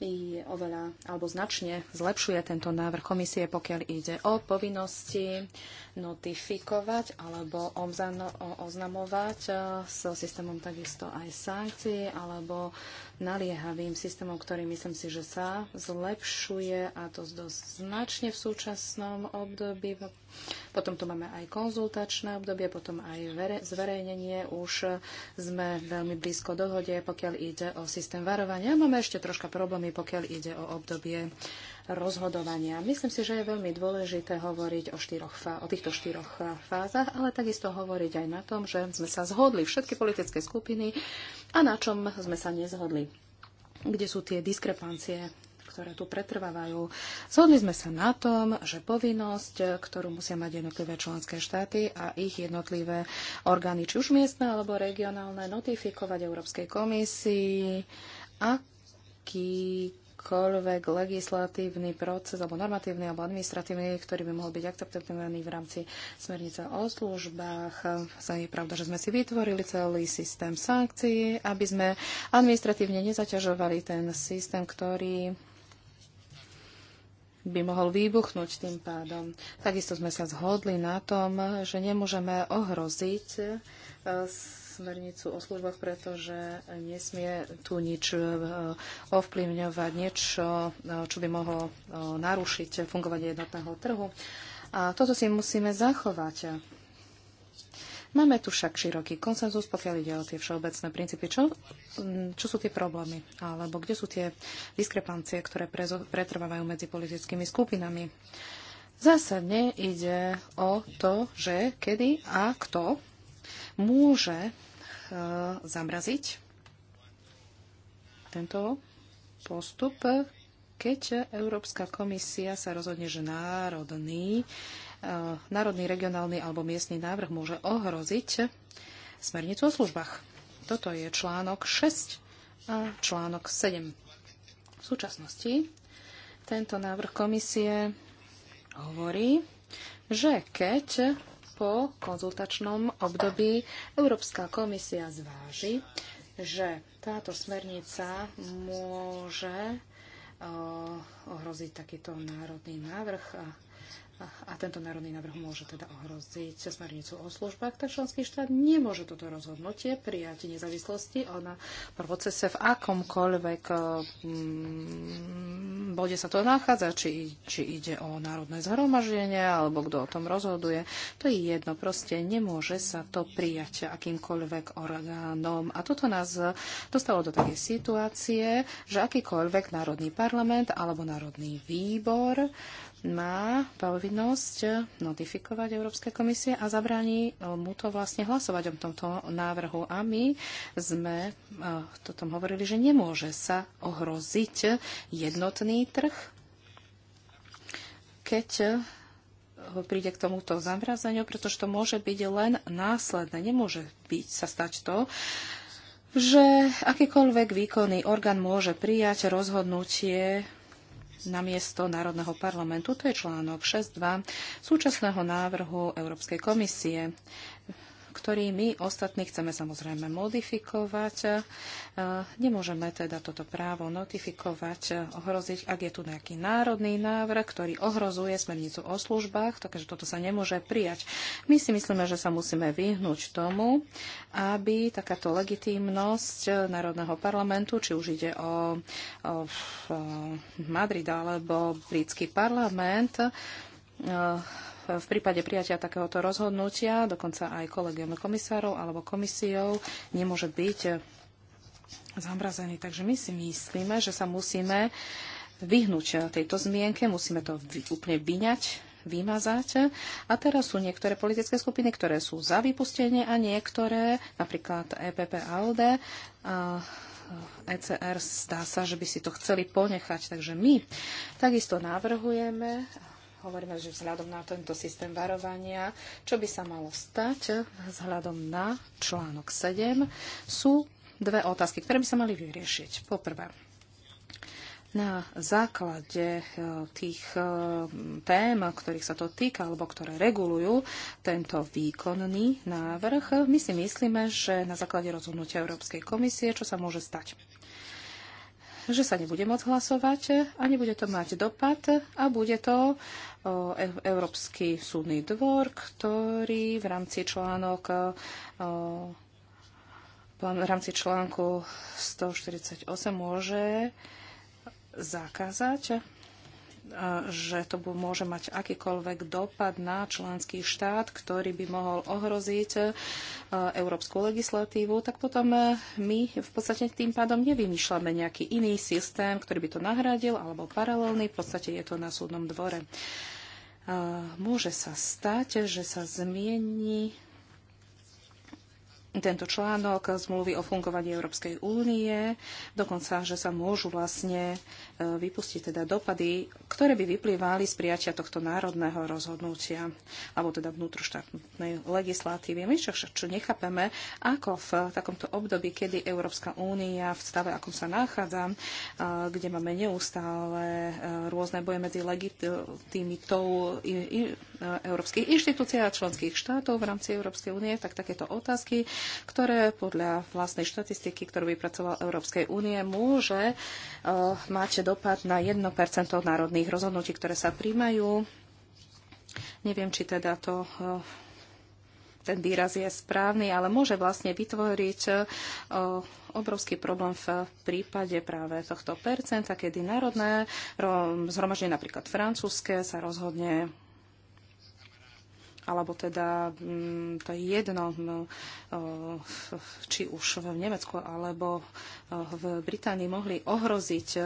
i oveľa alebo značne zlepšuje tento návrh komisie, pokiaľ ide o povinnosti notifikovať alebo oznamovať eh, so systémom takisto aj sankcií alebo naliehavým systémom, ktorý myslím si, že sa zlepšuje a to dosť značne v súčasnom období. Potom tu máme aj konzultačné obdobie, potom aj zverejnenie. Už sme veľmi blízko dohode, pokiaľ ide o systém varovania. Máme ešte troška problémy, pokiaľ ide o obdobie rozhodovania. Myslím si, že je veľmi dôležité hovoriť o, štyroch, o týchto štyroch e, fázach, ale takisto hovoriť aj na tom, že sme sa zhodli všetky politické skupiny a na čom sme sa nezhodli. Kde sú tie diskrepancie ktoré tu pretrvávajú. Zhodli sme sa na tom, že povinnosť, ktorú musia mať jednotlivé členské štáty a ich jednotlivé orgány, či už miestne alebo regionálne, notifikovať Európskej komisii, aký akýkoľvek legislatívny proces, alebo normatívny, alebo administratívny, ktorý by mohol byť akceptovaný v rámci smernice o službách. Je pravda, že sme si vytvorili celý systém sankcií, aby sme administratívne nezaťažovali ten systém, ktorý by mohol výbuchnúť tým pádom. Takisto sme sa zhodli na tom, že nemôžeme ohroziť smernicu o službách, pretože nesmie tu nič e, ovplyvňovať, niečo, e, čo by mohlo e, narušiť fungovanie jednotného trhu. A toto si musíme zachovať. Máme tu však široký konsenzus, pokiaľ ide o tie všeobecné princípy. Čo, čo sú tie problémy? Alebo kde sú tie diskrepancie, ktoré pretrvávajú medzi politickými skupinami? Zásadne ide o to, že kedy a kto môže e, zamraziť tento postup, keď Európska komisia sa rozhodne, že národný, e, národný, regionálny alebo miestny návrh môže ohroziť smernicu o službách. Toto je článok 6 a článok 7. V súčasnosti tento návrh komisie hovorí, že keď po konzultačnom období Európska komisia zváži, že táto smernica môže eh, ohroziť takýto národný návrh a a tento národný návrh môže teda ohroziť smernicu o službách, tak členský štát nemôže toto rozhodnutie prijať nezávislosti na procese v akomkoľvek um, bode sa to nachádza, či, či ide o národné zhromaždenie alebo kto o tom rozhoduje. To je jedno, proste nemôže sa to prijať akýmkoľvek orgánom. A toto nás dostalo do takej situácie, že akýkoľvek národný parlament alebo národný výbor má povinnosť notifikovať Európskej komisie a zabraní mu to vlastne hlasovať o tomto návrhu. A my sme o tom hovorili, že nemôže sa ohroziť jednotný trh, keď príde k tomuto zamrazeniu, pretože to môže byť len následné. Nemôže byť, sa stať to, že akýkoľvek výkonný orgán môže prijať rozhodnutie na miesto Národného parlamentu. To je článok 6.2 súčasného návrhu Európskej komisie ktorý my ostatní chceme samozrejme modifikovať. E, nemôžeme teda toto právo notifikovať, e, ohroziť, ak je tu nejaký národný návrh, ktorý ohrozuje smernicu o službách, takže toto sa nemôže prijať. My si myslíme, že sa musíme vyhnúť tomu, aby takáto legitímnosť e, Národného parlamentu, či už ide o, o, o Madrid alebo britský parlament, v prípade prijatia takéhoto rozhodnutia, dokonca aj kolegium komisárov alebo komisiou, nemôže byť zamrazený. Takže my si myslíme, že sa musíme vyhnúť tejto zmienke, musíme to úplne vyňať vymazať. A teraz sú niektoré politické skupiny, ktoré sú za vypustenie a niektoré, napríklad EPP ALDE, a ECR zdá sa, že by si to chceli ponechať. Takže my takisto navrhujeme, hovoríme, že vzhľadom na tento systém varovania, čo by sa malo stať vzhľadom na článok 7, sú dve otázky, ktoré by sa mali vyriešiť. Poprvé, na základe e, tých e, tém, ktorých sa to týka, alebo ktoré regulujú tento výkonný návrh, my si myslíme, že na základe rozhodnutia Európskej komisie, čo sa môže stať? že sa nebude môcť hlasovať a nebude to mať dopad a bude to e-, Európsky súdny dvor, ktorý v rámci článok v rámci článku 148 môže zakázať že to môže mať akýkoľvek dopad na členský štát, ktorý by mohol ohroziť e, európsku legislatívu, tak potom e, my v podstate tým pádom nevymýšľame nejaký iný systém, ktorý by to nahradil alebo paralelný. V podstate je to na súdnom dvore. E, môže sa stať, že sa zmieni tento článok zmluvy o fungovaní Európskej únie, dokonca, že sa môžu vlastne e, vypustiť teda dopady, ktoré by vyplývali z prijatia tohto národného rozhodnutia, alebo teda vnútroštátnej legislatívy. My však čo nechápeme, ako v takomto období, kedy Európska únia v stave, akom sa nachádza, e, kde máme neustále e, rôzne boje medzi legitimitou európskych inštitúcií a členských štátov v rámci Európskej únie, tak takéto otázky ktoré podľa vlastnej štatistiky, ktorú vypracoval Európskej únie, môže e, mať dopad na 1% národných rozhodnutí, ktoré sa príjmajú. Neviem, či teda to e, ten výraz je správny, ale môže vlastne vytvoriť o, e, obrovský problém v prípade práve tohto percenta, kedy národné zhromaždenie napríklad francúzske sa rozhodne alebo teda mm, to je jedno, no, či už v Nemecku alebo v Británii mohli ohroziť e,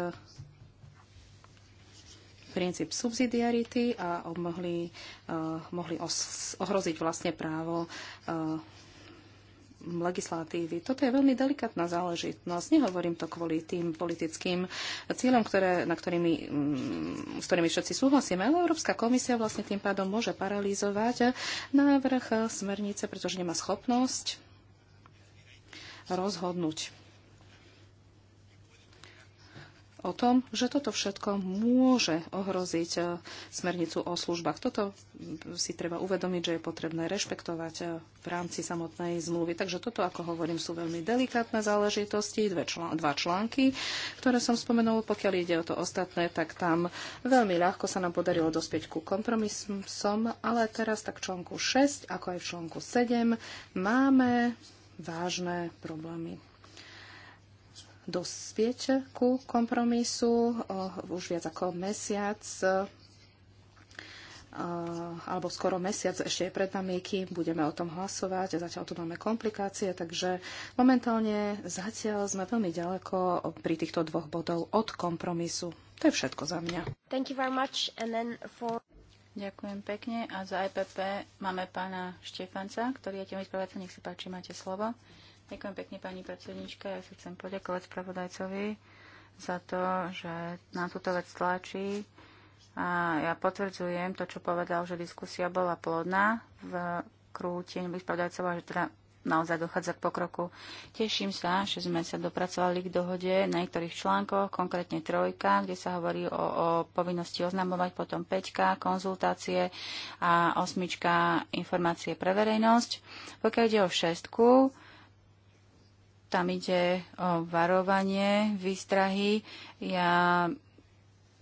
princíp subsidiarity a mohli, e, mohli ohroziť vlastne právo e, legislatívy. Toto je veľmi delikatná záležitosť. Nehovorím to kvôli tým politickým cieľom, ktoré, na ktorými, mm, s ktorými všetci súhlasíme, ale Európska komisia vlastne tým pádom môže paralýzovať návrh smernice, pretože nemá schopnosť rozhodnúť o tom, že toto všetko môže ohroziť e, smernicu o službách. Toto si treba uvedomiť, že je potrebné rešpektovať e, v rámci samotnej zmluvy. Takže toto, ako hovorím, sú veľmi delikátne záležitosti, dve čl- dva články, ktoré som spomenul. Pokiaľ ide o to ostatné, tak tam veľmi ľahko sa nám podarilo dospieť ku kompromisom, ale teraz tak v článku 6, ako aj v článku 7, máme vážne problémy dospieť ku kompromisu už viac ako mesiac alebo skoro mesiac ešte je pred nami, kým budeme o tom hlasovať. a Zatiaľ tu máme komplikácie, takže momentálne zatiaľ sme veľmi ďaleko pri týchto dvoch bodov od kompromisu. To je všetko za mňa. Thank you very much. And then for... Ďakujem pekne. A za IPP e máme pána Štefanca, ktorý je tým nech si páči, máte slovo. Ďakujem pekne, pani predsednička. Ja sa chcem poďakovať spravodajcovi za to, že na túto vec tlačí. A ja potvrdzujem to, čo povedal, že diskusia bola plodná v kruhu tieňových spravodajcov a že teda naozaj dochádza k pokroku. Teším sa, že sme sa dopracovali k dohode na niektorých článkoch, konkrétne trojka, kde sa hovorí o, o povinnosti oznamovať, potom peťka, konzultácie a osmička, informácie pre verejnosť. Pokiaľ ide o šestku, tam ide o varovanie výstrahy. Ja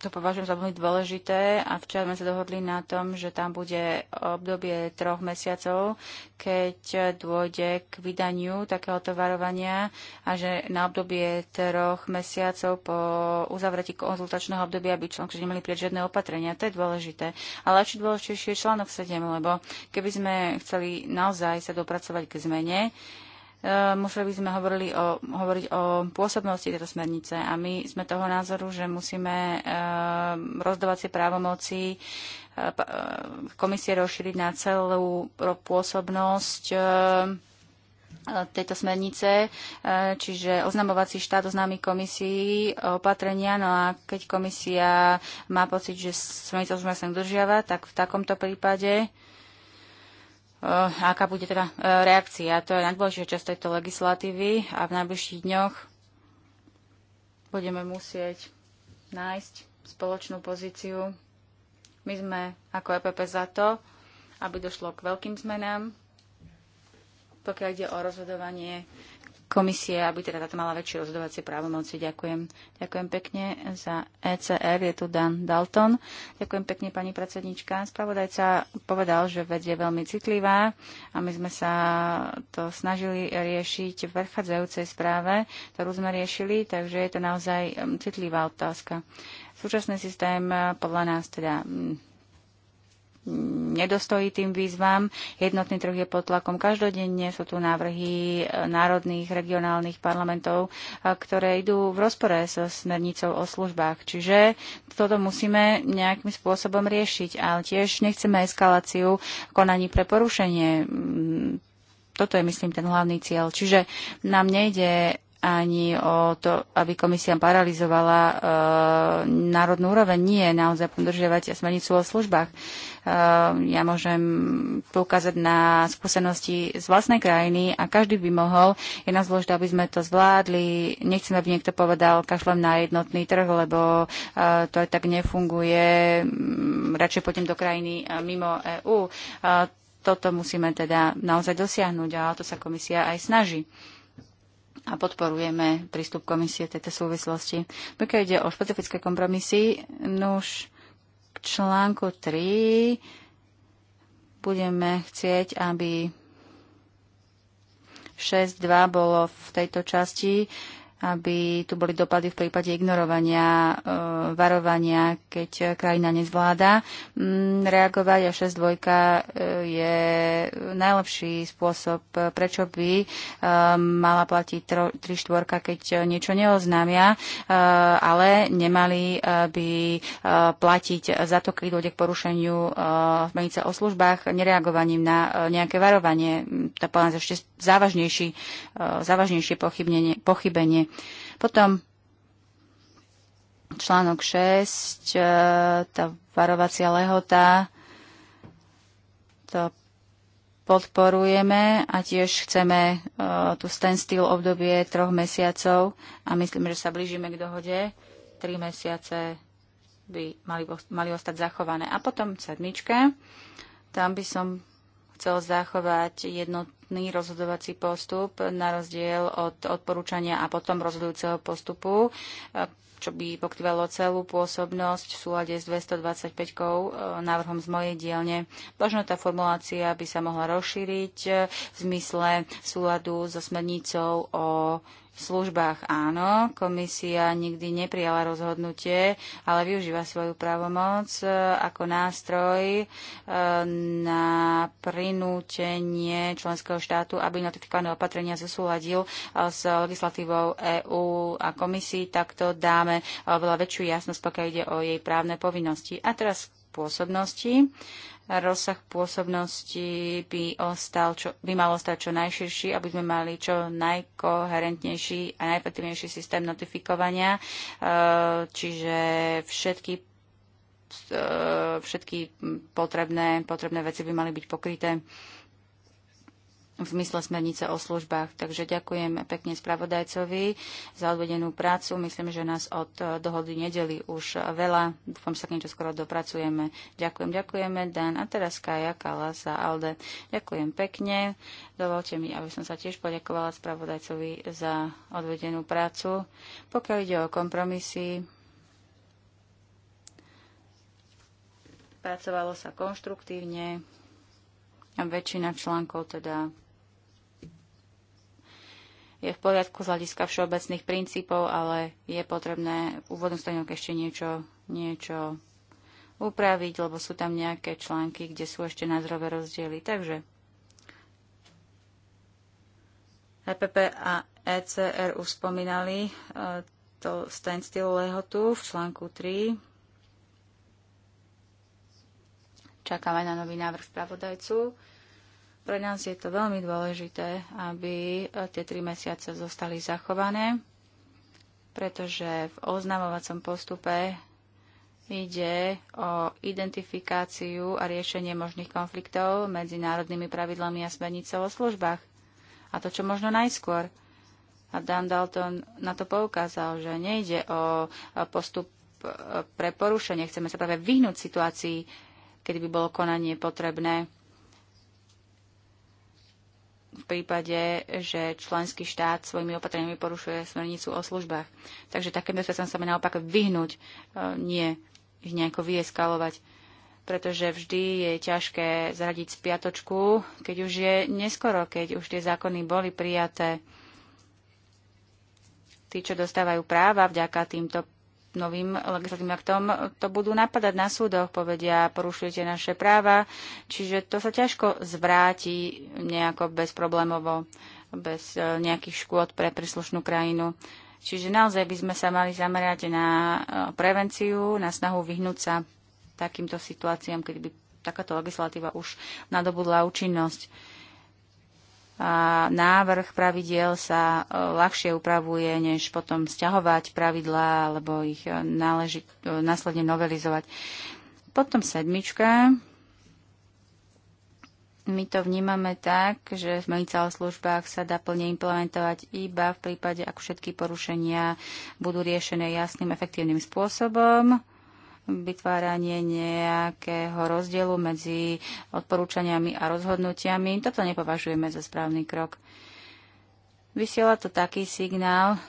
to považujem za veľmi dôležité a včera sme sa dohodli na tom, že tam bude obdobie troch mesiacov, keď dôjde k vydaniu takéhoto varovania a že na obdobie troch mesiacov po uzavretí konzultačného obdobia by členky nemali prieť žiadne opatrenia. To je dôležité. Ale ešte dôležitejšie je článok 7, lebo keby sme chceli naozaj sa dopracovať k zmene, Ehm, museli by sme hovorili o, hovoriť o pôsobnosti tejto smernice a my sme toho názoru, že musíme ehm, rozdávacie právomoci e, e, komisie rozšíriť na celú pôsobnosť ehm, tejto smernice, e, čiže oznamovací štát oznámi komisii opatrenia, no a keď komisia má pocit, že smernica už sa nedržiava, tak v takomto prípade Eh, aká bude teda eh, reakcia. To je najdôležšia časť tejto legislatívy a v najbližších dňoch budeme musieť nájsť spoločnú pozíciu. My sme ako EPP za to, aby došlo k veľkým zmenám, pokiaľ ide o rozhodovanie komisie, aby teda táto mala väčšie rozhodovacie právomoci. Ďakujem. Ďakujem pekne za ECR, je tu Dan Dalton. Ďakujem pekne, pani predsednička. Spravodajca povedal, že vec je veľmi citlivá a my sme sa to snažili riešiť v predchádzajúcej správe, ktorú sme riešili, takže je to naozaj citlivá otázka. Súčasný systém podľa nás teda nedostojí tým výzvam. Jednotný trh je pod tlakom každodenne. Sú tu návrhy eh, národných, regionálnych parlamentov, eh, ktoré idú v rozpore so smernicou o službách. Čiže toto musíme nejakým spôsobom riešiť. Ale tiež nechceme eskaláciu konaní pre porušenie. Mm, toto je, myslím, ten hlavný cieľ. Čiže nám nejde ani o to, aby komisia paralizovala e, národnú úroveň. Nie, naozaj podržiavať smernicu o službách. E, ja môžem poukázať na skúsenosti z vlastnej krajiny a každý by mohol. Je nás zložité, aby sme to zvládli. Nechcem, aby niekto povedal, kašlem na jednotný trh, lebo e, to aj tak nefunguje. Mm, radšej pôjdem do krajiny e, mimo EÚ. E, toto musíme teda naozaj dosiahnuť a to sa komisia aj snaží a podporujeme prístup komisie tejto súvislosti. Pokiaľ ide o špecifické kompromisy, nuž k článku 3 budeme chcieť, aby 6.2 bolo v tejto časti aby tu boli dopady v prípade ignorovania, e, varovania, keď krajina nezvláda mm, reagovať a 6.2 e, je najlepší spôsob, e, prečo by e, mala platiť 3.4, keď niečo neoznámia, e, ale nemali e, by platiť za to, keď dojde k porušeniu v menice o službách nereagovaním na nejaké varovanie. Mm, tá plán ešte Eh, závažnejšie pochybenie, pochybenie. Potom článok 6, eh, tá varovacia lehota, to podporujeme a tiež chceme uh, eh, tu standstill obdobie troch mesiacov a myslím, že sa blížime k dohode. Tri mesiace by mali, mali ostať zachované. A potom sedmičke, tam by som chcel zachovať jednotný rozhodovací postup na rozdiel od odporúčania a potom rozhodujúceho postupu, e, čo by pokrývalo celú pôsobnosť v súlade s 225 e, návrhom z mojej dielne. Možno tá formulácia by sa mohla rozšíriť e, v zmysle súladu so smernicou o službách. Áno, komisia nikdy neprijala rozhodnutie, ale využíva svoju právomoc e, ako nástroj e, na prinútenie členského štátu, aby notifikované opatrenia zosúladil e, s legislatívou EÚ a komisii. Takto dáme veľa väčšiu jasnosť, pokiaľ ide o jej právne povinnosti. A teraz pôsobnosti rozsah pôsobnosti by, ostal čo, by mal ostať čo najširší, aby sme mali čo najkoherentnejší a najefektívnejší systém notifikovania, e, čiže všetky e, všetky potrebné, potrebné veci by mali byť pokryté v mysle smernice o službách. Takže ďakujem pekne spravodajcovi za odvedenú prácu. Myslím, že nás od eh, dohody nedeli už veľa. Dúfam, sa k niečo skoro dopracujeme. Ďakujem, ďakujeme, Dan. A teraz Kaja Kala za Alde. Ďakujem pekne. Dovolte mi, aby som sa tiež poďakovala spravodajcovi za odvedenú prácu. Pokiaľ ide o kompromisy, pracovalo sa konštruktívne. A väčšina článkov teda je v poriadku z hľadiska všeobecných princípov, ale je potrebné v úvodnom staniok ešte niečo, niečo upraviť, lebo sú tam nejaké články, kde sú ešte názorové rozdiely. Takže EPP a ECR už spomínali e, to standstill lehotu v článku 3. Čakáme na nový návrh spravodajcu. Pre nás je to veľmi dôležité, aby e, tie tri mesiace zostali zachované, pretože v oznamovacom postupe ide o identifikáciu a riešenie možných konfliktov medzi národnými pravidlami a smernicou o službách. A to, čo možno najskôr. A Dan Dalton na to poukázal, že nejde o e, postup e, pre porušenie. Chceme sa práve vyhnúť situácii, kedy by bolo konanie potrebné v prípade, že členský štát svojimi opatreniami porušuje smernicu o službách. Takže takéto sa chceme naopak vyhnúť, e, nie ich nejako vyeskalovať pretože vždy je ťažké zradiť spiatočku, keď už je neskoro, keď už tie zákony boli prijaté. Tí, čo dostávajú práva vďaka týmto novým legislatívnym aktom to budú napadať na súdoch, povedia, porušujete naše práva, čiže to sa ťažko zvráti nejako bezproblémovo, bez e, nejakých škôd pre príslušnú krajinu. Čiže naozaj by sme sa mali zamerať na e, prevenciu, na snahu vyhnúť sa takýmto situáciám, keď by takáto legislatíva už nadobudla účinnosť. A návrh pravidiel sa e, ľahšie upravuje, než potom sťahovať pravidlá alebo ich e, náleži, e, následne novelizovať. Potom sedmička. My to vnímame tak, že v mojich službách sa dá plne implementovať iba v prípade, ak všetky porušenia budú riešené jasným, efektívnym spôsobom vytváranie nejakého rozdielu medzi odporúčaniami a rozhodnutiami. Toto nepovažujeme za správny krok. Vysiela to taký signál,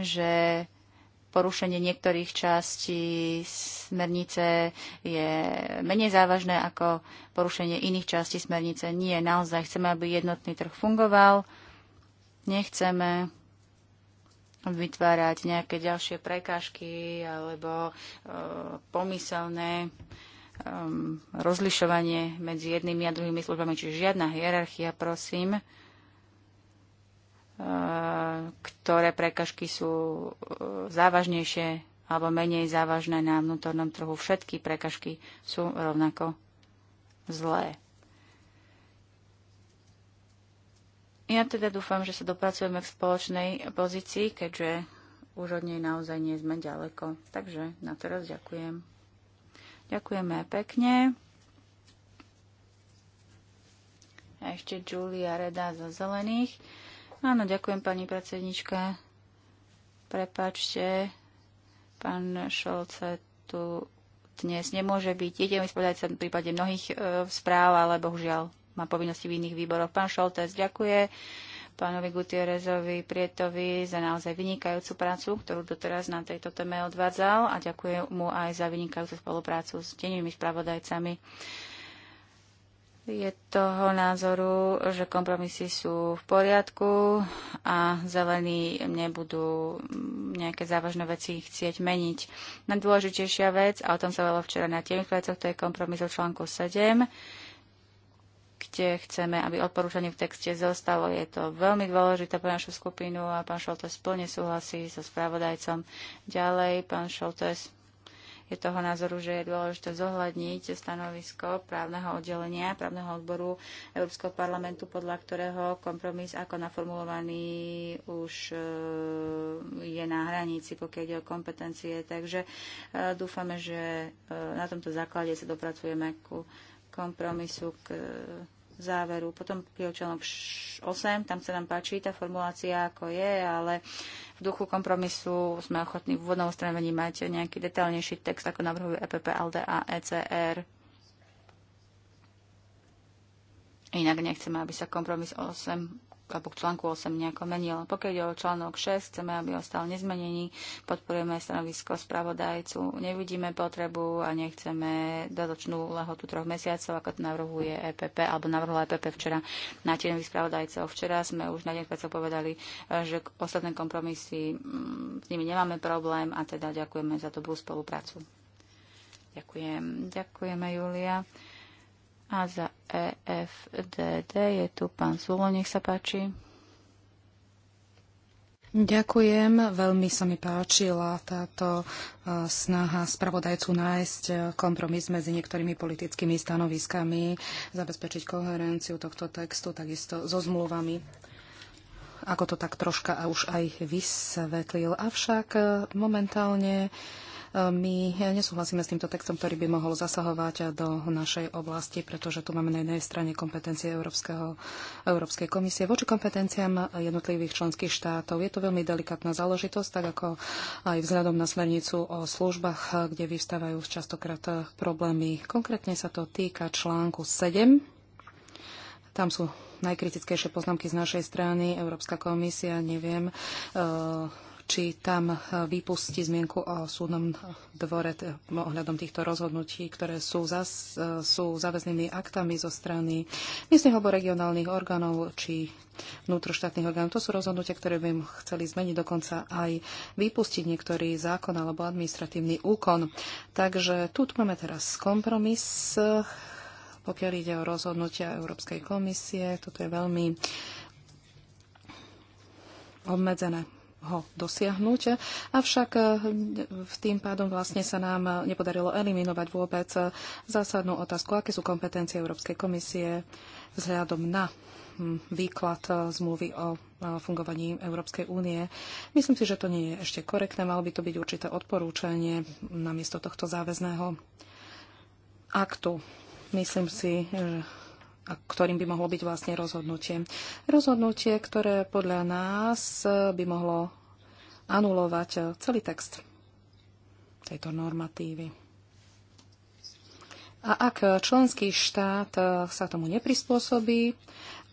že porušenie niektorých častí smernice je menej závažné ako porušenie iných častí smernice. Nie, naozaj chceme, aby jednotný trh fungoval. Nechceme, vytvárať nejaké ďalšie prekážky alebo e, pomyselné e, rozlišovanie medzi jednými a druhými službami, čiže žiadna hierarchia, prosím, e, ktoré prekažky sú e, závažnejšie alebo menej závažné na vnútornom trhu. Všetky prekažky sú rovnako zlé. Ja teda dúfam, že sa dopracujeme k spoločnej pozícii, keďže už od nej naozaj nie sme ďaleko. Takže na teraz ďakujem. Ďakujeme pekne. A ešte Julia Reda za zelených. Áno, ďakujem pani predsednička. Prepačte, pán Šolce tu dnes nemôže byť jediný sa v prípade mnohých e, správ, ale bohužiaľ má povinnosti v iných výboroch. Pán Šoltes, ďakuje pánovi Gutierrezovi Prietovi za naozaj vynikajúcu prácu, ktorú doteraz na tejto téme odvádzal a ďakujem mu aj za vynikajúcu spoluprácu s tenými spravodajcami. Je toho názoru, že kompromisy sú v poriadku a zelení nebudú nejaké závažné veci chcieť meniť. Najdôležitejšia vec, a o tom sa veľa včera na tých vecoch, to je kompromis o článku 7, texte. Chceme, aby odporúčanie v texte zostalo. Je to veľmi dôležité pre našu skupinu a pán Šoltes plne súhlasí so spravodajcom. Ďalej, pán Šoltes je toho názoru, že je dôležité zohľadniť stanovisko právneho oddelenia, právneho odboru Európskeho parlamentu, podľa ktorého kompromis ako naformulovaný už e, je na hranici, pokiaľ ide o kompetencie. Takže e, dúfame, že e, na tomto základe sa dopracujeme ku kompromisu, k záveru. Potom je článok 8, tam sa nám páči tá formulácia, ako je, ale v duchu kompromisu sme ochotní v úvodnom ustanovení mať nejaký detaľnejší text, ako navrhujú EPP, LDA, ECR. Inak nechceme, aby sa kompromis 8 alebo k článku 8 nejako menil. Pokiaľ ide o článok 6, chceme, aby ostal nezmenený, podporujeme stanovisko spravodajcu, nevidíme potrebu a nechceme dodočnú lehotu troch mesiacov, ako to navrhuje EPP, alebo navrhla EPP včera na tieňových spravodajcov. Včera sme už na vecov povedali, že ostatné kompromisy, mm, s nimi nemáme problém a teda ďakujeme za dobrú spoluprácu. Ďakujem. Ďakujeme, Julia. A za EFDD je tu pán Zulo, nech sa páči. Ďakujem, veľmi sa mi páčila táto e, snaha spravodajcu nájsť e, kompromis medzi niektorými politickými stanoviskami, zabezpečiť koherenciu tohto textu, takisto so zmluvami ako to tak troška už aj vysvetlil. Avšak e, momentálne uh, my nesúhlasíme s týmto textom, ktorý by mohol zasahovať do našej oblasti, pretože tu máme na jednej strane kompetencie Európskeho, Európskej komisie voči kompetenciám jednotlivých členských štátov. Je to veľmi delikátna záležitosť, tak ako aj vzhľadom na smernicu o službách, kde vystávajú častokrát problémy. Konkrétne sa to týka článku 7 tam sú najkritickejšie poznámky z našej strany. Európska komisia, neviem, či tam eh, vypustí zmienku o súdnom dvore ohľadom týchto rozhodnutí, ktoré sú, zas, eh, sú záväznými aktami zo strany miestnych alebo regionálnych orgánov či vnútroštátnych orgánov. To sú rozhodnutia, ktoré by im chceli zmeniť, dokonca aj vypustiť niektorý zákon alebo administratívny úkon. Takže tu máme teraz kompromis, eh, pokiaľ ide o rozhodnutia Európskej komisie. Toto je veľmi obmedzené ho dosiahnuť. Avšak eh, v tým pádom vlastne sa nám eh, nepodarilo eliminovať vôbec eh, zásadnú otázku, aké sú kompetencie Európskej komisie vzhľadom na hm, výklad zmluvy o fungovaní Európskej únie. Myslím si, že to nie je ešte korektné, malo by to byť určité odporúčanie namiesto tohto záväzného aktu. Myslím si, že ktorým by mohlo byť vlastne rozhodnutie. Rozhodnutie, ktoré podľa nás by mohlo anulovať celý text tejto normatívy. A ak členský štát sa tomu neprispôsobí,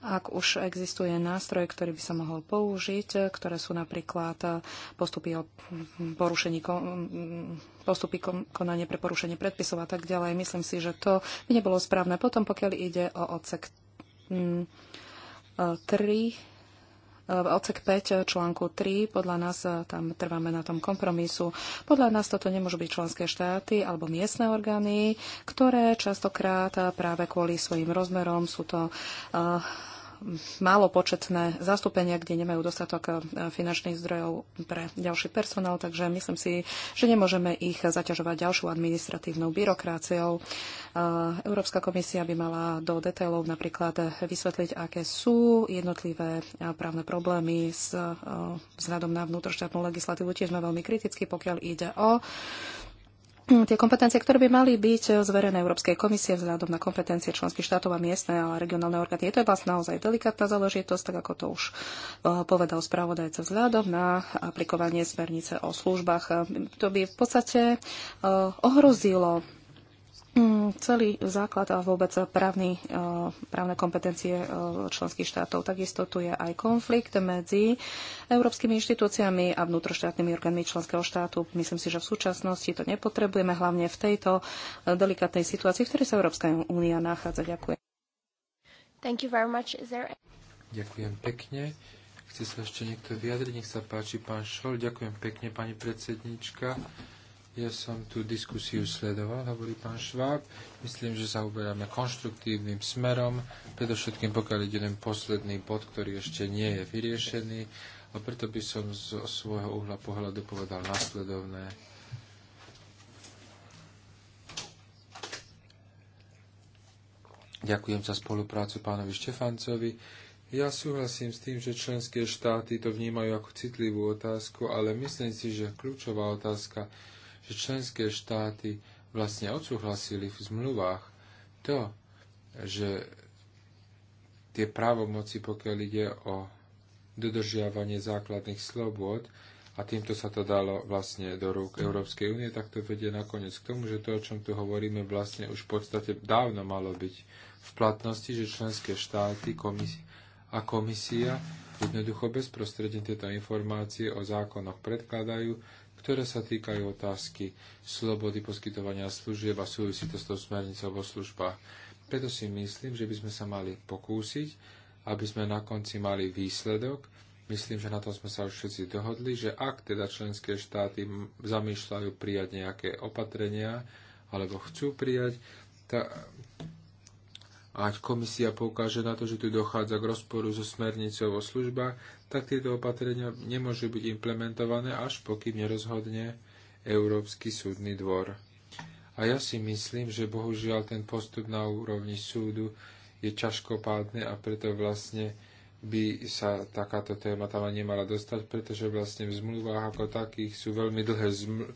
ak už existuje nástroj, ktorý by sa mohol použiť, ktoré sú napríklad eh, postupy o porušení mm, postupy konania pre porušenie predpisov a tak ďalej. Myslím si, že to by nebolo správne. Potom, pokiaľ ide o odsek 3, mm, eh, v odsek 5 eh, článku 3. Podľa nás eh, tam trváme na tom kompromisu. Podľa nás toto nemôžu byť členské štáty alebo miestne orgány, ktoré častokrát eh, práve kvôli svojim rozmerom sú to uh, málo početné zastúpenia, kde nemajú dostatok e, finančných zdrojov pre ďalší personál, takže myslím si, že nemôžeme ich zaťažovať ďalšou administratívnou byrokráciou. E, Európska komisia by mala do detailov napríklad vysvetliť, aké sú jednotlivé e, právne problémy s vzhľadom na vnútroštátnu legislatívu. Tiež sme veľmi kriticky, pokiaľ ide o Mm, tie kompetencie, ktoré by mali byť zverené Európskej komisie vzhľadom na kompetencie členských štátov a miestne a regionálne orgány. Je to vlastne naozaj delikátna záležitosť, tak ako to už e, povedal spravodajca vzhľadom na aplikovanie smernice o službách. E, to by v podstate e, ohrozilo Mm, celý základ a vôbec právny, eh, právne kompetencie eh, členských štátov. Takisto tu je aj konflikt medzi európskymi inštitúciami a vnútroštátnymi orgánmi členského štátu. Myslím si, že v súčasnosti to nepotrebujeme, hlavne v tejto eh, delikatnej situácii, v ktorej sa Európska únia nachádza. Ďakujem. Thank you very much. Is there... Ďakujem pekne. Chce sa ešte niekto vyjadriť? Nech sa páči, pán Šol. Ďakujem pekne, pani predsednička. Ja som tú diskusiu sledoval, hovorí pán Šváb. Myslím, že sa uberáme konštruktívnym smerom, predovšetkým pokiaľ ide ten posledný bod, ktorý ešte nie je vyriešený. A preto by som z svojho uhla pohľadu povedal nasledovné. Ďakujem za spoluprácu pánovi Štefancovi. Ja súhlasím s tým, že členské štáty to vnímajú ako citlivú otázku, ale myslím si, že kľúčová otázka že členské štáty vlastne odsúhlasili v zmluvách to, že tie právomoci, pokiaľ ide o dodržiavanie základných slobôd, a týmto sa to dalo vlastne do rúk Európskej únie, tak to vedie nakoniec k tomu, že to, o čom tu hovoríme, vlastne už v podstate dávno malo byť v platnosti, že členské štáty komisi- a komisia jednoducho bezprostredne tieto informácie o zákonoch predkladajú ktoré sa týkajú otázky slobody poskytovania služieb a súvisí to s tou smernicou vo službách. Preto si myslím, že by sme sa mali pokúsiť, aby sme na konci mali výsledok. Myslím, že na tom sme sa už všetci dohodli, že ak teda členské štáty zamýšľajú prijať nejaké opatrenia alebo chcú prijať, a ak komisia poukáže na to, že tu dochádza k rozporu so smernicou o službách, tak tieto opatrenia nemôžu byť implementované, až pokým nerozhodne Európsky súdny dvor. A ja si myslím, že bohužiaľ ten postup na úrovni súdu je ťažkopádny a preto vlastne by sa takáto téma tam nemala dostať, pretože vlastne v zmluvách ako takých sú veľmi dlhé zmluvy,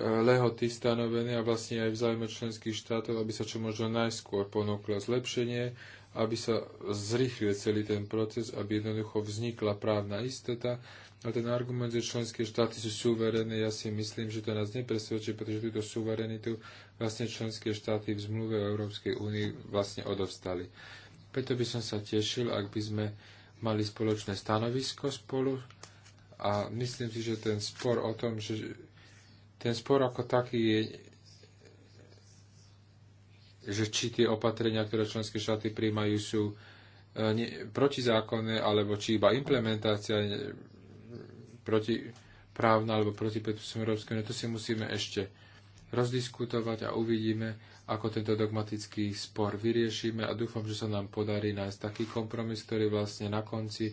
lehoty stanovené a vlastne aj v záujme členských štátov, aby sa čo možno najskôr ponúklo zlepšenie, aby sa zrýchlil celý ten proces, aby jednoducho vznikla právna istota. A ten argument, že členské štáty sú suverené, ja si myslím, že to nás nepresvedčí, pretože túto suverenitu vlastne členské štáty v zmluve o Európskej únii vlastne odovstali. Preto by som sa tešil, ak by sme mali spoločné stanovisko spolu a myslím si, že ten spor o tom, že ten spor ako taký je, že či tie opatrenia, ktoré členské štáty príjmajú, sú ne, protizákonné, alebo či iba implementácia e, protiprávna alebo proti predpisom Európskej To si musíme ešte rozdiskutovať a uvidíme, ako tento dogmatický spor vyriešime a dúfam, že sa nám podarí nájsť taký kompromis, ktorý vlastne na konci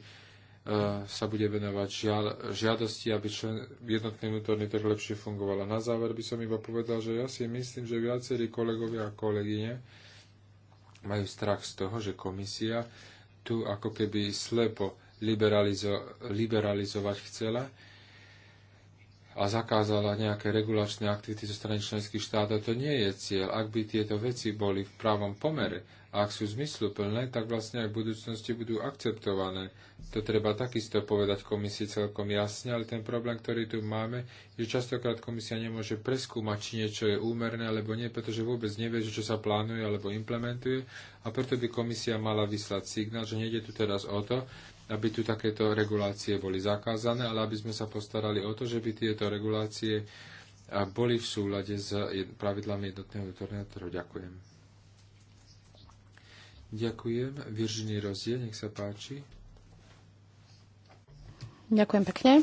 E, sa bude venovať žiaľ, žiadosti, aby člen, jednotný vnútorný trh lepšie fungovala. Na záver by som iba povedal, že ja si myslím, že viacerí kolegovia a kolegyne majú strach z toho, že komisia tu ako keby slepo liberalizo- liberalizovať chcela a zakázala nejaké regulačné aktivity zo strany členských štátov. To nie je cieľ. Ak by tieto veci boli v právom pomere, a ak sú zmysluplné, tak vlastne aj v budúcnosti budú akceptované. To treba takisto povedať komisii celkom jasne, ale ten problém, ktorý tu máme, že častokrát komisia nemôže preskúmať, či niečo je úmerné alebo nie, pretože vôbec nevie, čo sa plánuje alebo implementuje. A preto by komisia mala vyslať signál, že nejde tu teraz o to, aby tu takéto regulácie boli zakázané, ale aby sme sa postarali o to, že by tieto regulácie boli v súlade s pravidlami jednotného vnútorného trhu. Ďakujem. Ďakujem. Virginie Rozie, nech sa páči. Ďakujem pekne.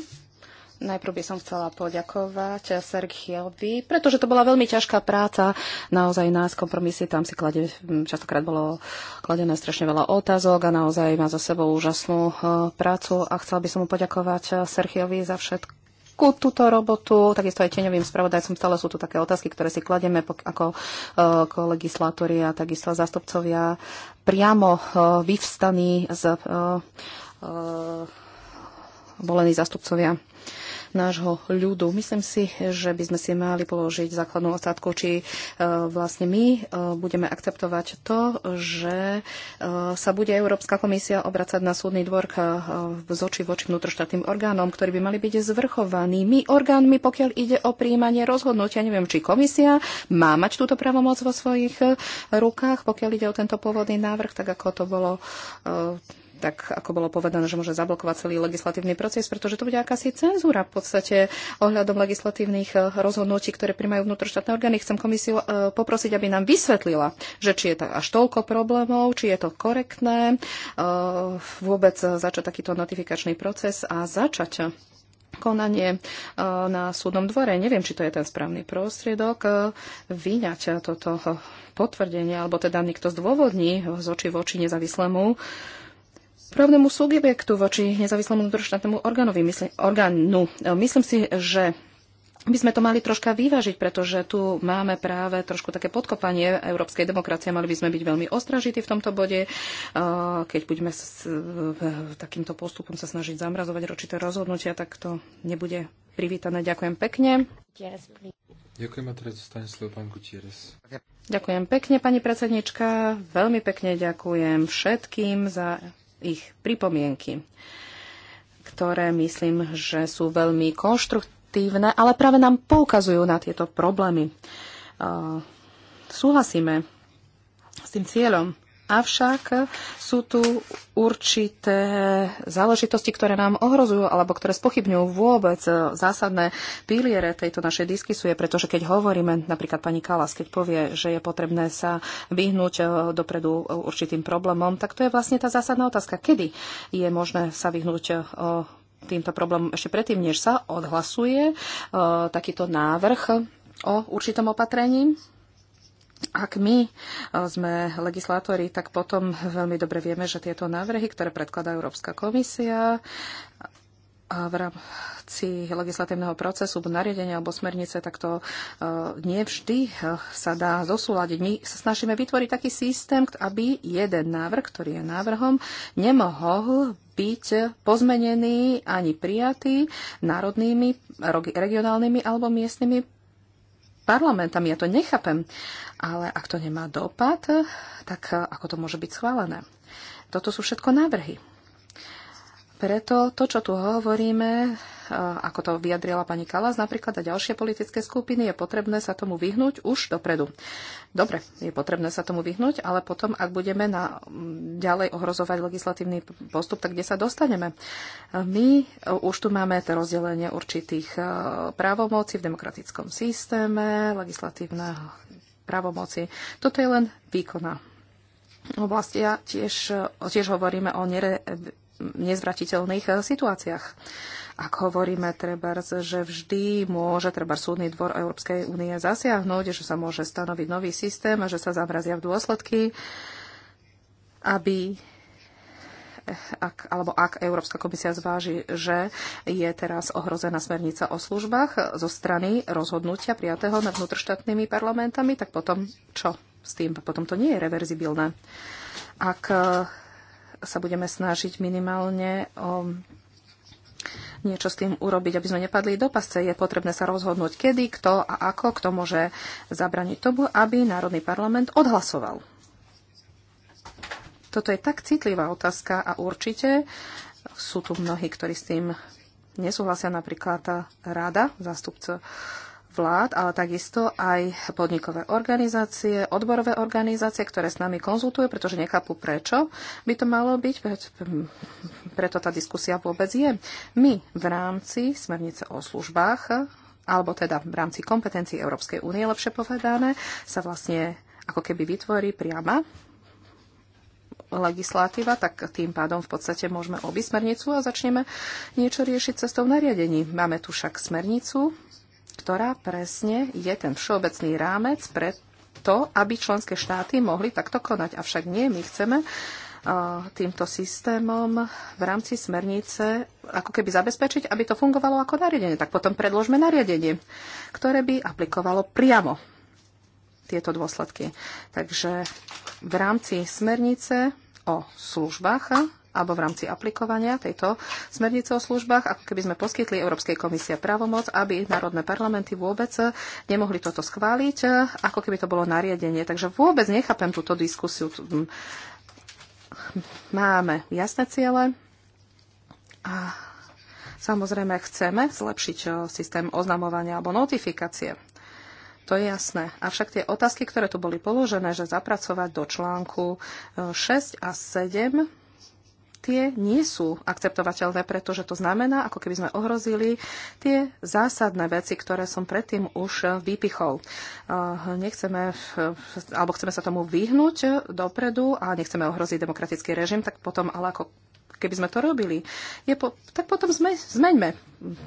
Najprv by som chcela poďakovať Sergiovi, pretože to bola veľmi ťažká práca naozaj nás kompromisy. Tam si klade, častokrát bolo kladené strašne veľa otázok a naozaj má za sebou úžasnú eh, prácu a chcela by som mu poďakovať eh, Sergiovi za všetko ľahkú túto robotu, takisto aj tieňovým spravodajcom stále sú tu také otázky, ktoré si klademe ako, ako e, legislátori a takisto zástupcovia priamo e, vyvstaní z e, volení zástupcovia nášho ľudu. Myslím si, že by sme si mali položiť základnú otázku, či e, vlastne my e, budeme akceptovať to, že e, sa bude Európska komisia obracať na súdny dvor z oči voči vnútroštátnym orgánom, ktorí by mali byť zvrchovanými orgánmi, pokiaľ ide o príjmanie rozhodnutia. Neviem, či komisia má mať túto pravomoc vo svojich rukách, pokiaľ ide o tento pôvodný návrh, tak ako to bolo tak ako bolo povedané, že môže zablokovať celý legislatívny proces, pretože to bude akási cenzúra v podstate ohľadom legislatívnych eh, rozhodnutí, ktoré primajú vnútroštátne orgány. Chcem komisiu eh, poprosiť, aby nám vysvetlila, že či je to až toľko problémov, či je to korektné eh, vôbec začať takýto notifikačný proces a začať konanie na súdnom dvore. Neviem, či to je ten správny prostriedok vyňať toto potvrdenie, alebo teda niekto zdôvodní z oči voči nezávislému právnemu subjektu voči nezávislému vnútroštátnemu orgánovi mysl, orgánu. E, myslím si, že by sme to mali troška vyvážiť, pretože tu máme práve trošku také podkopanie európskej demokracie. Mali by sme byť veľmi ostražití v tomto bode, e, keď budeme s takýmto postupom sa snažiť zamrazovať ročité rozhodnutia, tak to nebude privítané. Ďakujem pekne. Ďakujem a teraz zostane slovo pán Gutieres. Ďakujem pekne, pani predsednička. Veľmi pekne ďakujem všetkým za ich pripomienky, ktoré myslím, že sú veľmi konštruktívne, ale práve nám poukazujú na tieto problémy. Súhlasíme s tým cieľom, Avšak sú tu určité záležitosti, ktoré nám ohrozujú alebo ktoré spochybňujú vôbec e, zásadné piliere tejto našej diskusie, pretože keď hovoríme, napríklad pani Kalas, keď povie, že je potrebné sa vyhnúť e, dopredu určitým problémom, tak to je vlastne tá zásadná otázka. Kedy je možné sa vyhnúť e, týmto problémom ešte predtým, než sa odhlasuje takýto návrh o určitom opatrení? ak my e, sme legislátori, tak potom veľmi dobre vieme, že tieto návrhy, ktoré predkladá Európska komisia a v rámci legislatívneho procesu, nariadenia alebo smernice, tak to e, nevždy e, sa dá zosúľadiť. My sa snažíme vytvoriť taký systém, aby jeden návrh, ktorý je návrhom, nemohol byť pozmenený ani prijatý národnými, regionálnymi alebo miestnymi Parlamentami Ja to nechápem. Ale ak to nemá dopad, tak eh, ako to môže byť schválené? Toto sú všetko návrhy. Preto to, čo tu hovoríme, e, ako to vyjadrila pani Kalas napríklad a ďalšie politické skupiny, je potrebné sa tomu vyhnúť už dopredu. Dobre, je potrebné sa tomu vyhnúť, ale potom, ak budeme na, ďalej ohrozovať legislatívny postup, tak kde sa dostaneme? My e, už tu máme to rozdelenie určitých e, právomocí v demokratickom systéme, legislatívne právomoci. Toto je len výkona oblasti. Ja tiež, tiež hovoríme o nere, nezvratiteľných eh, situáciách. Ak hovoríme trebárs, že vždy môže treba súdny dvor Európskej únie zasiahnuť, že sa môže stanoviť nový systém a že sa zamrazia v dôsledky, aby eh, ak, alebo ak Európska komisia zváži, že je teraz ohrozená smernica o službách zo strany rozhodnutia prijatého nad vnútroštátnymi parlamentami, tak potom čo s tým? Potom to nie je reverzibilné. Ak eh, sa budeme snažiť minimálne o niečo s tým urobiť, aby sme nepadli do pasce. Je potrebné sa rozhodnúť, kedy, kto a ako, kto môže zabraniť tomu, aby Národný parlament odhlasoval. Toto je tak citlivá otázka a určite sú tu mnohí, ktorí s tým nesúhlasia, napríklad tá rada, zástupcov vlád, ale takisto aj podnikové organizácie, odborové organizácie, ktoré s nami konzultujú, pretože nechápu, prečo by to malo byť, preto tá diskusia vôbec je. My v rámci smernice o službách, alebo teda v rámci kompetencií Európskej únie, lepšie povedané, sa vlastne ako keby vytvorí priama legislatíva, tak tým pádom v podstate môžeme obísť smernicu a začneme niečo riešiť cestou nariadení. Máme tu však smernicu, ktorá presne je ten všeobecný rámec pre to, aby členské štáty mohli takto konať. Avšak nie, my chceme uh, týmto systémom v rámci smernice ako keby zabezpečiť, aby to fungovalo ako nariadenie. Tak potom predložme nariadenie, ktoré by aplikovalo priamo tieto dôsledky. Takže v rámci smernice o službách alebo v rámci aplikovania tejto smernice o službách, ako keby sme poskytli Európskej komisie právomoc, aby národné parlamenty vôbec nemohli toto schváliť, ako keby to bolo nariadenie. Takže vôbec nechápem túto diskusiu. Máme jasné ciele a samozrejme chceme zlepšiť systém oznamovania alebo notifikácie. To je jasné. Avšak tie otázky, ktoré tu boli položené, že zapracovať do článku 6 a 7 tie nie sú akceptovateľné, pretože to znamená, ako keby sme ohrozili tie zásadné veci, ktoré som predtým už vypichol. Eh, nechceme, alebo chceme sa tomu vyhnúť dopredu a nechceme ohroziť demokratický režim, tak potom ale ako keby sme to robili, je po, tak potom zme, zmeňme,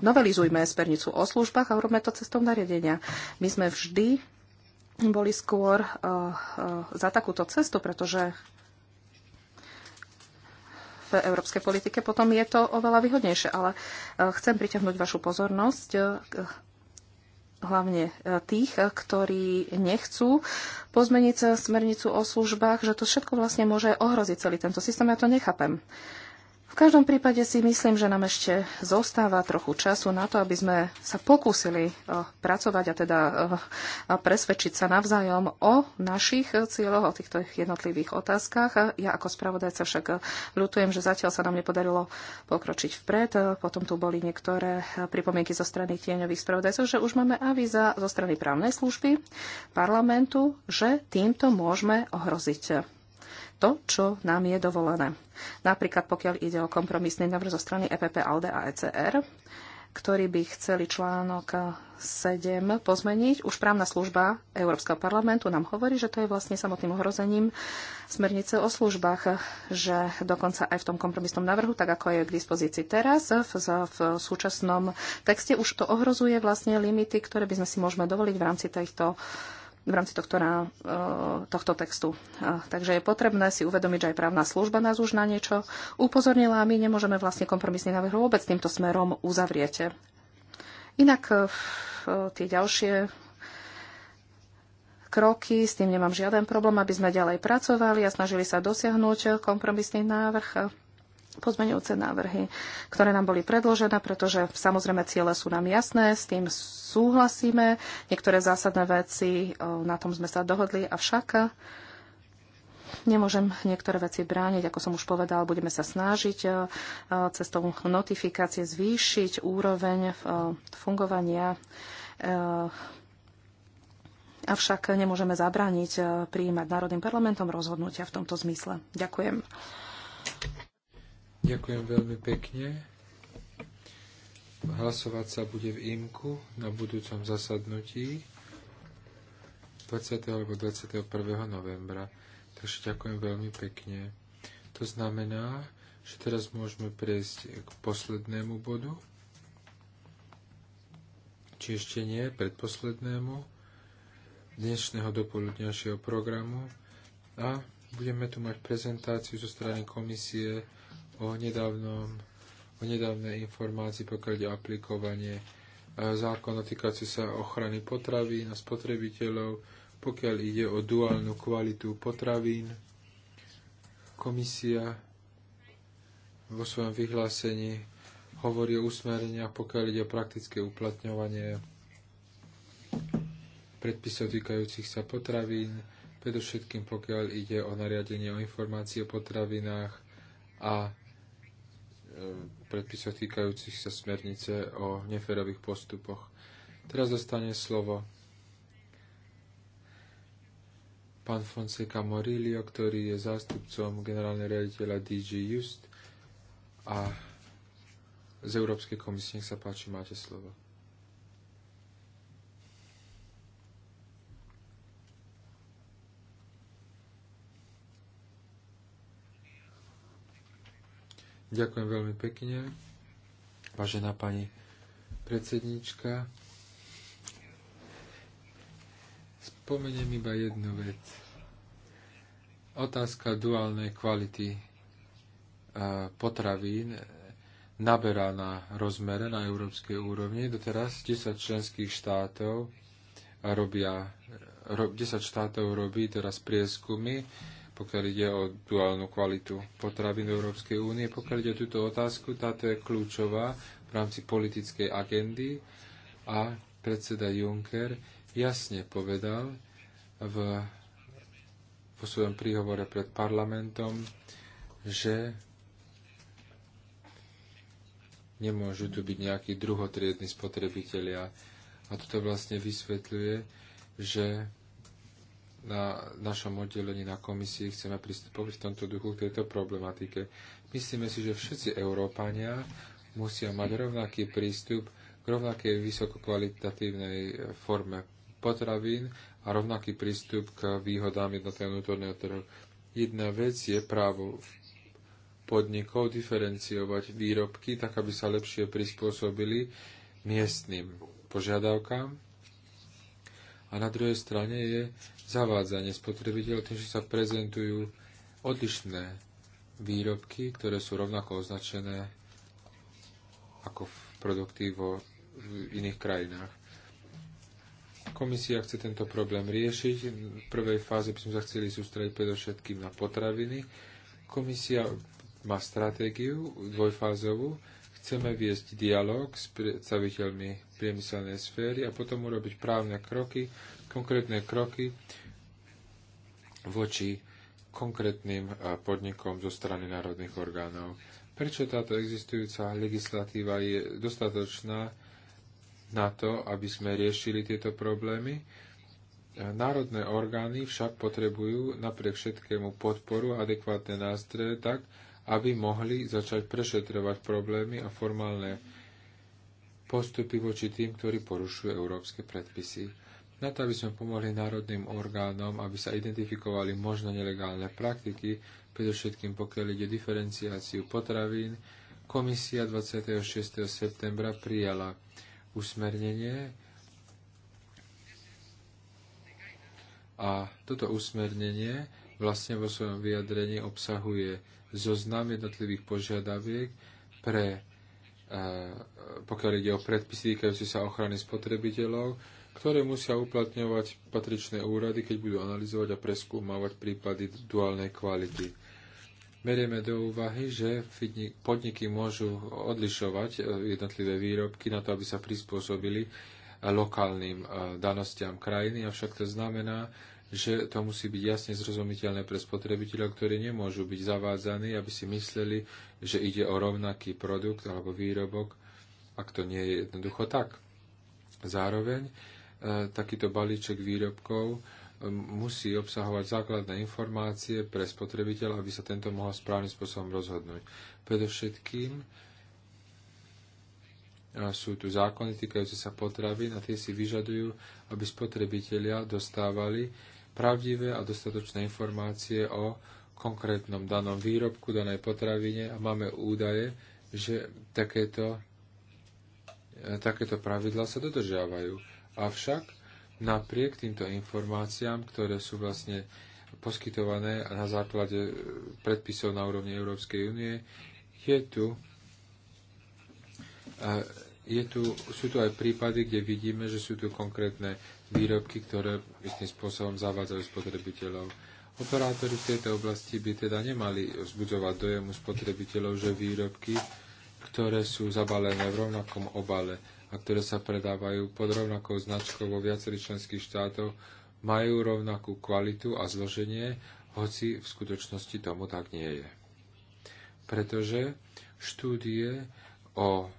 novelizujme spernicu o službách a urobme to cestou nariadenia. My sme vždy boli skôr uh, uh, za takúto cestu, pretože v európskej politike, potom je to oveľa výhodnejšie. Ale e, chcem priťahnuť vašu pozornosť e, hlavne e, tých, ktorí nechcú pozmeniť smernicu o službách, že to všetko vlastne môže ohroziť celý tento systém. Ja to nechápem. V každom prípade si myslím, že nám ešte zostáva trochu času na to, aby sme sa pokúsili eh, pracovať a teda eh, presvedčiť sa navzájom o našich cieľoch, o týchto jednotlivých otázkach. Ja ako spravodajca však eh, ľutujem, že zatiaľ sa nám nepodarilo pokročiť vpred. Potom tu boli niektoré pripomienky zo strany tieňových spravodajcov, že už máme avíza zo strany právnej služby parlamentu, že týmto môžeme ohroziť to, čo nám je dovolené. Napríklad pokiaľ ide o kompromisný návrh zo strany EPP, ALDE a ECR, ktorý by chceli článok 7 pozmeniť. Už právna služba Európskeho parlamentu nám hovorí, že to je vlastne samotným ohrozením smernice o službách, že dokonca aj v tom kompromisnom návrhu, tak ako je k dispozícii teraz, v, v súčasnom texte už to ohrozuje vlastne limity, ktoré by sme si môžeme dovoliť v rámci tejto uh, v rámci tohto, na, e, tohto textu. E, takže je potrebné si uvedomiť, že aj právna služba nás už na niečo upozornila a my nemôžeme vlastne kompromisný návrh vôbec týmto smerom uzavriete. Inak e, tie ďalšie kroky, s tým nemám žiaden problém, aby sme ďalej pracovali a snažili sa dosiahnuť kompromisný návrh pozmeňujúce návrhy, ktoré nám boli predložené, pretože samozrejme ciele sú nám jasné, s tým súhlasíme, niektoré zásadné veci, na tom sme sa dohodli, avšak nemôžem niektoré veci brániť, ako som už povedal, budeme sa snažiť cestou notifikácie zvýšiť úroveň fungovania Avšak nemôžeme zabrániť prijímať Národným parlamentom rozhodnutia v tomto zmysle. Ďakujem. Ďakujem veľmi pekne. Hlasovať sa bude v IMKU na budúcom zasadnutí 20. alebo 21. novembra. Takže ďakujem veľmi pekne. To znamená, že teraz môžeme prejsť k poslednému bodu. Či ešte nie, predposlednému dnešného dopoludňajšieho programu. A budeme tu mať prezentáciu zo strany komisie o, nedávnom, o nedávnej informácii, pokiaľ ide aplikovanie e, zákona týkajúce sa ochrany potravín a spotrebiteľov, pokiaľ ide o duálnu kvalitu potravín. Komisia vo svojom vyhlásení hovorí o usmereniach, pokiaľ ide o praktické uplatňovanie predpisov týkajúcich sa potravín, predovšetkým pokiaľ ide o nariadenie o informácii o potravinách a predpisoch týkajúcich sa smernice o neférových postupoch. Teraz dostane slovo pán Fonseca Morilio, ktorý je zástupcom generálneho riaditeľa DG Just a z Európskej komisie. Nech sa páči, máte slovo. Ďakujem veľmi pekne, vážená pani predsedníčka. Spomeniem iba jednu vec. Otázka duálnej kvality e, potravín naberá na rozmere na európskej úrovni. Doteraz 10 členských štátov robia, 10 štátov robí teraz prieskumy pokiaľ ide o duálnu kvalitu potravín Európskej únie. Pokiaľ ide o túto otázku, táto je kľúčová v rámci politickej agendy a predseda Juncker jasne povedal v, vo svojom príhovore pred parlamentom, že nemôžu tu byť nejakí druhotriedni spotrebitelia. A toto vlastne vysvetľuje, že na našom oddelení na komisii chceme pristupovať v tomto duchu k tejto problematike. Myslíme si, že všetci Európania musia mať rovnaký prístup k rovnakej vysokokvalitatívnej e, forme potravín a rovnaký prístup k výhodám jednotného vnútorného trhu. Jedna vec je právo podnikov diferenciovať výrobky tak, aby sa lepšie prispôsobili miestnym požiadavkám a na druhej strane je zavádzanie spotrebiteľ tým, že sa prezentujú odlišné výrobky, ktoré sú rovnako označené ako produkty vo v iných krajinách. Komisia chce tento problém riešiť. V prvej fáze by sme sa chceli sústrediť predovšetkým na potraviny. Komisia má stratégiu dvojfázovú, Chceme viesť dialog s predstaviteľmi priemyselnej sféry a potom urobiť právne kroky, konkrétne kroky voči konkrétnym eh, podnikom zo strany národných orgánov. Prečo táto existujúca legislatíva je dostatočná na to, aby sme riešili tieto problémy? Eh, národné orgány však potrebujú napriek všetkému podporu a adekvátne nástroje tak, aby mohli začať prešetrovať problémy a formálne postupy voči tým, ktorí porušujú európske predpisy. Na to, aby sme pomohli národným orgánom, aby sa identifikovali možno nelegálne praktiky, predovšetkým pokiaľ ide diferenciáciu potravín, komisia 26. septembra prijala usmernenie a toto usmernenie vlastne vo svojom vyjadrení obsahuje zoznam jednotlivých požiadaviek pre, eh, pokiaľ ide o predpisy týkajúce sa ochrany spotrebiteľov, ktoré musia uplatňovať patričné úrady, keď budú analyzovať a preskúmavať prípady duálnej kvality. Merieme do úvahy, že podniky môžu odlišovať eh, jednotlivé výrobky na to, aby sa prispôsobili lokálnym eh, danostiam krajiny, avšak to znamená, že to musí byť jasne zrozumiteľné pre spotrebiteľov, ktorí nemôžu byť zavádzaní, aby si mysleli, že ide o rovnaký produkt alebo výrobok, ak to nie je jednoducho tak. Zároveň e, takýto balíček výrobkov e, musí obsahovať základné informácie pre spotrebiteľa, aby sa tento mohol správnym spôsobom rozhodnúť. Predovšetkým e, sú tu zákony týkajúce sa potravy a tie si vyžadujú, aby spotrebitelia dostávali pravdivé a dostatočné informácie o konkrétnom danom výrobku, danej potravine a máme údaje, že takéto, e, takéto pravidlá sa dodržiavajú. Avšak napriek týmto informáciám, ktoré sú vlastne poskytované na základe predpisov na úrovni Európskej únie, je tu e, je tu, sú tu aj prípady, kde vidíme, že sú tu konkrétne výrobky, ktoré istým spôsobom zavádzajú spotrebiteľov. Operátori v tejto oblasti by teda nemali vzbudzovať dojemu spotrebiteľov, že výrobky, ktoré sú zabalené v rovnakom obale a ktoré sa predávajú pod rovnakou značkou vo viacerých členských štátoch, majú rovnakú kvalitu a zloženie, hoci v skutočnosti tomu tak nie je. Pretože štúdie o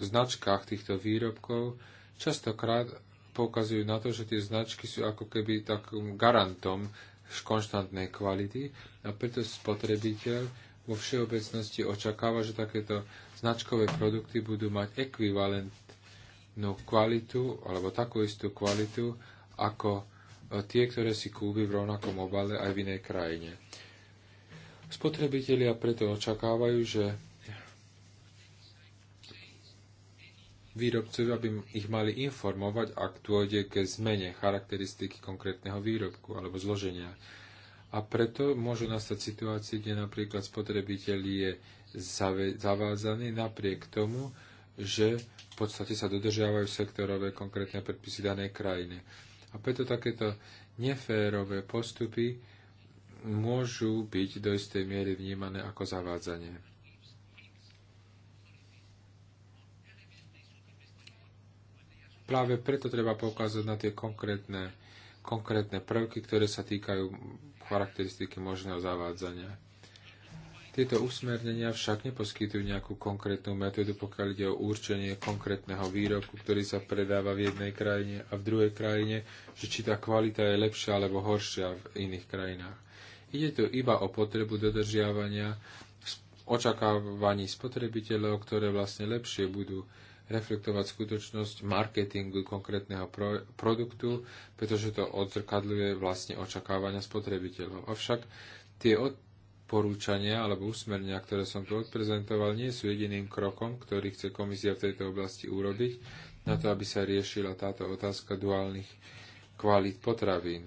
značkách týchto výrobkov častokrát poukazujú na to, že tie značky sú ako keby takým garantom konštantnej kvality a preto spotrebiteľ vo všeobecnosti očakáva, že takéto značkové produkty budú mať ekvivalentnú kvalitu alebo takú istú kvalitu ako e, tie, ktoré si kúpi v rovnakom obale aj v inej krajine. Spotrebitelia preto očakávajú, že výrobcovia by ich mali informovať, ak dôjde ke zmene charakteristiky konkrétneho výrobku alebo zloženia. A preto môžu nastať situácie, kde napríklad spotrebiteľ je zavázaný napriek tomu, že v podstate sa dodržiavajú sektorové konkrétne predpisy danej krajiny. A preto takéto neférové postupy môžu byť do istej miery vnímané ako zavádzanie. Práve preto treba poukázať na tie konkrétne, konkrétne prvky, ktoré sa týkajú charakteristiky možného zavádzania. Tieto usmernenia však neposkytujú nejakú konkrétnu metódu, pokiaľ ide o určenie konkrétneho výrobku, ktorý sa predáva v jednej krajine a v druhej krajine, že či tá kvalita je lepšia alebo horšia v iných krajinách. Ide tu iba o potrebu dodržiavania očakávaní spotrebiteľov, ktoré vlastne lepšie budú reflektovať skutočnosť marketingu konkrétneho pro- produktu, pretože to odzrkadľuje vlastne očakávania spotrebiteľov. Avšak tie odporúčania alebo úsmernia, ktoré som tu odprezentoval, nie sú jediným krokom, ktorý chce komisia v tejto oblasti urobiť na to, aby sa riešila táto otázka duálnych kvalít potravín.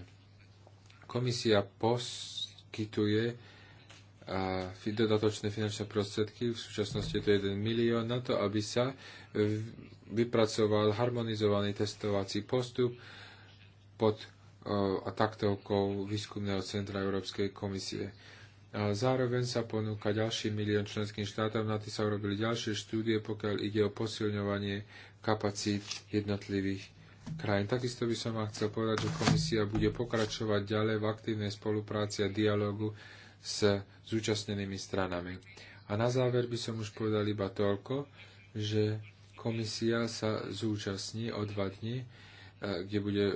Komisia poskytuje a dodatočné finančné prostriedky, v súčasnosti je to 1 milión, na to, aby sa vypracoval harmonizovaný testovací postup pod a taktovkou Výskumného centra Európskej komisie. A zároveň sa ponúka ďalší milión členským štátom, na to sa urobili ďalšie štúdie, pokiaľ ide o posilňovanie kapacít jednotlivých krajín. Takisto by som vám chcel povedať, že komisia bude pokračovať ďalej v aktívnej spolupráci a dialogu s zúčastnenými stranami. A na záver by som už povedal iba toľko, že komisia sa zúčastní o dva dni, e, kde bude e,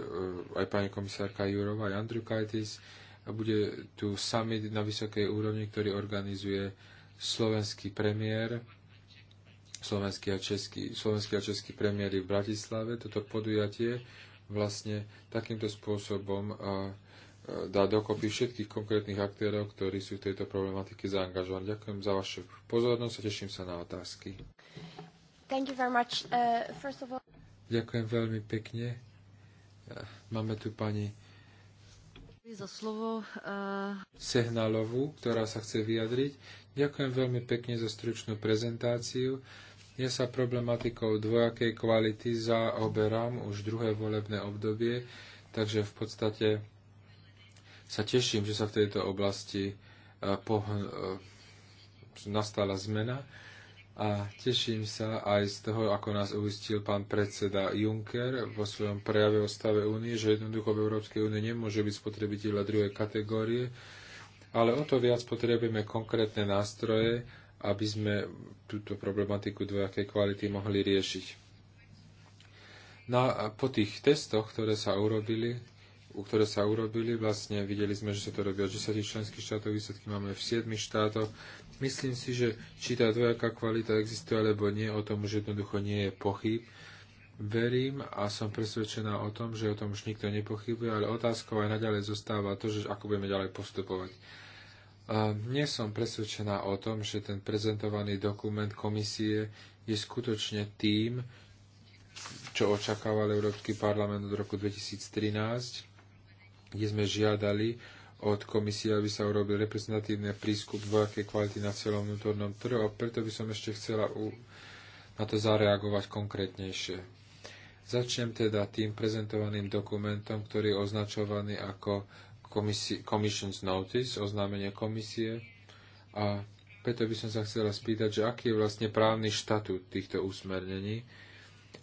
aj pani komisárka Jurova, aj Andrew Kajtis, a bude tu summit na vysokej úrovni, ktorý organizuje slovenský premiér, slovenský a český, slovenský a český premiéry v Bratislave. Toto podujatie vlastne takýmto spôsobom e, dá dokopy všetkých konkrétnych aktérov, ktorí sú v tejto problematike zaangažovaní. Ďakujem za vašu pozornosť a teším sa na otázky. Thank you very much. Uh, first of all... Ďakujem veľmi pekne. Máme tu pani za slovo. Uh... Sehnalovu, ktorá sa chce vyjadriť. Ďakujem veľmi pekne za stručnú prezentáciu. Ja sa problematikou dvojakej kvality zaoberám už druhé volebné obdobie, takže v podstate sa teším, že sa v tejto oblasti e, e, nastala zmena a teším sa aj z toho, ako nás uistil pán predseda Juncker vo svojom prejave o stave únie, že jednoducho v Európskej únie nemôže byť spotrebiteľa druhej kategórie, ale o to viac potrebujeme konkrétne nástroje, aby sme túto problematiku dvojakej kvality mohli riešiť. Na, po tých testoch, ktoré sa urobili, ktoré sa urobili. Vlastne videli sme, že sa to robí od 10 členských štátov, výsledky máme v 7 štátoch. Myslím si, že či tá dvojaká kvalita existuje alebo nie, o tom už jednoducho nie je pochyb. Verím a som presvedčená o tom, že o tom už nikto nepochybuje, ale otázkou aj naďalej zostáva to, že ako budeme ďalej postupovať. A nie som presvedčená o tom, že ten prezentovaný dokument komisie je skutočne tým, čo očakával Európsky parlament od roku 2013 kde sme žiadali od komisie, aby sa urobil reprezentatívny prískup dvojakej kvality na celom vnútornom trhu a preto by som ešte chcela u, na to zareagovať konkrétnejšie. Začnem teda tým prezentovaným dokumentom, ktorý je označovaný ako komisi, Commission's Notice, oznámenie komisie. A preto by som sa chcela spýtať, že aký je vlastne právny štatút týchto usmernení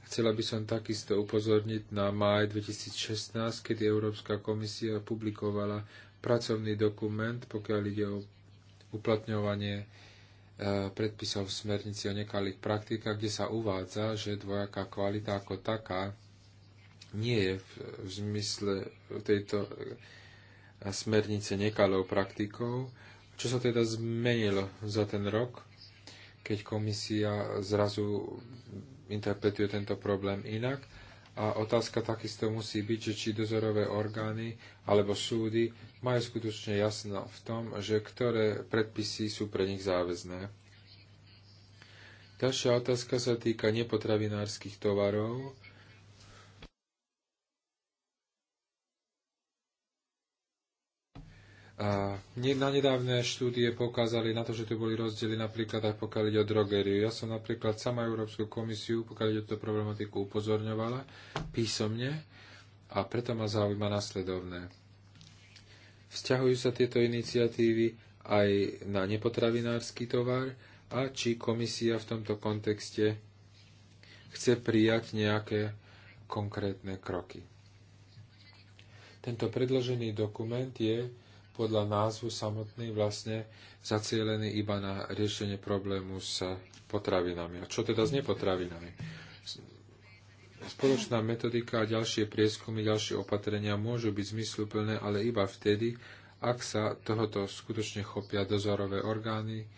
Chcela by som takisto upozorniť na máj 2016, kedy Európska komisia publikovala pracovný dokument, pokiaľ ide o uplatňovanie e, predpisov v smernici o nekalých praktikách, kde sa uvádza, že dvojaká kvalita ako taká nie je v, v zmysle tejto e, smernice nekalou praktikou. Čo sa teda zmenilo za ten rok, keď komisia zrazu interpretuje tento problém inak. A otázka takisto musí byť, že či dozorové orgány alebo súdy majú skutočne jasno v tom, že ktoré predpisy sú pre nich záväzné. Ďalšia otázka sa týka nepotravinárskych tovarov Na nedávne štúdie pokázali na to, že tu boli rozdiely napríklad aj pokiaľ ide o drogeriu. Ja som napríklad sama Európsku komisiu, pokiaľ ide o túto problematiku, upozorňovala písomne a preto ma zaujíma nasledovné. Vzťahujú sa tieto iniciatívy aj na nepotravinársky tovar a či komisia v tomto kontexte chce prijať nejaké konkrétne kroky. Tento predložený dokument je podľa názvu samotný vlastne zacielený iba na riešenie problému s potravinami. A čo teda s nepotravinami? Spoločná metodika a ďalšie prieskumy, ďalšie opatrenia môžu byť zmysluplné, ale iba vtedy, ak sa tohoto skutočne chopia dozorové orgány,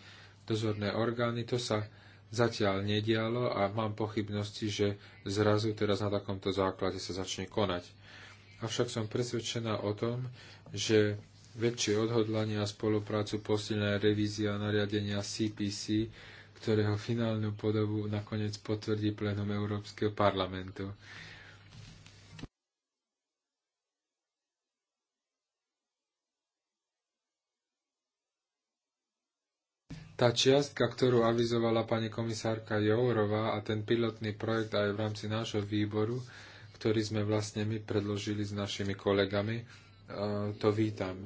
dozorné orgány, to sa zatiaľ nedialo a mám pochybnosti, že zrazu teraz na takomto základe sa začne konať. Avšak som presvedčená o tom, že väčšie odhodlanie a spoluprácu posilná revízia nariadenia CPC, ktorého finálnu podobu nakoniec potvrdí plenom Európskeho parlamentu. Tá čiastka, ktorú avizovala pani komisárka Jourová a ten pilotný projekt aj v rámci nášho výboru, ktorý sme vlastne my predložili s našimi kolegami, e, to vítam.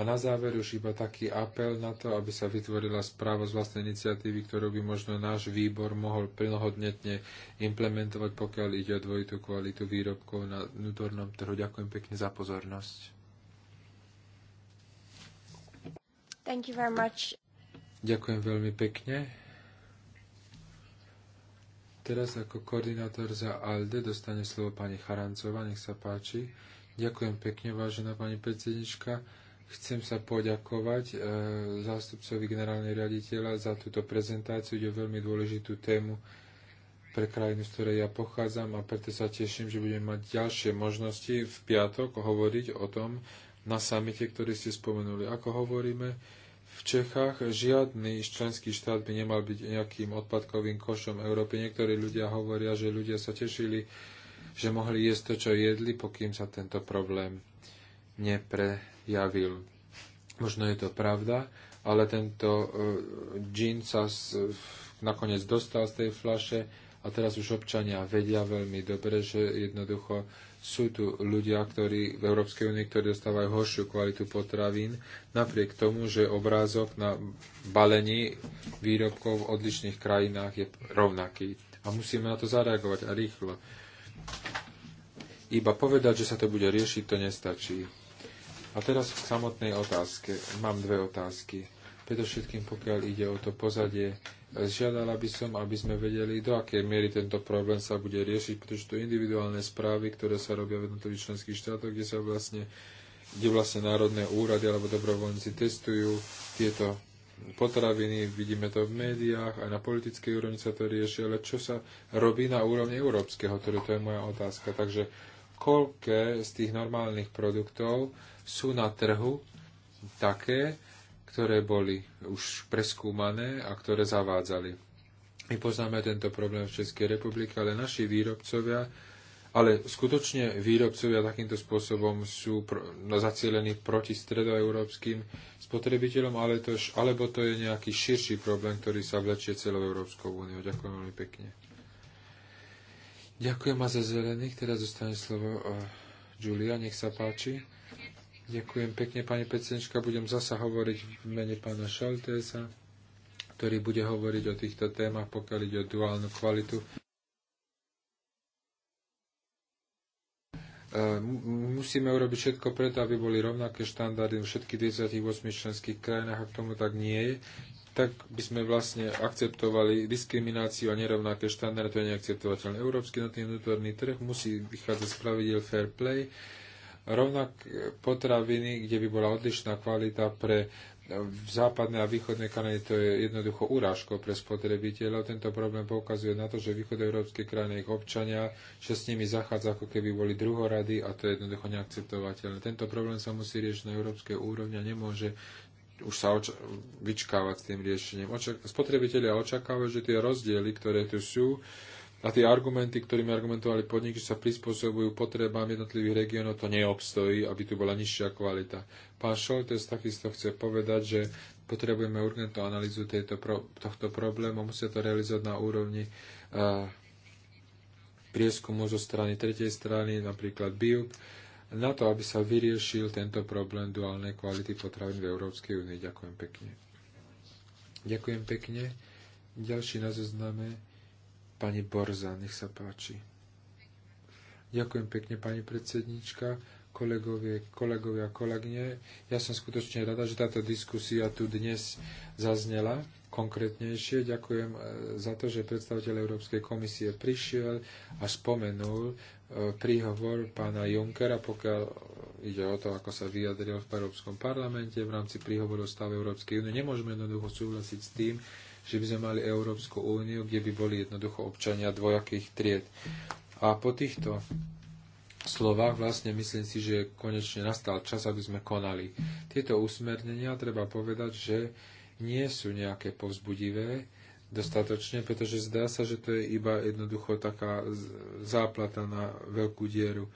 A na záver už iba taký apel na to, aby sa vytvorila správa z vlastnej iniciatívy, ktorú by možno náš výbor mohol plnohodnetne implementovať, pokiaľ ide o dvojitú kvalitu výrobkov na vnútornom trhu. Ďakujem pekne za pozornosť. Thank you very much. Ďakujem veľmi pekne. Teraz ako koordinátor za ALDE dostane slovo pani Charancová, nech sa páči. Ďakujem pekne, vážená pani predsednička. Chcem sa poďakovať e, zástupcovi generálnej riaditeľa za túto prezentáciu. Ide veľmi dôležitú tému pre krajinu, z ktorej ja pochádzam a preto sa teším, že budeme mať ďalšie možnosti v piatok hovoriť o tom na samite, ktorý ste spomenuli. Ako hovoríme, v Čechách žiadny členský štát by nemal byť nejakým odpadkovým košom Európy. Niektorí ľudia hovoria, že ľudia sa tešili, že mohli jesť to, čo jedli, pokým sa tento problém nepre, javil. Možno je to pravda, ale tento uh, e, džin sa z, uh, nakoniec dostal z tej flaše a teraz už občania vedia veľmi dobre, že jednoducho sú tu ľudia, ktorí v Európskej únii, ktorí dostávajú horšiu kvalitu potravín, napriek tomu, že obrázok na balení výrobkov v odlišných krajinách je rovnaký. A musíme na to zareagovať a rýchlo. Iba povedať, že sa to bude riešiť, to nestačí a teraz k samotnej otázke. Mám dve otázky. Predovšetkým, pokiaľ ide o to pozadie, e, žiadala by som, aby sme vedeli, do akej miery tento problém sa bude riešiť, pretože to individuálne správy, ktoré sa robia v jednotlivých členských štátoch, kde sa vlastne kde vlastne národné úrady alebo dobrovoľníci testujú tieto potraviny, vidíme to v médiách, aj na politickej úrovni sa to rieši, ale čo sa robí na úrovni európskeho, ktoré to je moja otázka. Takže koľké z tých normálnych produktov sú na trhu také, ktoré boli už preskúmané a ktoré zavádzali. My poznáme tento problém v Českej republike, ale naši výrobcovia, ale skutočne výrobcovia takýmto spôsobom sú pro, no, zacielení proti stredoeurópskym spotrebiteľom, ale to, alebo to je nejaký širší problém, ktorý sa vlečie celou Európskou úniou. Ďakujem veľmi pekne. Ďakujem a za zelených. Teraz zostane slovo eh, Julia, nech sa páči. Ďakujem pekne, pani predsednička. Budem zasa hovoriť v mene pána Šaltesa, ktorý bude hovoriť o týchto témach, pokiaľ ide o duálnu kvalitu. E, musíme urobiť všetko preto, aby boli rovnaké štandardy v všetkých 28 členských krajinách. Ak tomu tak nie je, tak by sme vlastne akceptovali diskrimináciu a nerovnaké štandardy, to je neakceptovateľné. Európsky notný vnútorný trh musí vychádzať z pravidel fair play rovnak potraviny, kde by bola odlišná kvalita pre v západnej a východnej krajiny, to je jednoducho urážko pre spotrebiteľov. Tento problém poukazuje na to, že východoeurópske krajiny ich občania, že s nimi zachádza ako keby boli druhorady a to je jednoducho neakceptovateľné. Tento problém sa musí riešiť na európskej úrovni a nemôže už sa oča- vyčkávať s tým riešením. Oča- spotrebitelia očakávajú, že tie rozdiely, ktoré tu sú, a tie argumenty, ktorými argumentovali podniky, sa prispôsobujú potrebám jednotlivých regiónov, to neobstojí, aby tu bola nižšia kvalita. Pán Šoltes takisto chce povedať, že potrebujeme urgentnú analýzu tejto, tohto problému, musia to realizovať na úrovni uh, prieskumu zo strany tretej strany, napríklad BIUK, na to, aby sa vyriešil tento problém duálnej kvality potravín v Európskej únii. Ďakujem pekne. Ďakujem pekne. Ďalší na zozname Pani Borza, nech sa páči. Ďakujem pekne, pani predsednička, kolegovie, kolegovia a Ja som skutočne rada, že táto diskusia tu dnes zaznela konkrétnejšie. Ďakujem e, za to, že predstaviteľ Európskej komisie prišiel a spomenul e, príhovor pána Junckera, pokiaľ ide o to, ako sa vyjadril v Európskom parlamente v rámci príhovoru o stave Európskej únie. Nemôžeme jednoducho súhlasiť s tým, že by sme mali Európsku úniu, kde by boli jednoducho občania dvojakých tried. A po týchto slovách vlastne myslím si, že konečne nastal čas, aby sme konali. Tieto usmernenia, treba povedať, že nie sú nejaké povzbudivé dostatočne, pretože zdá sa, že to je iba jednoducho taká záplata na veľkú dieru,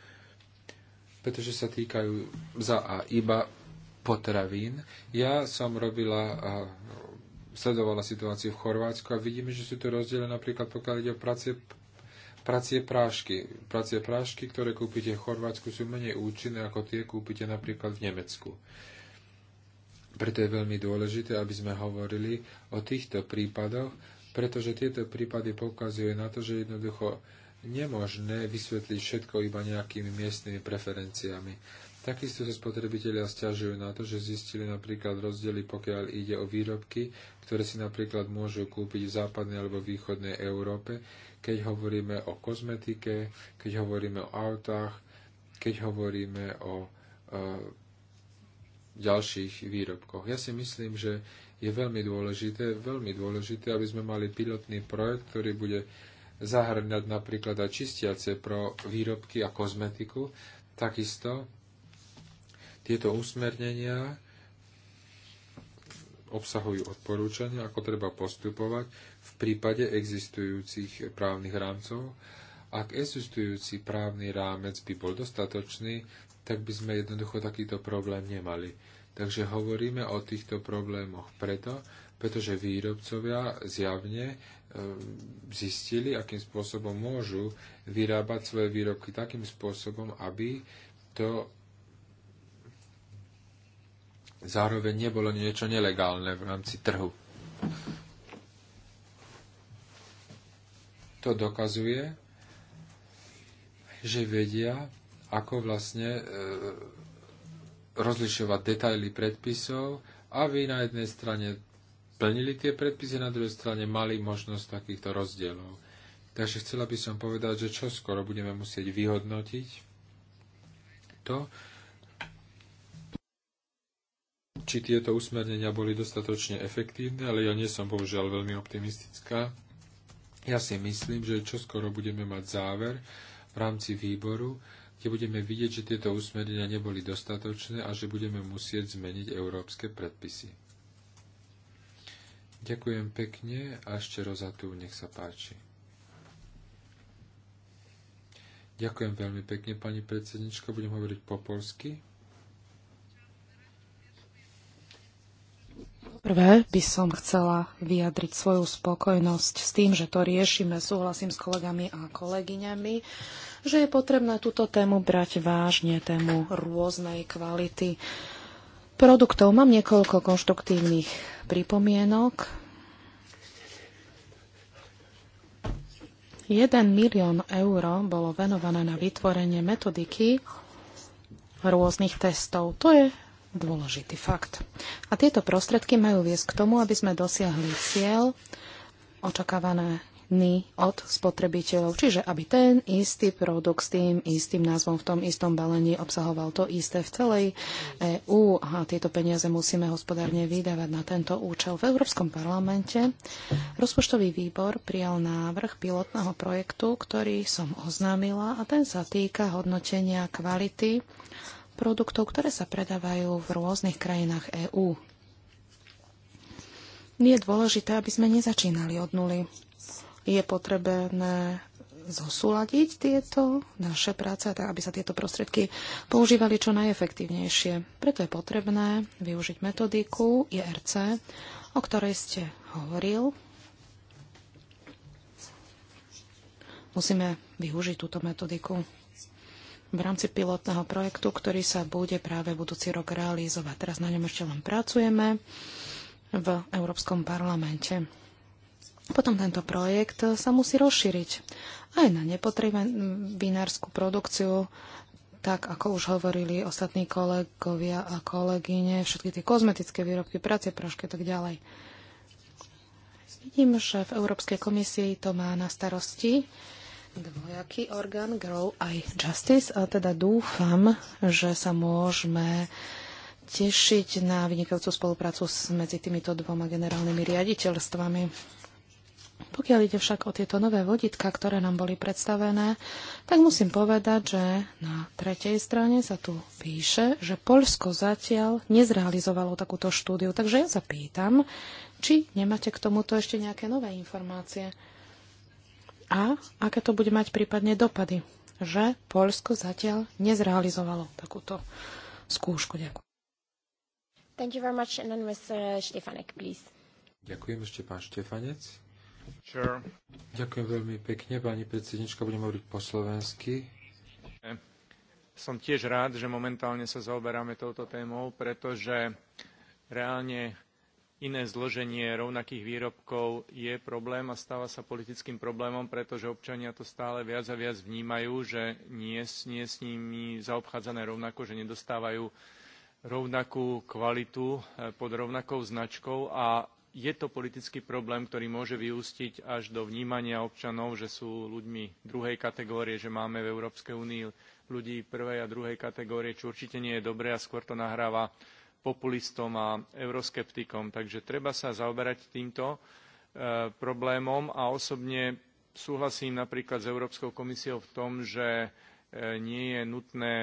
pretože sa týkajú za a iba potravín. Ja som robila sledovala situáciu v Chorvátsku a vidíme, že sú to rozdiely napríklad pokiaľ ide o pracie, pracie prášky. Pracie prášky, ktoré kúpite v Chorvátsku, sú menej účinné ako tie kúpite napríklad v Nemecku. Preto je veľmi dôležité, aby sme hovorili o týchto prípadoch, pretože tieto prípady poukazujú na to, že jednoducho nemožné vysvetliť všetko iba nejakými miestnymi preferenciami. Takisto sa spotrebitelia stiažujú na to, že zistili napríklad rozdiely, pokiaľ ide o výrobky, ktoré si napríklad môžu kúpiť v západnej alebo východnej Európe, keď hovoríme o kozmetike, keď hovoríme o autách, keď hovoríme o e, ďalších výrobkoch. Ja si myslím, že je veľmi dôležité, veľmi dôležité, aby sme mali pilotný projekt, ktorý bude zahrňať napríklad aj čistiace pro výrobky a kozmetiku, takisto tieto usmernenia obsahujú odporúčania, ako treba postupovať v prípade existujúcich právnych rámcov. Ak existujúci právny rámec by bol dostatočný, tak by sme jednoducho takýto problém nemali. Takže hovoríme o týchto problémoch preto, pretože výrobcovia zjavne e, zistili, akým spôsobom môžu vyrábať svoje výrobky takým spôsobom, aby to zároveň nebolo niečo nelegálne v rámci trhu. To dokazuje, že vedia, ako vlastne e, rozlišovať detaily predpisov, aby na jednej strane plnili tie predpisy, na druhej strane mali možnosť takýchto rozdielov. Takže chcela by som povedať, že čo skoro budeme musieť vyhodnotiť to, či tieto usmernenia boli dostatočne efektívne, ale ja nie som bohužiaľ veľmi optimistická. Ja si myslím, že čoskoro budeme mať záver v rámci výboru, kde budeme vidieť, že tieto usmernenia neboli dostatočné a že budeme musieť zmeniť európske predpisy. Ďakujem pekne a ešte rozatú, nech sa páči. Ďakujem veľmi pekne, pani predsednička, budem hovoriť po polsky. Prvé by som chcela vyjadriť svoju spokojnosť s tým, že to riešime, súhlasím s kolegami a kolegyňami, že je potrebné túto tému brať vážne, tému rôznej kvality produktov. Mám niekoľko konštruktívnych pripomienok. 1 milión eur bolo venované na vytvorenie metodiky rôznych testov. To je dôležitý fakt. A tieto prostredky majú viesť k tomu, aby sme dosiahli cieľ očakávané od spotrebiteľov, čiže aby ten istý produkt s tým istým názvom v tom istom balení obsahoval to isté v celej EÚ a tieto peniaze musíme hospodárne vydávať na tento účel. V Európskom parlamente rozpočtový výbor prijal návrh pilotného projektu, ktorý som oznámila a ten sa týka hodnotenia kvality produktov, ktoré sa predávajú v rôznych krajinách EÚ. Je dôležité, aby sme nezačínali od nuly. Je potrebné zosúľadiť tieto naše práce, tak teda aby sa tieto prostriedky používali čo najefektívnejšie. Preto je potrebné využiť metodiku IRC, o ktorej ste hovoril. Musíme využiť túto metodiku v rámci pilotného projektu, ktorý sa bude práve budúci rok realizovať. Teraz na ňom ešte len pracujeme v Európskom parlamente. Potom tento projekt sa musí rozšíriť aj na vinárskú produkciu, tak ako už hovorili ostatní kolegovia a kolegyne, všetky tie kozmetické výrobky, práce, prášky a tak ďalej. Vidím, že v Európskej komisii to má na starosti dvojaký orgán Grow i Justice a teda dúfam, že sa môžeme tešiť na vynikajúcu spoluprácu medzi týmito dvoma generálnymi riaditeľstvami. Pokiaľ ide však o tieto nové vodítka, ktoré nám boli predstavené, tak musím povedať, že na tretej strane sa tu píše, že Polsko zatiaľ nezrealizovalo takúto štúdiu. Takže ja sa pýtam, či nemáte k tomuto ešte nejaké nové informácie a aké to bude mať prípadne dopady, že Polsko zatiaľ nezrealizovalo takúto skúšku. Ďakujem. Thank you very much. And then Mr. Uh, Štefanek, please. Ďakujem ešte pán Štefanec. Sure. Ďakujem veľmi pekne, pani predsednička, budem hovoriť po slovensky. E, som tiež rád, že momentálne sa zaoberáme touto témou, pretože reálne iné zloženie rovnakých výrobkov je problém a stáva sa politickým problémom, pretože občania to stále viac a viac vnímajú, že nie, nie je s nimi zaobchádzané rovnako, že nedostávajú rovnakú kvalitu e, pod rovnakou značkou a je to politický problém, ktorý môže vyústiť až do vnímania občanov, že sú ľuďmi druhej kategórie, že máme v Európskej únii ľudí prvej a druhej kategórie, čo určite nie je dobré a skôr to nahráva populistom a euroskeptikom. Takže treba sa zaoberať týmto e, problémom a osobne súhlasím napríklad s Európskou komisiou v tom, že e, nie je nutné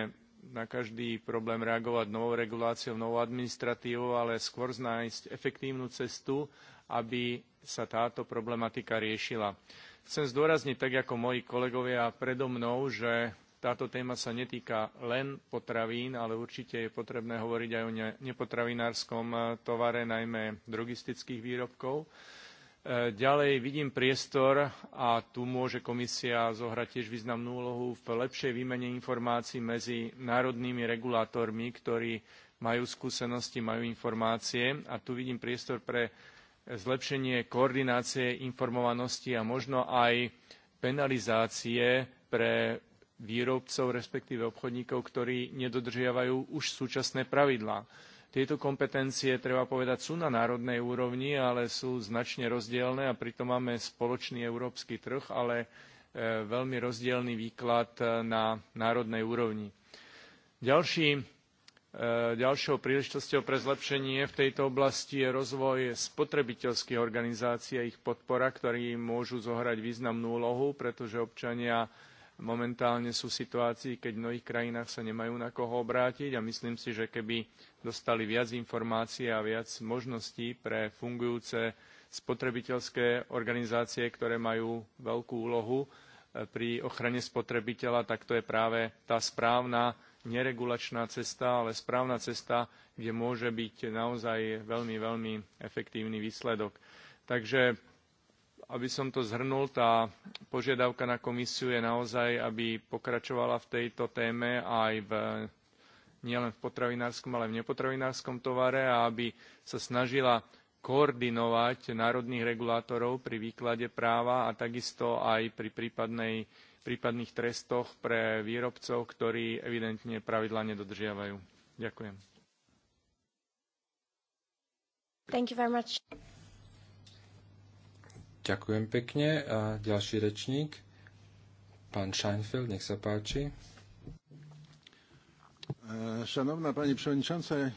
na každý problém reagovať novou reguláciou, novou administratívou, ale skôr nájsť efektívnu cestu, aby sa táto problematika riešila. Chcem zdôrazniť, tak ako moji kolegovia predo mnou, že táto téma sa netýka len potravín, ale určite je potrebné hovoriť aj o nepotravinárskom eh, tovare, najmä drogistických výrobkov. Eh, ďalej vidím priestor a tu môže komisia zohrať tiež významnú úlohu v lepšej výmene informácií medzi národnými regulátormi, ktorí majú skúsenosti, majú informácie a tu vidím priestor pre zlepšenie koordinácie informovanosti a možno aj penalizácie pre výrobcov, respektíve obchodníkov, ktorí nedodržiavajú už súčasné pravidlá. Tieto kompetencie, treba povedať, sú na národnej úrovni, ale sú značne rozdielne a pritom máme spoločný európsky trh, ale e, veľmi rozdielny výklad e, na národnej úrovni. Ďalší, e, ďalšou príležitosťou pre zlepšenie v tejto oblasti je rozvoj spotrebiteľských organizácií a ich podpora, ktorí môžu zohrať významnú úlohu, pretože občania momentálne sú situácii, keď v mnohých krajinách sa nemajú na koho obrátiť a myslím si, že keby dostali viac informácií a viac možností pre fungujúce spotrebiteľské organizácie, ktoré majú veľkú úlohu e, pri ochrane spotrebiteľa, tak to je práve tá správna neregulačná cesta, ale správna cesta, kde môže byť naozaj veľmi, veľmi efektívny výsledok. Takže aby som to zhrnul, tá požiadavka na komisiu je naozaj, aby pokračovala v tejto téme aj v, nielen v potravinárskom, ale v nepotravinárskom tovare a aby sa snažila koordinovať národných regulátorov pri výklade práva a takisto aj pri prípadnej, prípadných trestoch pre výrobcov, ktorí evidentne pravidlá nedodržiavajú. Ďakujem. Ďakujem pekne. A ďalší rečník, pán Scheinfeld, nech sa páči. E, Šanovná pani przewodnicząca.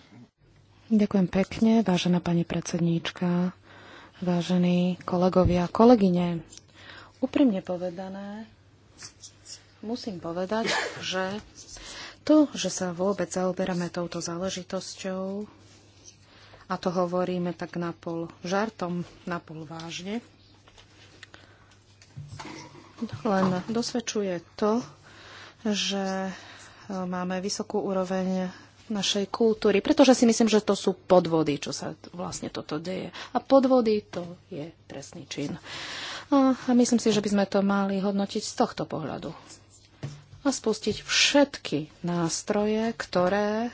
Ďakujem pekne, vážená pani predsedníčka, vážení kolegovia, kolegyne. Úprimne povedané, musím povedať, že to, že sa vôbec zaoberáme touto záležitosťou, a to hovoríme tak napol žartom, napol vážne, len dosvedčuje to, že e, máme vysokú úroveň našej kultúry, pretože si myslím, že to sú podvody, čo sa vlastne toto deje. A podvody to je trestný čin. A, myslím si, že by sme to mali hodnotiť z tohto pohľadu. A spustiť všetky nástroje, ktoré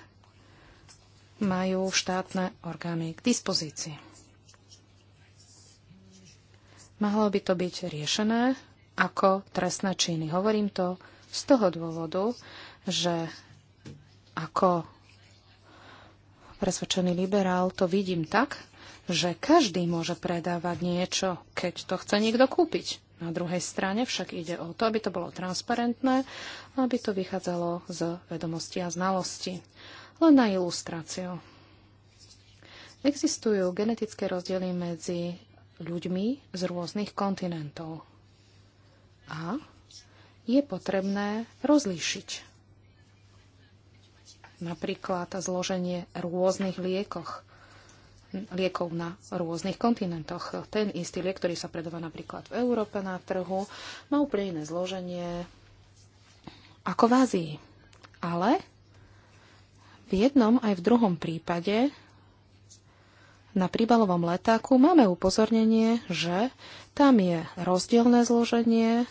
majú štátne orgány k dispozícii. Mohlo by to byť riešené ako trestné činy. Hovorím to z toho dôvodu, že ako presvedčený liberál to vidím tak, že každý môže predávať niečo, keď to chce niekto kúpiť. Na druhej strane však ide o to, aby to bolo transparentné, aby to vychádzalo z vedomosti a znalosti. Len na ilustráciu. Existujú genetické rozdiely medzi ľuďmi z rôznych kontinentov a je potrebné rozlíšiť napríklad zloženie rôznych liekoch, liekov na rôznych kontinentoch. Ten istý liek, ktorý sa predáva napríklad v Európe na trhu, má úplne iné zloženie ako v Ázii. Ale v jednom aj v druhom prípade na príbalovom letáku máme upozornenie, že tam je rozdielne zloženie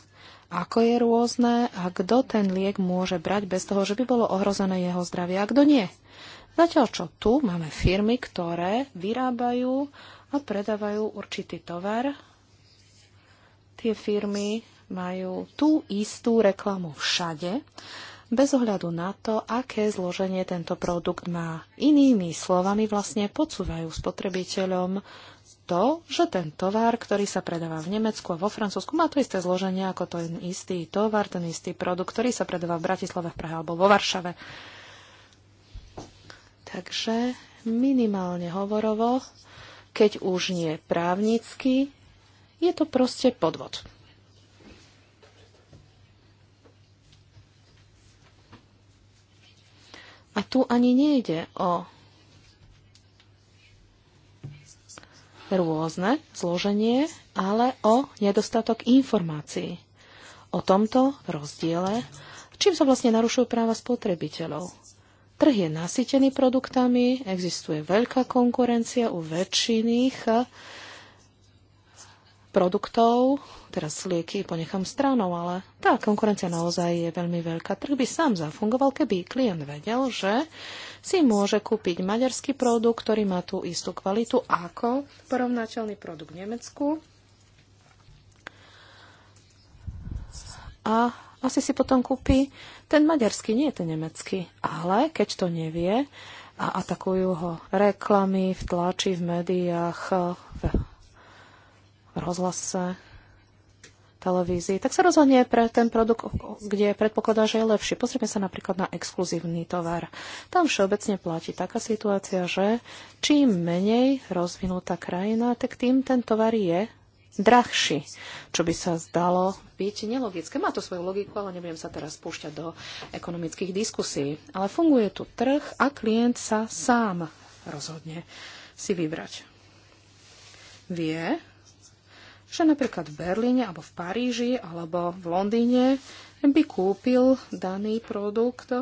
ako je rôzne a kto ten liek môže brať bez toho, že by bolo ohrozené jeho zdravie a kto nie. Zatiaľ čo tu máme firmy, ktoré vyrábajú a predávajú určitý tovar. Tie firmy majú tú istú reklamu všade, bez ohľadu na to, aké zloženie tento produkt má. Inými slovami vlastne podsúvajú spotrebiteľom to, že ten tovar, ktorý sa predáva v Nemecku a vo Francúzsku, má to isté zloženie ako ten istý tovar, ten istý produkt, ktorý sa predáva v Bratislave, v Prahe alebo vo Varšave. Takže minimálne hovorovo, keď už nie právnicky, je to proste podvod. A tu ani nejde o rôzne zloženie, ale o nedostatok informácií o tomto rozdiele, čím sa vlastne narušujú práva spotrebiteľov. Trh je nasýtený produktami, existuje veľká konkurencia u väčšiných produktov, teraz lieky ponechám stranou, ale tá konkurencia naozaj je veľmi veľká. Trh by sám zafungoval, keby klient vedel, že si môže kúpiť maďarský produkt, ktorý má tú istú kvalitu ako porovnateľný produkt v Nemecku. A asi si potom kúpi ten maďarský, nie ten nemecký. Ale keď to nevie a atakujú ho reklamy v tlači, v médiách, v rozhlase, televízii, tak sa rozhodne pre ten produkt, kde predpokladá, že je lepší. Pozrieme sa napríklad na exkluzívny tovar. Tam všeobecne platí taká situácia, že čím menej rozvinutá krajina, tak tým ten tovar je drahší, čo by sa zdalo byť nelogické. Má to svoju logiku, ale nebudem sa teraz púšťať do ekonomických diskusí. Ale funguje tu trh a klient sa sám rozhodne si vybrať. Vie, že napríklad v Berlíne alebo v Paríži alebo v Londýne by kúpil daný produkt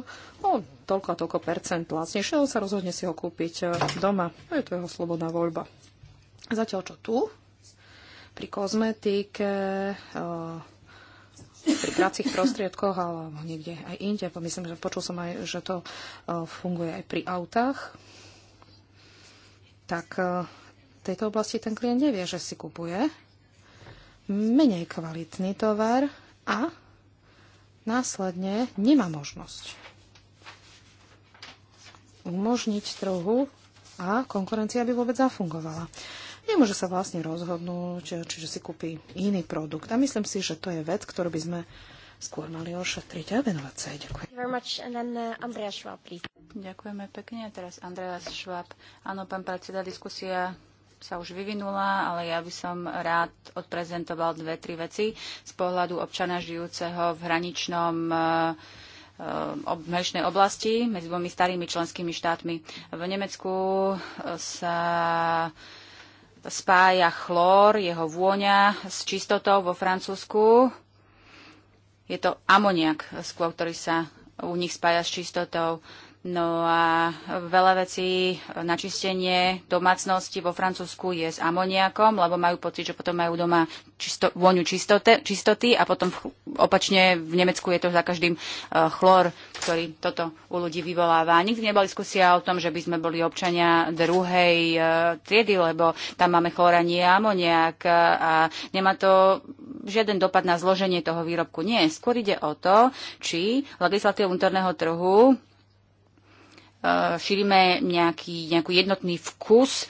o toľko a toľko percent lacnejšie, on sa rozhodne si ho kúpiť e, doma. To je to jeho slobodná voľba. Zatiaľ čo tu, pri kozmetike, e, pri pracích prostriedkoch alebo niekde aj inde. Myslím, že počul som aj, že to e, funguje aj pri autách. Tak v tejto oblasti ten klient nevie, že si kupuje menej kvalitný tovar a následne nemá možnosť umožniť trhu a konkurencia by vôbec zafungovala. Nemôže sa vlastne rozhodnúť, čiže si kúpi iný produkt. A myslím si, že to je vec, ktorú by sme skôr mali ošetriť a venovať sa Ďakujem. Uh, Ďakujeme pekne. teraz Andreas Schwab. Áno, pán predseda, diskusia sa už vyvinula, ale ja by som rád odprezentoval dve, tri veci z pohľadu občana žijúceho v hraničnom e, e, obmešnej oblasti medzi dvomi starými členskými štátmi. V Nemecku e, sa spája chlór, jeho vôňa s čistotou vo Francúzsku. Je to amoniak, skôr, ktorý sa u nich spája s čistotou. No a veľa vecí na čistenie domácnosti vo Francúzsku je s amoniakom, lebo majú pocit, že potom majú doma čisto, vôňu čistote, čistoty a potom v, opačne v Nemecku je to za každým uh, e, chlor, ktorý toto u ľudí vyvoláva. Nikdy nebola diskusia o tom, že by sme boli občania druhej uh, triedy, lebo tam máme chloranie amoniak uh, a nemá to žiaden dopad na zloženie toho výrobku. Nie, skôr ide o to, či legislatíva vnútorného trhu Eh, šírime nejaký, nejaký jednotný vkus, eh,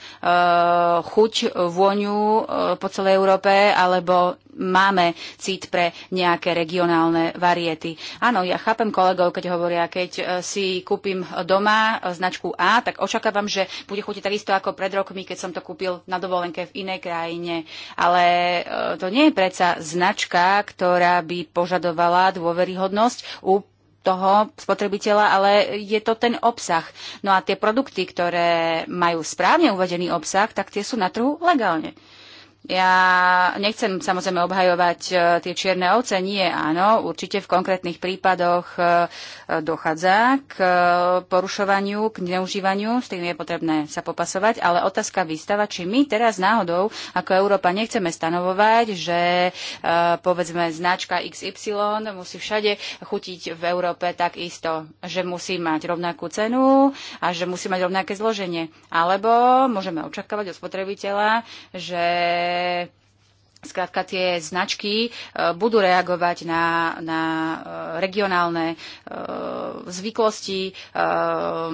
chuť, vôňu eh, po celej Európe, alebo máme cít pre nejaké regionálne variety. Áno, ja chápem kolegov, keď hovoria, keď si kúpim doma značku A, tak očakávam, že bude chutiť takisto ako pred rokmi, keď som to kúpil na dovolenke v inej krajine. Ale to nie je predsa značka, ktorá by požadovala dôveryhodnosť u toho spotrebiteľa, ale je to ten obsah. No a tie produkty, ktoré majú správne uvedený obsah, tak tie sú na trhu legálne. Ja nechcem samozrejme obhajovať e, tie čierne ovce, nie, áno, určite v konkrétnych prípadoch e, e, dochádza k porušovaniu, k neužívaniu, s tým je potrebné sa popasovať, ale otázka výstava, či my teraz náhodou ako Európa nechceme stanovovať, že povedzme značka XY musí všade chutiť v Európe tak isto, že musí mať rovnakú cenu a že musí mať rovnaké zloženie. Alebo môžeme očakávať od spotrebiteľa, že Skrátka tie značky e, budú reagovať na, na e, regionálne e, zvyklosti a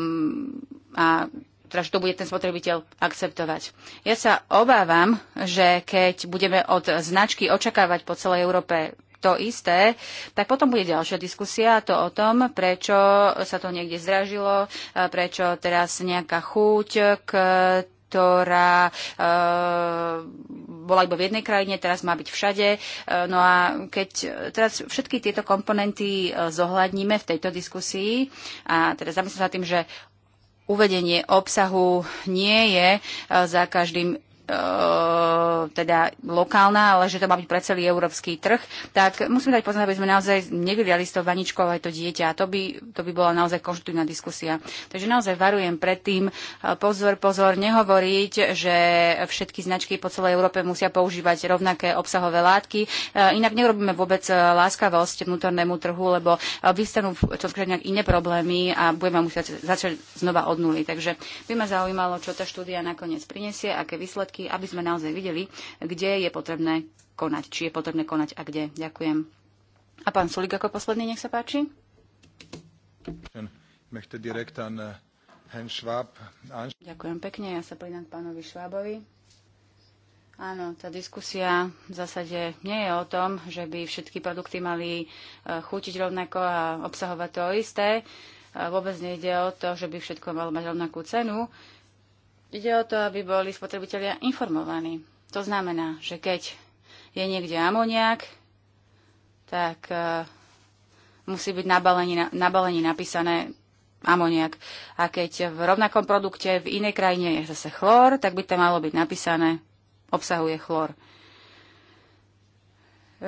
teda, že to bude ten spotrebiteľ akceptovať. Ja sa obávam, že keď budeme od značky očakávať po celej Európe to isté, tak potom bude ďalšia diskusia, to o tom, prečo sa to niekde zdražilo, prečo teraz nejaká chuť, k ktorá eh, bola iba v jednej krajine, teraz má byť všade. Eh, no a keď teraz všetky tieto komponenty eh, zohľadníme v tejto diskusii a teda zamyslím sa tým, že uvedenie obsahu nie je za každým E, teda lokálna, ale že to má byť pre celý európsky trh, tak musíme dať poznať, aby sme naozaj nevyliali z toho ale aj to dieťa. To by, to by bola naozaj konštruktívna diskusia. Takže naozaj varujem predtým. E, pozor, pozor, nehovoriť, že všetky značky po celej Európe musia používať rovnaké obsahové látky. E, inak nerobíme vôbec láskavosť vnútornému trhu, lebo vystanú skôr nejak iné problémy a budeme musieť začať znova od nuly. Takže by ma zaujímalo, čo tá štúdia nakoniec prinesie, aké výsledky výsledky, aby sme naozaj videli, kde je potrebné konať, či je potrebné konať a kde. Ďakujem. A pán Sulik ako posledný, nech sa páči. Eh, Ďakujem pekne, ja sa pridám k pánovi Švábovi. Áno, tá diskusia v zásade nie je o tom, že by všetky produkty mali eh, chutiť rovnako a obsahovať to isté. Eh, vôbec nejde o to, že by všetko malo mať rovnakú cenu. Ide o to, aby boli spotrebitelia informovaní. To znamená, že keď je niekde amoniak, tak uh, musí byť na balení, na, na balení napísané amoniak. A keď v rovnakom produkte v inej krajine je zase chlor, tak by tam malo byť napísané obsahuje chlor.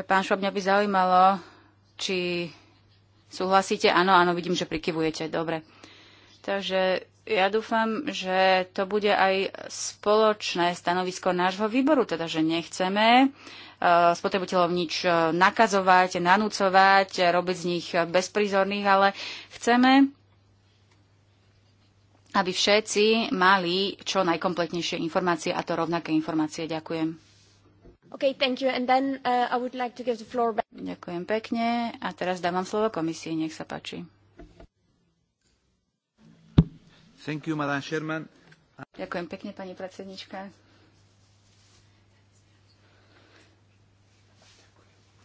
Pán Šob, mňa by zaujímalo, či súhlasíte. Áno, áno, vidím, že prikyvujete. Dobre. Takže ja dúfam, že to bude aj spoločné stanovisko nášho výboru, teda že nechceme eh, spotrebiteľov nič eh, nakazovať, nanúcovať, robiť z nich bezprizorných, ale chceme, aby všetci mali čo najkompletnejšie informácie a to rovnaké informácie. Ďakujem. Okay, thank you. And then, uh, I would like to give the floor back. Ďakujem pekne a teraz dávam slovo komisii. Nech sa páči. Ďakujem pekne, pani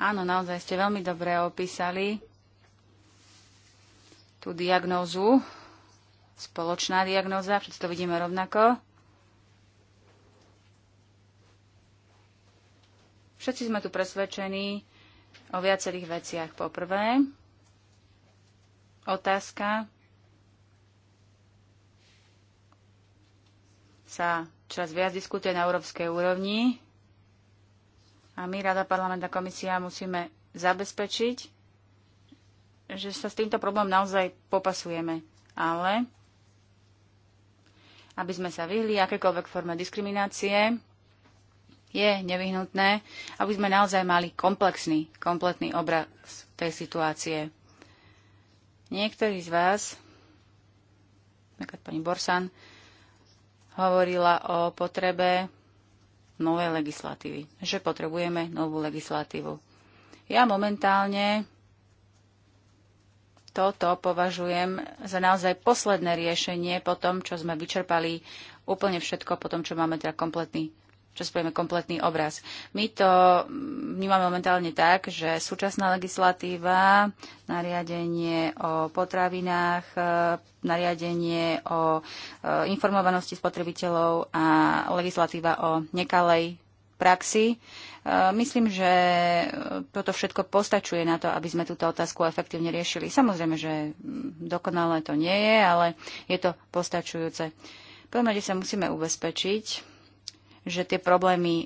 Áno, naozaj ste veľmi dobre opísali tú diagnózu, spoločná diagnóza, všetci to vidíme rovnako. Všetci sme tu presvedčení o viacerých veciach. Poprvé, otázka, sa čas viac diskutuje na európskej úrovni a my, Rada, Parlament a Komisia musíme zabezpečiť, že sa s týmto problémom naozaj popasujeme. Ale aby sme sa vyhli akékoľvek forme diskriminácie, je nevyhnutné, aby sme naozaj mali komplexný, kompletný obraz tej situácie. Niektorí z vás, napríklad pani Borsan, hovorila o potrebe novej legislatívy, že potrebujeme novú legislatívu. Ja momentálne toto považujem za naozaj posledné riešenie po tom, čo sme vyčerpali úplne všetko, po tom, čo máme teda kompletný čo spravíme kompletný obraz. My to vnímame momentálne tak, že súčasná legislatíva, nariadenie o potravinách, e, nariadenie o e, informovanosti spotrebiteľov a legislatíva o nekalej praxi. E, myslím, že toto všetko postačuje na to, aby sme túto otázku efektívne riešili. Samozrejme, že mm, dokonalé to nie je, ale je to postačujúce. Poďme, že sa musíme ubezpečiť, že tie problémy e,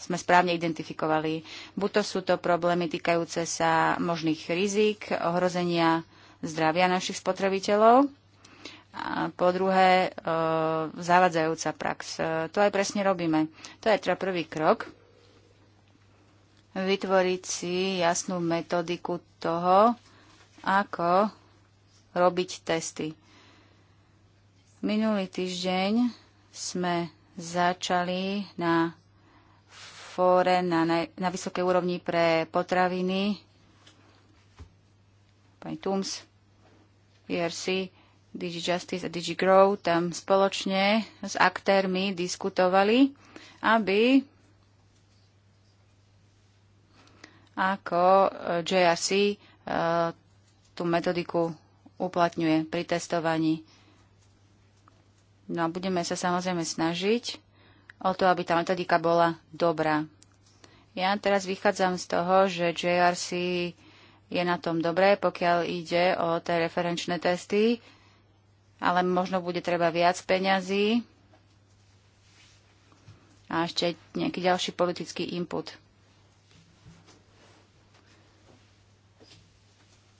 sme správne identifikovali. Buď to sú to problémy týkajúce sa možných rizik, ohrozenia zdravia našich spotrebiteľov, a po druhé, e, zavadzajúca prax. E, to aj presne robíme. To je teda prvý krok. Vytvoriť si jasnú metodiku toho, ako robiť testy. Minulý týždeň sme začali na fóre na, na, na vysokej úrovni pre potraviny. Pani Tums, ERC, Digi Justice a Digi Grow tam spoločne s aktérmi diskutovali, aby ako eh, JRC eh, tú metodiku uplatňuje pri testovaní. No a budeme sa samozrejme snažiť o to, aby tá metodika bola dobrá. Ja teraz vychádzam z toho, že JRC je na tom dobré, pokiaľ ide o tie referenčné testy, ale možno bude treba viac peňazí a ešte nejaký ďalší politický input.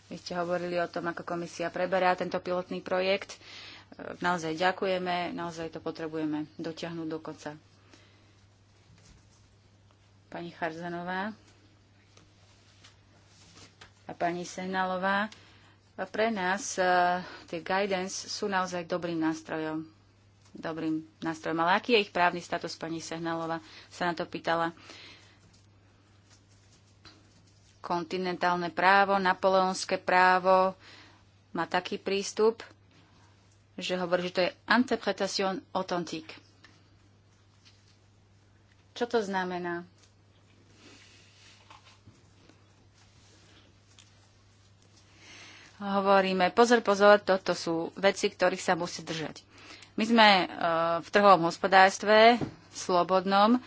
Vy ste hovorili o tom, ako komisia preberá tento pilotný projekt. Uh, Naozaj ďakujeme, naozaj to potrebujeme dotiahnuť do konca. Pani Charzanová a pani Senalová, pre nás eh, tie guidance sú naozaj dobrým nástrojom. Dobrým nástrojom. Ale aký je ich právny status, pani Sehnalova sa na to pýtala. Kontinentálne právo, napoleonské právo má taký prístup, že hovorí, že to je interpretation authentique. Čo to znamená? Hovoríme, pozor, pozor, toto sú veci, ktorých sa musí držať. My sme e, v trhovom hospodárstve, slobodnom,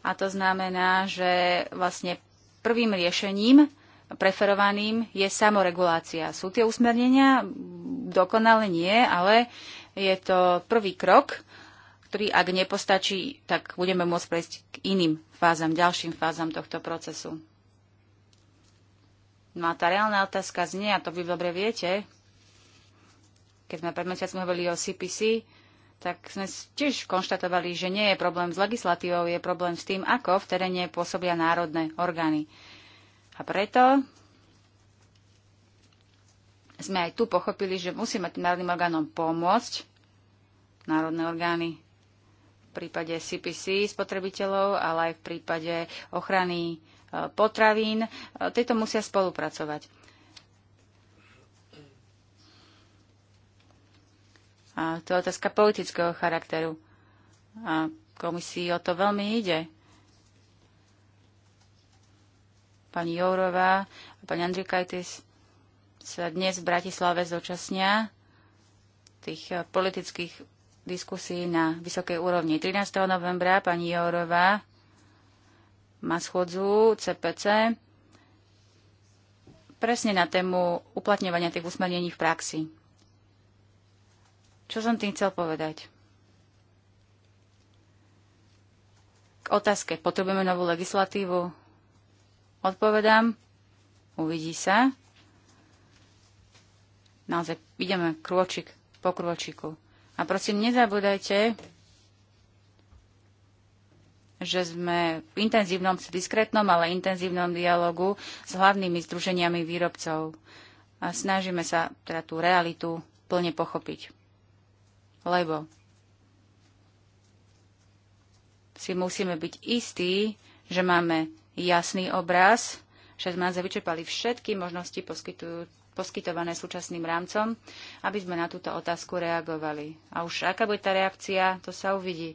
a to znamená, že vlastne prvým riešením preferovaným je samoregulácia. Sú tie usmernenia? Dokonale nie, ale je to prvý krok, ktorý ak nepostačí, tak budeme môcť prejsť k iným fázam, ďalším fázam tohto procesu. No a tá reálna otázka znie, a to vy dobre viete, keď sme pred mesiacom hovorili o CPC, tak sme tiež konštatovali, že nie je problém s legislatívou, je problém s tým, ako v teréne pôsobia národné orgány. A preto sme aj tu pochopili, že musíme tým národným orgánom pomôcť, národné orgány v prípade CPC spotrebiteľov, ale aj v prípade ochrany e, potravín. E, tieto musia spolupracovať. A to je otázka politického charakteru. A komisii o to veľmi ide. pani Jourová a pani Andrikajtis sa dnes v Bratislave zúčastnia tých eh, politických diskusí na vysokej úrovni. 13. novembra pani Jourová má schodzu CPC presne na tému uplatňovania tých usmernení v praxi. Čo som tým chcel povedať? K otázke, potrebujeme novú legislatívu? Odpovedám, uvidí sa. Naozaj ideme krôčik po krôčiku. A prosím, nezabúdajte, že sme v intenzívnom, diskrétnom, ale intenzívnom dialogu s hlavnými združeniami výrobcov. A snažíme sa teda tú realitu plne pochopiť. Lebo si musíme byť istí, že máme jasný obraz, že sme vyčerpali všetky možnosti poskytované súčasným rámcom, aby sme na túto otázku reagovali. A už aká bude tá reakcia, to sa uvidí.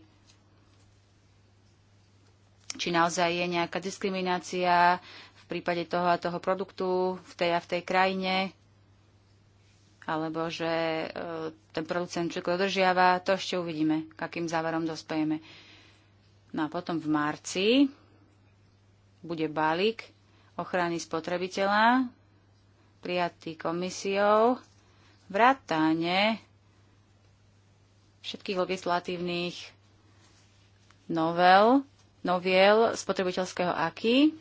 Či naozaj je nejaká diskriminácia v prípade toho a toho produktu v tej a v tej krajine, alebo že e, ten producent všetko dodržiava, to ešte uvidíme, k akým záverom dospejeme. No a potom v marci bude balík ochrany spotrebiteľa prijatý komisiou vrátane všetkých legislatívnych novel, noviel spotrebiteľského aky.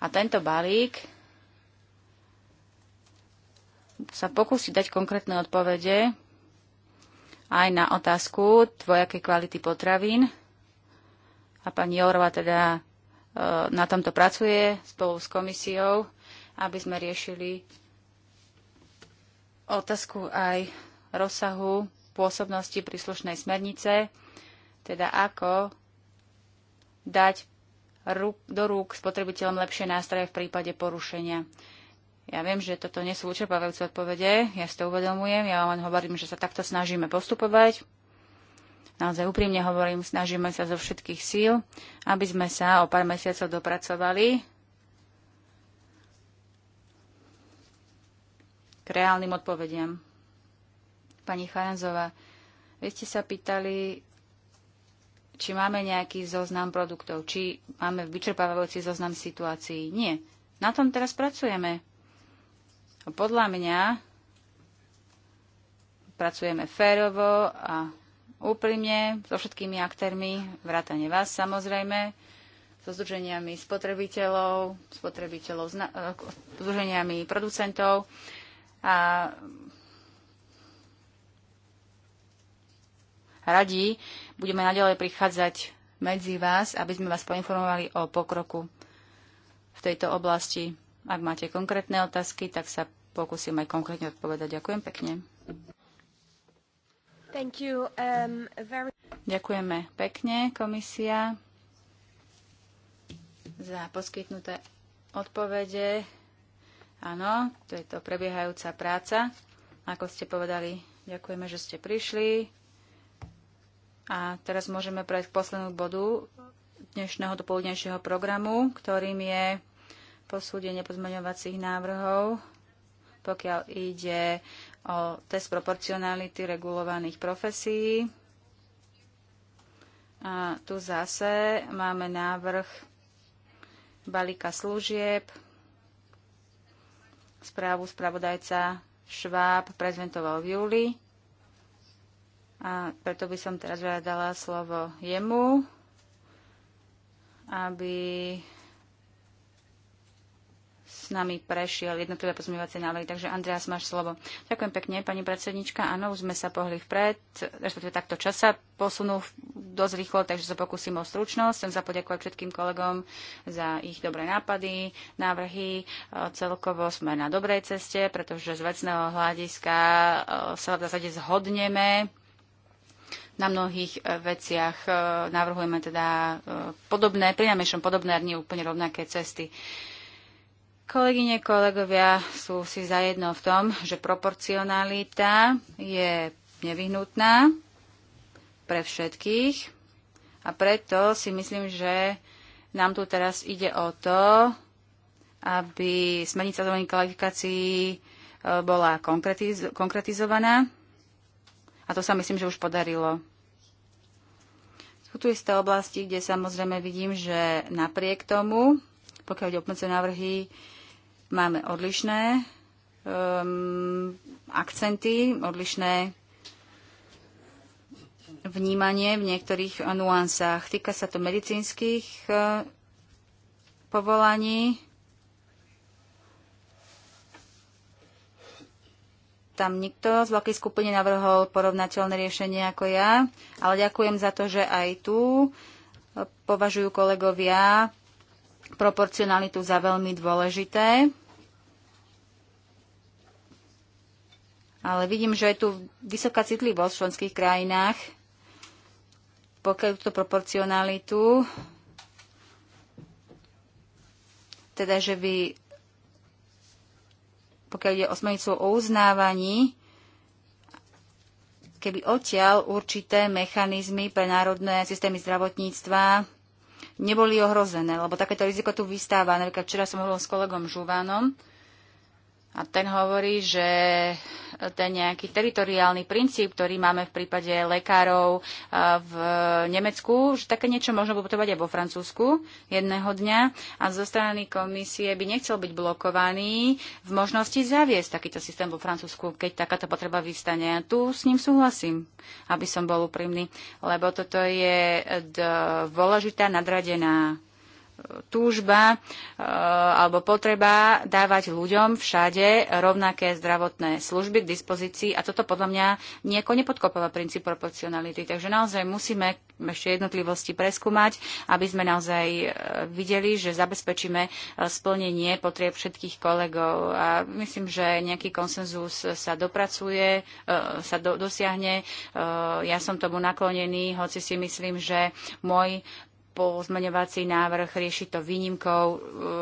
A tento balík sa pokúsi dať konkrétne odpovede aj na otázku dvojakej kvality potravín. A pani Jourova teda na tomto pracuje spolu s komisiou, aby sme riešili otázku aj rozsahu pôsobnosti príslušnej smernice, teda ako dať do rúk spotrebiteľom lepšie nástroje v prípade porušenia. Ja viem, že toto nie sú učerpávajúce odpovede, ja si to uvedomujem, ja vám len hovorím, že sa takto snažíme postupovať. Naozaj úprimne hovorím, snažíme sa zo všetkých síl, aby sme sa o pár mesiacov dopracovali k reálnym odpovediam. Pani Chajanzová, vy ste sa pýtali, či máme nejaký zoznam produktov, či máme vyčerpávajúci zoznam situácií. Nie. Na tom teraz pracujeme. Podľa mňa pracujeme férovo a úprimne so všetkými aktérmi, vrátane vás samozrejme, so združeniami spotrebiteľov, spotrebiteľov e, združeniami producentov a radi budeme naďalej prichádzať medzi vás, aby sme vás poinformovali o pokroku v tejto oblasti. Ak máte konkrétne otázky, tak sa pokúsim aj konkrétne odpovedať. Ďakujem pekne. Um, ďakujeme pekne, komisia, za poskytnuté odpovede. Áno, to je to prebiehajúca práca. Ako ste povedali, ďakujeme, že ste prišli. A teraz môžeme prejsť k poslednú bodu dnešného dopoludnejšieho programu, ktorým je posúdenie pozmeňovacích návrhov pokiaľ ide o test proporcionality regulovaných profesí. A tu zase máme návrh balíka služieb. Správu spravodajca Šváb prezentoval v júli. A preto by som teraz dala slovo jemu, aby s nami prešiel jednotlivé pozmeňovacie návrhy. Takže Andreas, máš slovo. Ďakujem pekne, pani predsednička. Áno, už sme sa pohli vpred, respektíve takto čas sa posunul dosť rýchlo, takže sa pokúsim o stručnosť. Chcem sa poďakovať všetkým kolegom za ich dobré nápady, návrhy. E, celkovo sme na dobrej ceste, pretože z vecného hľadiska e, sa v zásade zhodneme na mnohých e, veciach navrhujeme teda podobné, pri podobné a nie úplne rovnaké cesty. Kolegyne, kolegovia sú si zajedno v tom, že proporcionalita je nevyhnutná pre všetkých a preto si myslím, že nám tu teraz ide o to, aby smernica zvolených kvalifikácií e, bola konkretiz- konkretizovaná a to sa myslím, že už podarilo. Sú tu isté oblasti, kde samozrejme vidím, že napriek tomu, pokiaľ ide o návrhy, Máme odlišné um, akcenty, odlišné vnímanie v niektorých nuansách. Týka sa to medicínskych uh, povolaní. Tam nikto z veľkej skupiny navrhol porovnateľné riešenie ako ja, ale ďakujem za to, že aj tu uh, považujú kolegovia proporcionalitu za veľmi dôležité. Ale vidím, že je tu vysoká citlivosť v členských krajinách, pokiaľ túto proporcionalitu, teda že by, pokiaľ ide o smernicu o uznávaní, keby odtiaľ určité mechanizmy pre národné systémy zdravotníctva neboli ohrozené, lebo takéto riziko tu vystáva. Napríklad včera som hovoril s kolegom Žuvanom, a ten hovorí, že ten nejaký teritoriálny princíp, ktorý máme v prípade lekárov e, v Nemecku, že také niečo možno bude potrebovať aj vo Francúzsku jedného dňa. A zo strany komisie by nechcel byť blokovaný v možnosti zaviesť takýto systém vo Francúzsku, keď takáto potreba vystane. A tu s ním súhlasím, aby som bol úprimný, lebo toto je dôležitá nadradená túžba e, alebo potreba dávať ľuďom všade rovnaké zdravotné služby k dispozícii a toto podľa mňa nieko nepodkopáva princíp proporcionality. Takže naozaj musíme ešte jednotlivosti preskúmať, aby sme naozaj e, videli, že zabezpečíme e, splnenie potrieb všetkých kolegov. A myslím, že nejaký konsenzus sa dopracuje, sa do, dosiahne. Ja som tomu naklonený, hoci si myslím, že môj pozmeňovací návrh, rieši to výnimkou, e,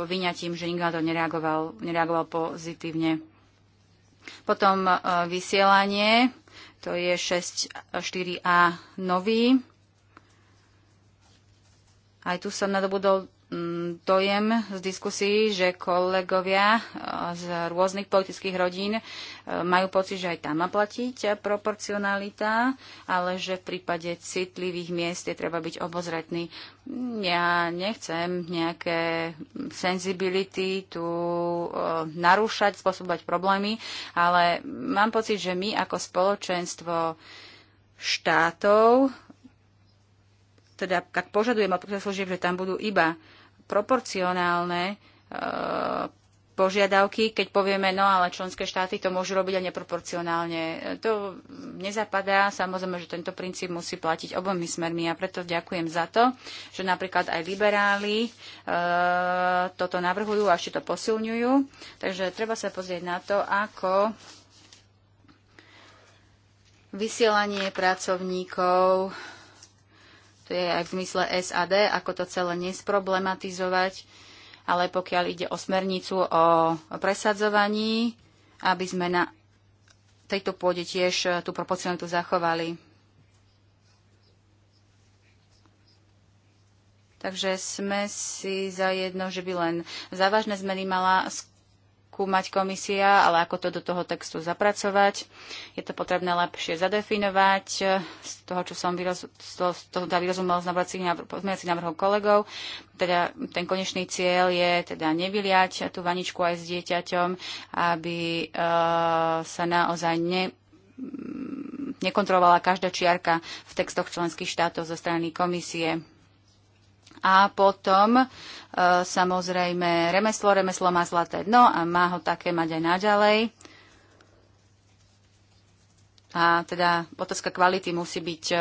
vyňatím, že nikto na to nereagoval, nereagoval pozitívne. Potom e, vysielanie, to je 64A nový. Aj tu som nadobudol Mm, dojem z diskusí, že kolegovia e, z rôznych politických rodín e, majú pocit, že aj tam má platiť proporcionalita, ale že v prípade citlivých miest je treba byť obozretný. Ja nechcem nejaké sensibility tu e, narúšať, spôsobovať problémy, ale mám pocit, že my ako spoločenstvo štátov teda ak požadujeme od služieb, že tam budú iba proporcionálne e, požiadavky, keď povieme, no ale členské štáty to môžu robiť aj neproporcionálne. E, to nezapadá, samozrejme, že tento princíp musí platiť obomi smermi a preto ďakujem za to, že napríklad aj liberáli e, toto navrhujú a ešte to posilňujú. Takže treba sa pozrieť na to, ako vysielanie pracovníkov to je aj v zmysle SAD, ako to celé nesproblematizovať, ale pokiaľ ide o smernicu o presadzovaní, aby sme na tejto pôde tiež e, tú proporcionalitu zachovali. Takže sme si zajedno, že by len závažné zmeny mala skôr skúmať komisia, ale ako to do toho textu zapracovať. Je to potrebné lepšie zadefinovať eh, z toho, čo som vyrozumel z teda pozmeňacích návrhov kolegov. Teda ten konečný cieľ je teda nevyliať tú vaničku aj s dieťaťom, aby eh, sa naozaj ne, mm, nekontrolovala každá čiarka v textoch členských štátov zo strany komisie a potom e, samozrejme remeslo, remeslo má zlaté dno a má ho také mať aj naďalej. A teda otázka kvality musí byť e,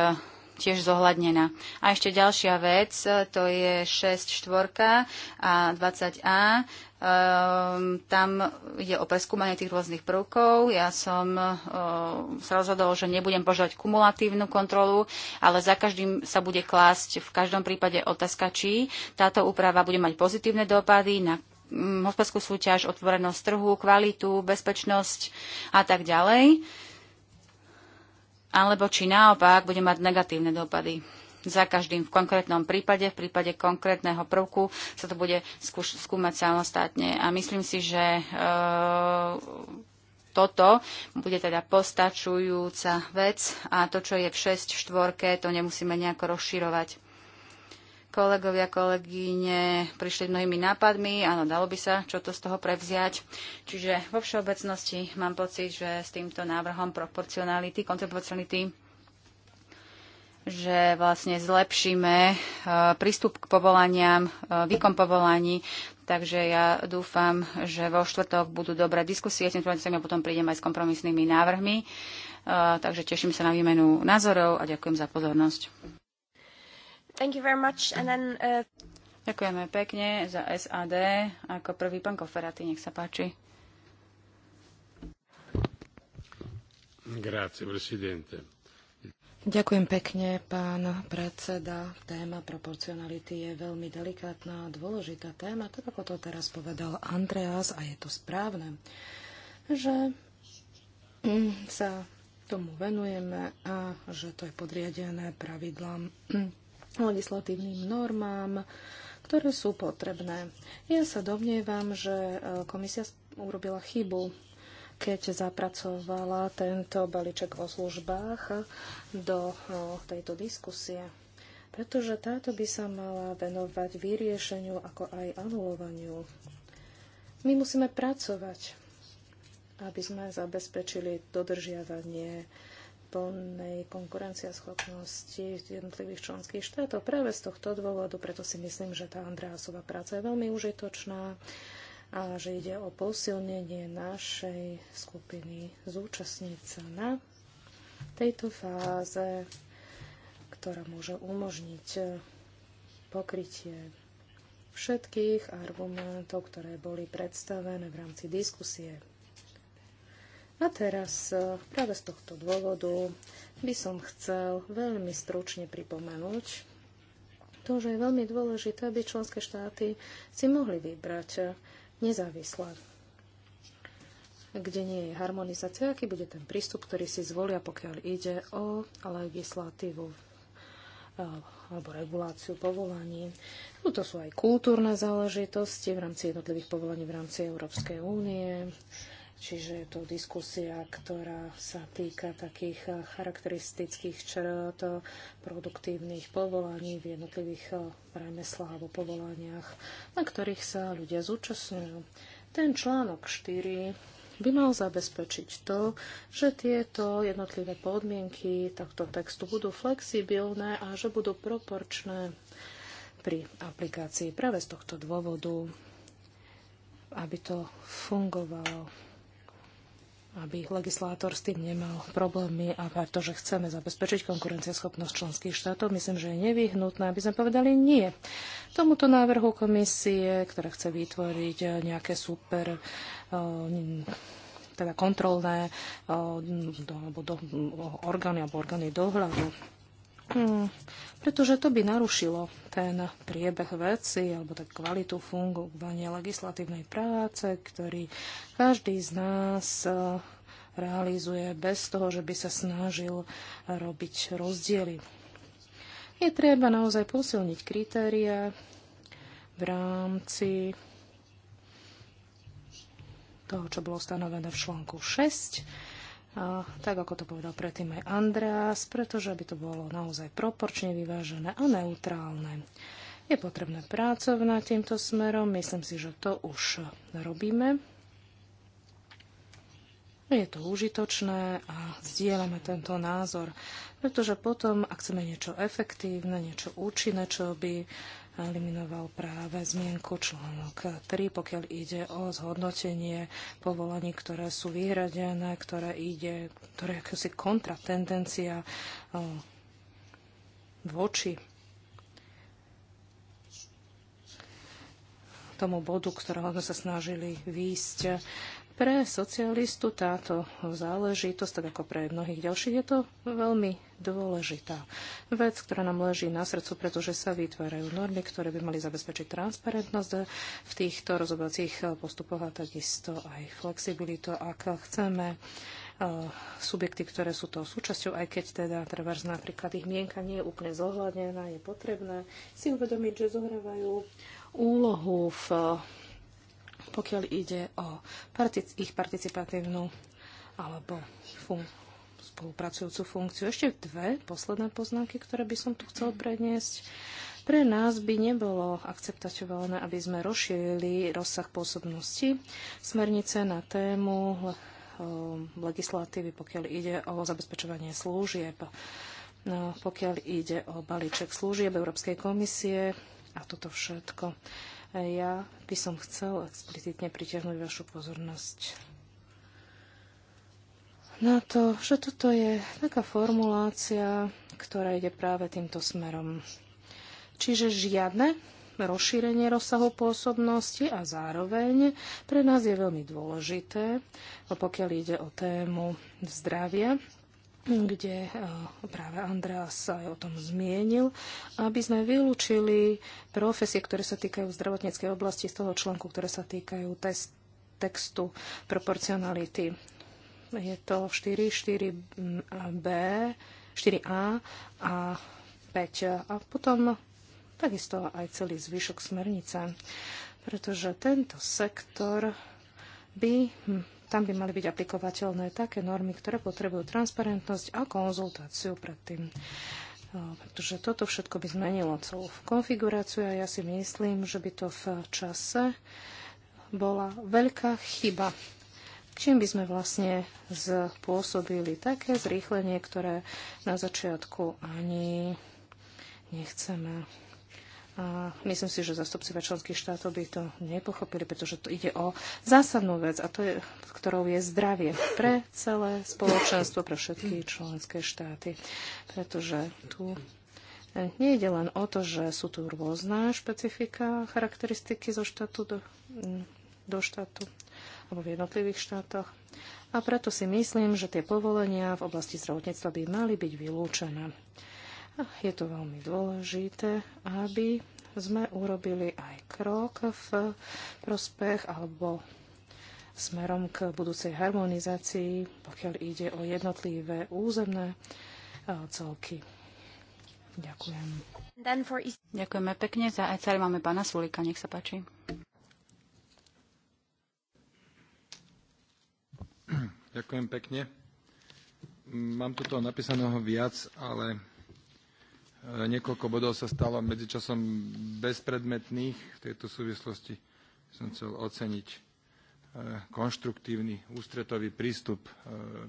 tiež zohľadnená. A ešte ďalšia vec, e, to je 6 štvorka a 20a. Um, e, tam ide o preskúmanie tých rôznych prvkov. Ja som um, sa rozhodol, že nebudem požiadať kumulatívnu kontrolu, ale za každým sa bude klásť v každom prípade otázka, či táto úprava bude mať pozitívne dopady na um, hospodárskú súťaž, otvorenosť trhu, kvalitu, bezpečnosť a tak ďalej. Uh, alebo či naopak bude mať negatívne dopady. Za každým v konkrétnom prípade, v prípade konkrétneho prvku sa to bude skúš- skúmať samostatne. A myslím si, že e, toto bude teda postačujúca vec a to, čo je v 6 štvorke, to nemusíme nejako rozširovať. Kolegovia, kolegyne prišli mnohými nápadmi, áno, dalo by sa čo to z toho prevziať. Čiže vo všeobecnosti mám pocit, že s týmto návrhom proporcionality, kontraproporcionality, že vlastne zlepšíme eh, prístup k povolaniam, eh, výkon povolaní, Takže ja dúfam, že vo štvrtok budú dobré diskusie s tým a potom prídem aj s kompromisnými návrhmi. Eh, takže teším sa na výmenu názorov a ďakujem za pozornosť. Uh, Ďakujeme pekne za SAD. Ako prvý pán koferati nech sa páči. Ďakujem pekne, pán predseda. Téma proporcionality je veľmi delikátna a dôležitá téma, tak ako to teraz povedal Andreas, a je to správne, že sa tomu venujeme a že to je podriadené pravidlám legislatívnym normám, ktoré sú potrebné. Ja sa domnievam, že e, komisia urobila chybu, keď zapracovala tento balíček o službách do e, tejto diskusie pretože táto by sa mala venovať vyriešeniu ako aj anulovaniu. My musíme pracovať, aby sme zabezpečili dodržiavanie plnej konkurenciaschopnosti jednotlivých členských štátov. Práve z tohto dôvodu, preto si myslím, že tá Andreasová práca je veľmi užitočná a že ide o posilnenie našej skupiny zúčastniť sa na tejto fáze, ktorá môže umožniť pokrytie všetkých argumentov, ktoré boli predstavené v rámci diskusie. A teraz e, práve z tohto dôvodu by som chcel veľmi stručne pripomenúť to, že je veľmi dôležité, aby členské štáty si mohli vybrať nezávisle kde nie je harmonizácia, aký bude ten prístup, ktorý si zvolia, pokiaľ ide o legislatívu e, alebo reguláciu povolaní. No to sú aj kultúrne záležitosti v rámci jednotlivých povolaní v rámci Európskej únie. Čiže je to diskusia, ktorá sa týka takých eh, charakteristických črt eh, produktívnych povolaní v jednotlivých eh, remeslách alebo povolaniach, na ktorých sa ľudia zúčastňujú. Ten článok 4 by mal zabezpečiť to, že tieto jednotlivé podmienky takto textu budú flexibilné a že budú proporčné pri aplikácii práve z tohto dôvodu, aby to fungovalo aby legislátor s tým nemal problémy a pretože chceme zabezpečiť konkurencieschopnosť členských štátov, myslím, že je nevyhnutné, aby sme povedali nie tomuto návrhu komisie, ktorá chce vytvoriť eh, nejaké super eh, teda kontrolné eh, do, orgány alebo orgány dohľadu Hmm, pretože to by narušilo ten priebeh veci alebo tak kvalitu fungovania legislatívnej práce, ktorý každý z nás eh, realizuje bez toho, že by sa snažil robiť rozdiely. Je treba naozaj posilniť kritérie v rámci toho, čo bolo stanovené v článku 6 a tak ako to povedal predtým aj Andreas, pretože by to bolo naozaj proporčne vyvážené a neutrálne. Je potrebné pracovať týmto smerom, myslím si, že to už robíme. Je to užitočné a zdieľame tento názor, pretože potom, ak chceme niečo efektívne, niečo účinné, čo by uh, eliminoval práve zmienku článok 3, pokiaľ ide o zhodnotenie povolaní, ktoré sú vyhradené, ktoré ide, ktoré akási kontratendencia voči tomu bodu, ktorého sme sa snažili výjsť pre socialistu táto záležitosť, tak ako pre mnohých ďalších, je to veľmi dôležitá vec, ktorá nám leží na srdcu, pretože sa vytvárajú normy, ktoré by mali zabezpečiť transparentnosť v týchto rozhodovacích postupoch a takisto aj flexibilitu, ak chceme e, subjekty, ktoré sú to súčasťou, aj keď teda treba napríklad ich mienka nie je úplne zohľadnená, je potrebné si uvedomiť, že zohrávajú úlohu v pokiaľ ide o partic- ich participatívnu alebo fun- spolupracujúcu funkciu. Ešte dve posledné poznámky, ktoré by som tu chcel predniesť. Pre nás by nebolo akceptačované, aby sme rozšírili rozsah pôsobnosti smernice na tému eh, legislatívy, pokiaľ ide o zabezpečovanie služieb, no, pokiaľ ide o balíček služieb Európskej komisie a toto všetko. Ja by som chcel explicitne pritiahnuť vašu pozornosť na to, že toto je taká formulácia, ktorá ide práve týmto smerom. Čiže žiadne rozšírenie rozsahu pôsobnosti a zároveň pre nás je veľmi dôležité, pokiaľ ide o tému zdravia, kde e, práve Andreas sa aj o tom zmienil, aby sme vylúčili profesie, ktoré sa týkajú zdravotníckej oblasti z toho článku, ktoré sa týkajú test, textu proporcionality. Je to 4, 4b, 4a a 5. A potom takisto aj celý zvyšok smernice, pretože tento sektor by tam by mali byť aplikovateľné také normy, ktoré potrebujú transparentnosť a konzultáciu predtým pretože toto všetko by zmenilo celú konfiguráciu a ja si myslím, že by to v čase bola veľká chyba. Čím by sme vlastne spôsobili také zrýchlenie, ktoré na začiatku ani nechceme. A myslím si, že zastupcovia členských štátov by to nepochopili, pretože to ide o zásadnú vec, a to je, ktorou je zdravie pre celé spoločenstvo, pre všetky členské štáty. Pretože tu nejde len o to, že sú tu rôzne špecifika, charakteristiky zo štátu do, do štátu alebo v jednotlivých štátoch. A preto si myslím, že tie povolenia v oblasti zdravotníctva by mali byť vylúčené. Je to veľmi dôležité, aby sme urobili aj krok v prospech alebo smerom k budúcej harmonizácii, pokiaľ ide o jednotlivé územné eh, celky. Ďakujem. Ďakujeme pekne. Za ECR máme pána Sulika. Nech sa páči. Ďakujem pekne. Mám tuto napísaného viac, ale E, niekoľko bodov sa stalo medzičasom bezpredmetných. V tejto súvislosti som chcel oceniť e, konštruktívny ústretový prístup e,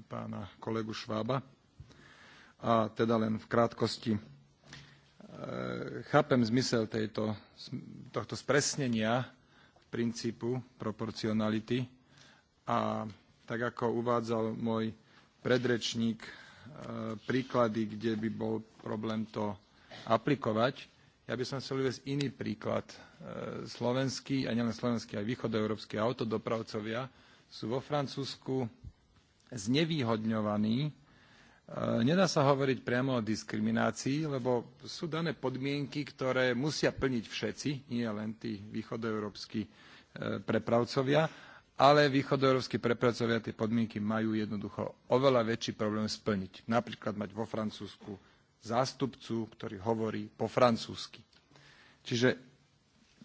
pána kolegu Švába. A teda len v krátkosti chápem zmysel tejto, tohto spresnenia princípu proporcionality a tak ako uvádzal môj predrečník príklady, kde by bol problém to aplikovať. Ja by som chcel uvieť iný príklad. E, slovenskí, a nielen slovenskí, aj východoeurópsky autodopravcovia sú vo Francúzsku znevýhodňovaní. E, nedá sa hovoriť priamo o diskriminácii, lebo sú dané podmienky, ktoré musia plniť všetci, nie len tí východoeurópsky e, prepravcovia, ale východoeurópsky prepravcovia tie podmienky majú jednoducho oveľa väčší problém splniť. Napríklad mať vo Francúzsku zástupcu, ktorý hovorí po francúzsky. Čiže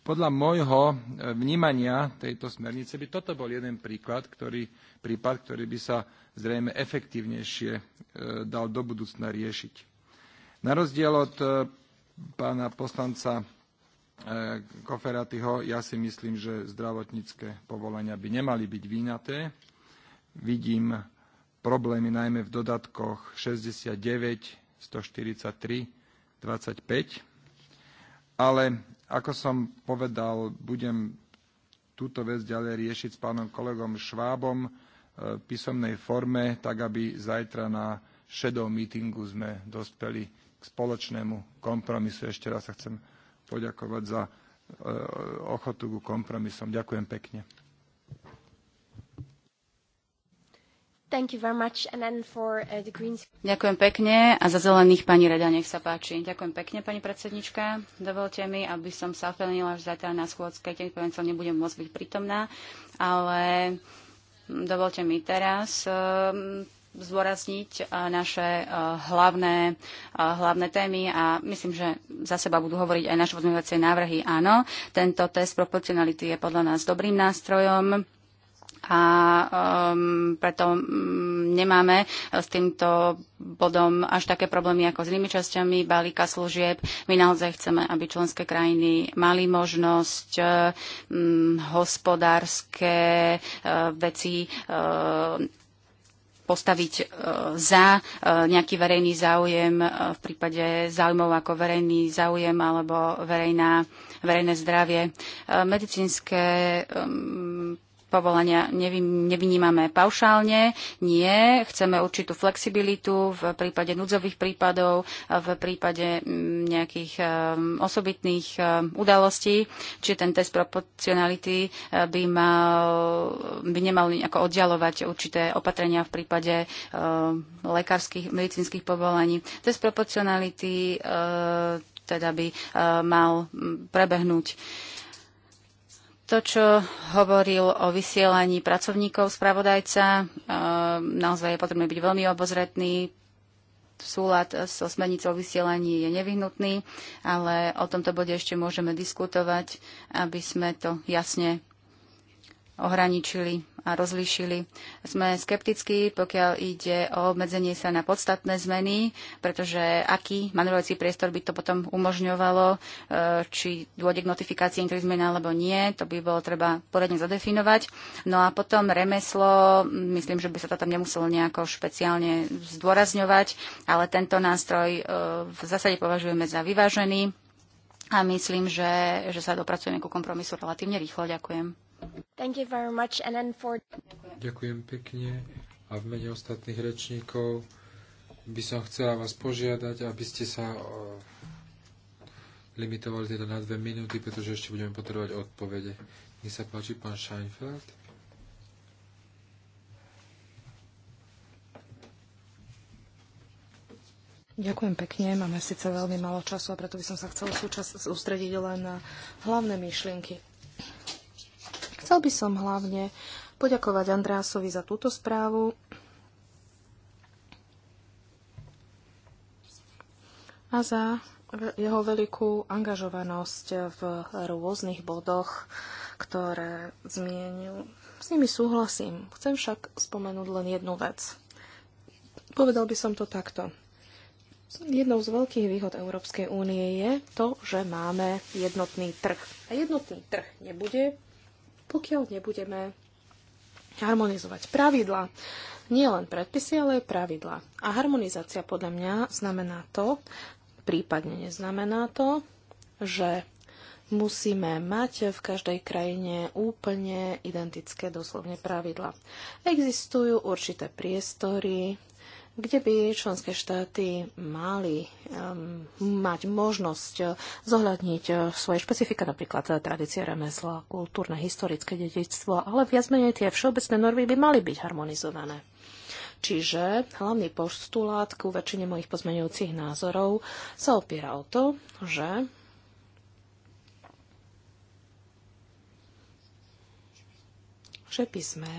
podľa môjho e, vnímania tejto smernice by toto bol jeden príklad, ktorý, prípad, ktorý by sa zrejme efektívnejšie e, dal do budúcna riešiť. Na rozdiel od e, pána poslanca Koferatyho, ja si myslím, že zdravotnícke povolenia by nemali byť vynaté. Vidím problémy najmä v dodatkoch 69, 143.25. Ale ako som povedal, budem túto vec ďalej riešiť s pánom kolegom Švábom e, v písomnej forme, tak aby zajtra na shadow meetingu sme dospeli k spoločnému kompromisu. Ešte raz sa chcem poďakovať za e, ochotu ku kompromisom. Ďakujem pekne. Uh, Ďakujem pekne a za zelených pani Reda, nech sa páči. Ďakujem pekne, pani predsednička. Dovolte mi, aby som sa ofelnila, až zatiaľ na schôdzke tým som nebudem môcť byť prítomná, ale dovolte mi teraz um, zdôrazniť uh, naše uh, hlavné, hlavné témy a myslím, že za seba budú hovoriť aj naše pozmeňovacie návrhy. Áno, tento test proporcionality je podľa nás dobrým nástrojom a um, preto um, nemáme s týmto bodom až také problémy ako s inými časťami balíka služieb. My naozaj chceme, aby členské krajiny mali možnosť um, hospodárske uh, veci uh, postaviť uh, za uh, nejaký verejný záujem v prípade záujmov ako verejný záujem alebo verejná, verejné zdravie. Medicínske um, povolania nevynímame paušálne. Nie, chceme určitú flexibilitu v prípade núdzových prípadov, v prípade mm, nejakých mm, osobitných mm, udalostí. Čiže ten test proporcionality e, by, mal, by nemal nejako oddialovať určité opatrenia v prípade e, lekárskych, medicínskych povolaní. Test proporcionality e, teda by mal prebehnúť to, čo hovoril o vysielaní pracovníkov spravodajca, e, naozaj je potrebné byť veľmi obozretný. Súlad so smernicou vysielaní je nevyhnutný, ale o tomto bode ešte môžeme diskutovať, aby sme to jasne ohraničili a rozlíšili. Sme skeptickí, pokiaľ ide o obmedzenie sa na podstatné zmeny, pretože aký manevrovací priestor by to potom umožňovalo, e, či dôjde k notifikácii niektorých zmen alebo nie, to by bolo treba poradne zadefinovať. No a potom remeslo, myslím, že by sa to tam nemuselo nejako špeciálne zdôrazňovať, ale tento nástroj e, v zásade považujeme za vyvážený a myslím, že, že sa dopracujeme ku kompromisu relatívne rýchlo. Ďakujem. Thank you very much and then for... Ďakujem pekne a v mene ostatných rečníkov by som chcela vás požiadať, aby ste sa limitovali teda na dve minúty, pretože ešte budeme potrebovať odpovede. Nech sa páči, pán Scheinfeld. Ďakujem pekne. Máme síce veľmi málo času a preto by som sa chcela sústrediť len na hlavné myšlienky Chcel by som hlavne poďakovať Andrásovi za túto správu a za jeho veľkú angažovanosť v rôznych bodoch, ktoré zmienil. S nimi súhlasím. Chcem však spomenúť len jednu vec. Povedal by som to takto. Jednou z veľkých výhod Európskej únie je to, že máme jednotný trh. A jednotný trh nebude, pokiaľ nebudeme harmonizovať pravidla, nie len predpisy, ale aj pravidla. A harmonizácia podľa mňa znamená to, prípadne neznamená to, že musíme mať v každej krajine úplne identické doslovne pravidla. Existujú určité priestory, kde by členské štáty mali um, mať možnosť zohľadniť uh, svoje špecifika, napríklad uh, tradície remesla, kultúrne, historické dedictvo, ale viac menej tie všeobecné normy by mali byť harmonizované. Čiže hlavný postulát ku väčšine mojich pozmeňujúcich názorov sa opiera o to, že že by sme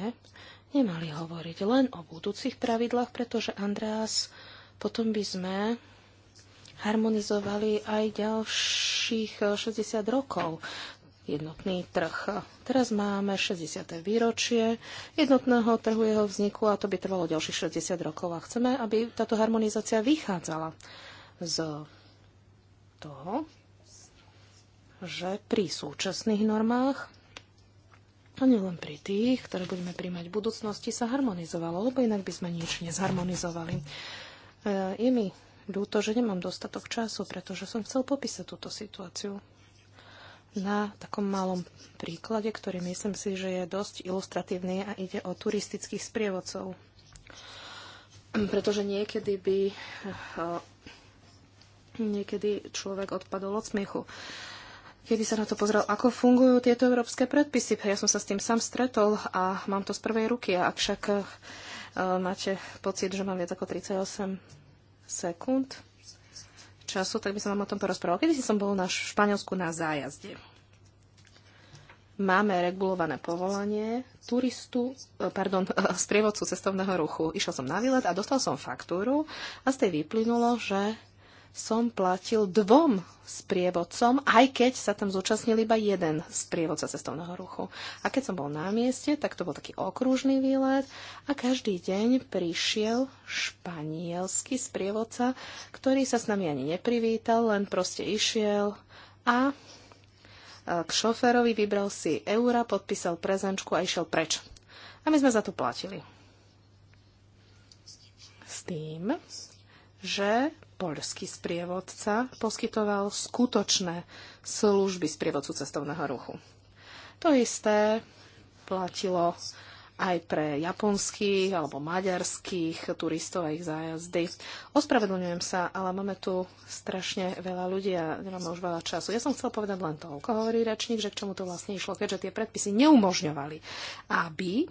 nemali hovoriť len o budúcich pravidlách, pretože Andreas, potom by sme harmonizovali aj ďalších 60 eh, rokov jednotný trh. Teraz máme 60. výročie jednotného trhu jeho vzniku a to by trvalo ďalších 60 rokov a chceme, aby táto harmonizácia vychádzala z toho, že pri súčasných normách a nielen pri tých, ktoré budeme príjmať v budúcnosti, sa harmonizovalo, lebo inak by sme nič nezharmonizovali. E, je mi ľúto, že nemám dostatok času, pretože som chcel popísať túto situáciu na takom malom príklade, ktorý myslím si, že je dosť ilustratívny a ide o turistických sprievodcov. Pretože niekedy by e, niekedy človek odpadol od smiechu kedy sa na to pozrel, ako fungujú tieto európske predpisy. Ja som sa s tým sám stretol a mám to z prvej ruky. A ak však uh, máte pocit, že mám viac ako 38 sekúnd času, tak by som vám o tom porozprával. Kedy si som bol na Španielsku na zájazde. Máme regulované povolanie turistu, eh, pardon, sprievodcu cestovného ruchu. Išiel som na výlet a dostal som faktúru a z tej vyplynulo, že som platil dvom sprievodcom, aj keď sa tam zúčastnil iba jeden sprievodca cestovného ruchu. A keď som bol na mieste, tak to bol taký okružný výlet a každý deň prišiel španielský sprievodca, ktorý sa s nami ani neprivítal, len proste išiel a e, k šoférovi vybral si eura, podpísal prezenčku a išiel preč. A my sme za to platili. S tým, že poľský sprievodca poskytoval skutočné služby sprievodcu cestovného ruchu. To isté platilo aj pre japonských alebo maďarských turistov a ich zájazdy. Ospravedlňujem sa, ale máme tu strašne veľa ľudí a nemáme už veľa času. Ja som chcel povedať len toľko, hovorí rečník, že k čomu to vlastne išlo, keďže tie predpisy neumožňovali, aby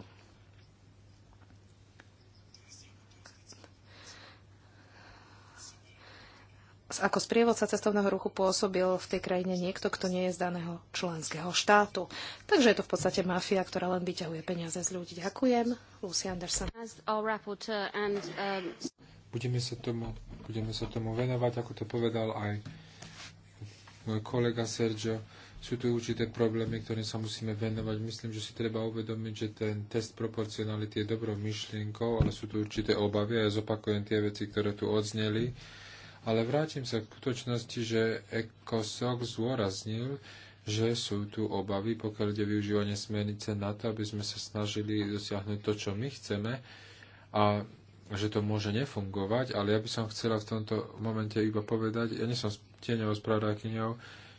ako sprievodca cestovného ruchu pôsobil v tej krajine niekto, kto nie je z daného členského štátu. Takže je to v podstate mafia, ktorá len vyťahuje peniaze z ľudí. Ďakujem. Lucy Anderson. Um, budeme sa tomu, budeme sa tomu venovať, ako to povedal aj môj kolega Sergio, sú tu určité problémy, ktorým sa musíme venovať. Myslím, že si treba uvedomiť, že ten test proporcionality je dobrou myšlienkou, ale sú tu určité obavy a ja zopakujem tie veci, ktoré tu odzneli. Ale vrátim sa k skutočnosti, že ECOSOC zdôraznil, že sú tu obavy, pokiaľ ide využívanie smernice na to, aby sme sa snažili dosiahnuť to, čo my chceme a že to môže nefungovať, ale ja by som chcela v tomto momente iba povedať, ja nie som tieňovou spravodajkyňou,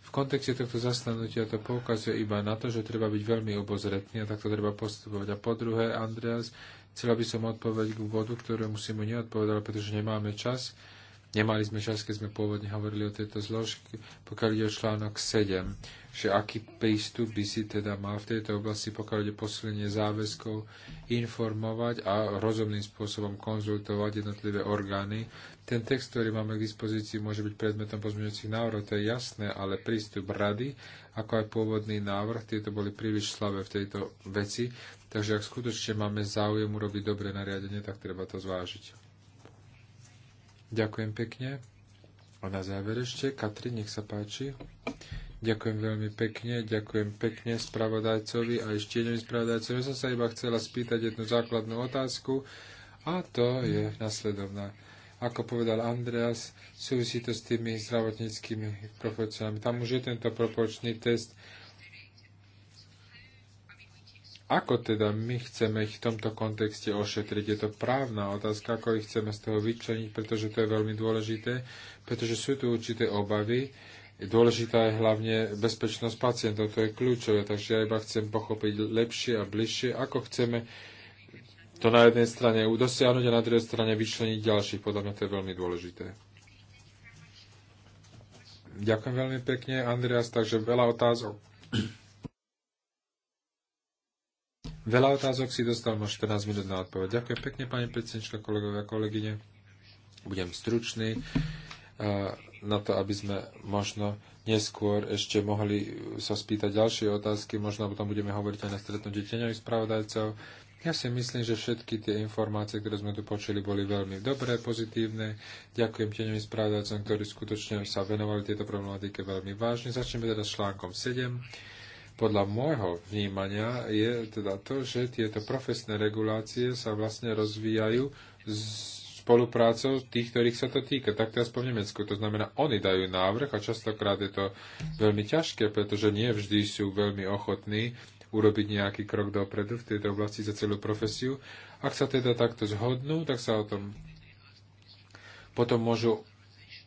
v kontexte tohto zastanutia to poukazuje iba na to, že treba byť veľmi obozretný a takto treba postupovať. A po druhé, Andreas, chcela by som odpovedať k vodu, ktorému si mu neodpovedal, pretože nemáme čas. Nemali sme čas, keď sme pôvodne hovorili o tejto zložke, pokiaľ ide o článok 7, že aký prístup by si teda mal v tejto oblasti, pokiaľ ide posilnenie záväzkov, informovať a rozumným spôsobom konzultovať jednotlivé orgány. Ten text, ktorý máme k dispozícii, môže byť predmetom pozmeňujúcich návrhov, to je jasné, ale prístup rady, ako aj pôvodný návrh, tieto boli príliš slabé v tejto veci, takže ak skutočne máme záujem urobiť dobré nariadenie, tak treba to zvážiť. Ďakujem pekne. A na záver ešte, Katri, nech sa páči. Ďakujem veľmi pekne, ďakujem pekne spravodajcovi a ešte jednom spravodajcovi. Ja som sa iba chcela spýtať jednu základnú otázku a to je nasledovná. Ako povedal Andreas, súvisí to s tými zdravotníckými profesionami. Tam už je tento proporčný test, ako teda my chceme ich v tomto kontexte ošetriť? Je to právna otázka, ako ich chceme z toho vyčleniť, pretože to je veľmi dôležité, pretože sú tu určité obavy. Dôležitá je hlavne bezpečnosť pacientov, to je kľúčové, takže ja iba chcem pochopiť lepšie a bližšie, ako chceme to na jednej strane dosiahnuť a na druhej strane vyčleniť ďalších. Podľa mňa to je veľmi dôležité. Ďakujem veľmi pekne, Andreas, takže veľa otázok. Veľa otázok si dostal, máš 14 minút na odpoveď. Ďakujem pekne, pani predsednička, kolegovia kolegyne. Budem stručný eh, na to, aby sme možno neskôr ešte mohli sa spýtať ďalšie otázky, možno potom budeme hovoriť aj na stretnutí teňových spravodajcov. Ja si myslím, že všetky tie informácie, ktoré sme tu počuli, boli veľmi dobré, pozitívne. Ďakujem teňovým spravodajcom, ktorí skutočne sa venovali tejto problematike veľmi vážne. Začneme teda s článkom 7 podľa môjho vnímania je teda to, že tieto profesné regulácie sa vlastne rozvíjajú spoluprácou tých, ktorých sa to týka. Tak teraz po Nemecku. To znamená, oni dajú návrh a častokrát je to veľmi ťažké, pretože nie vždy sú veľmi ochotní urobiť nejaký krok dopredu v tejto oblasti za celú profesiu. Ak sa teda takto zhodnú, tak sa o tom potom môžu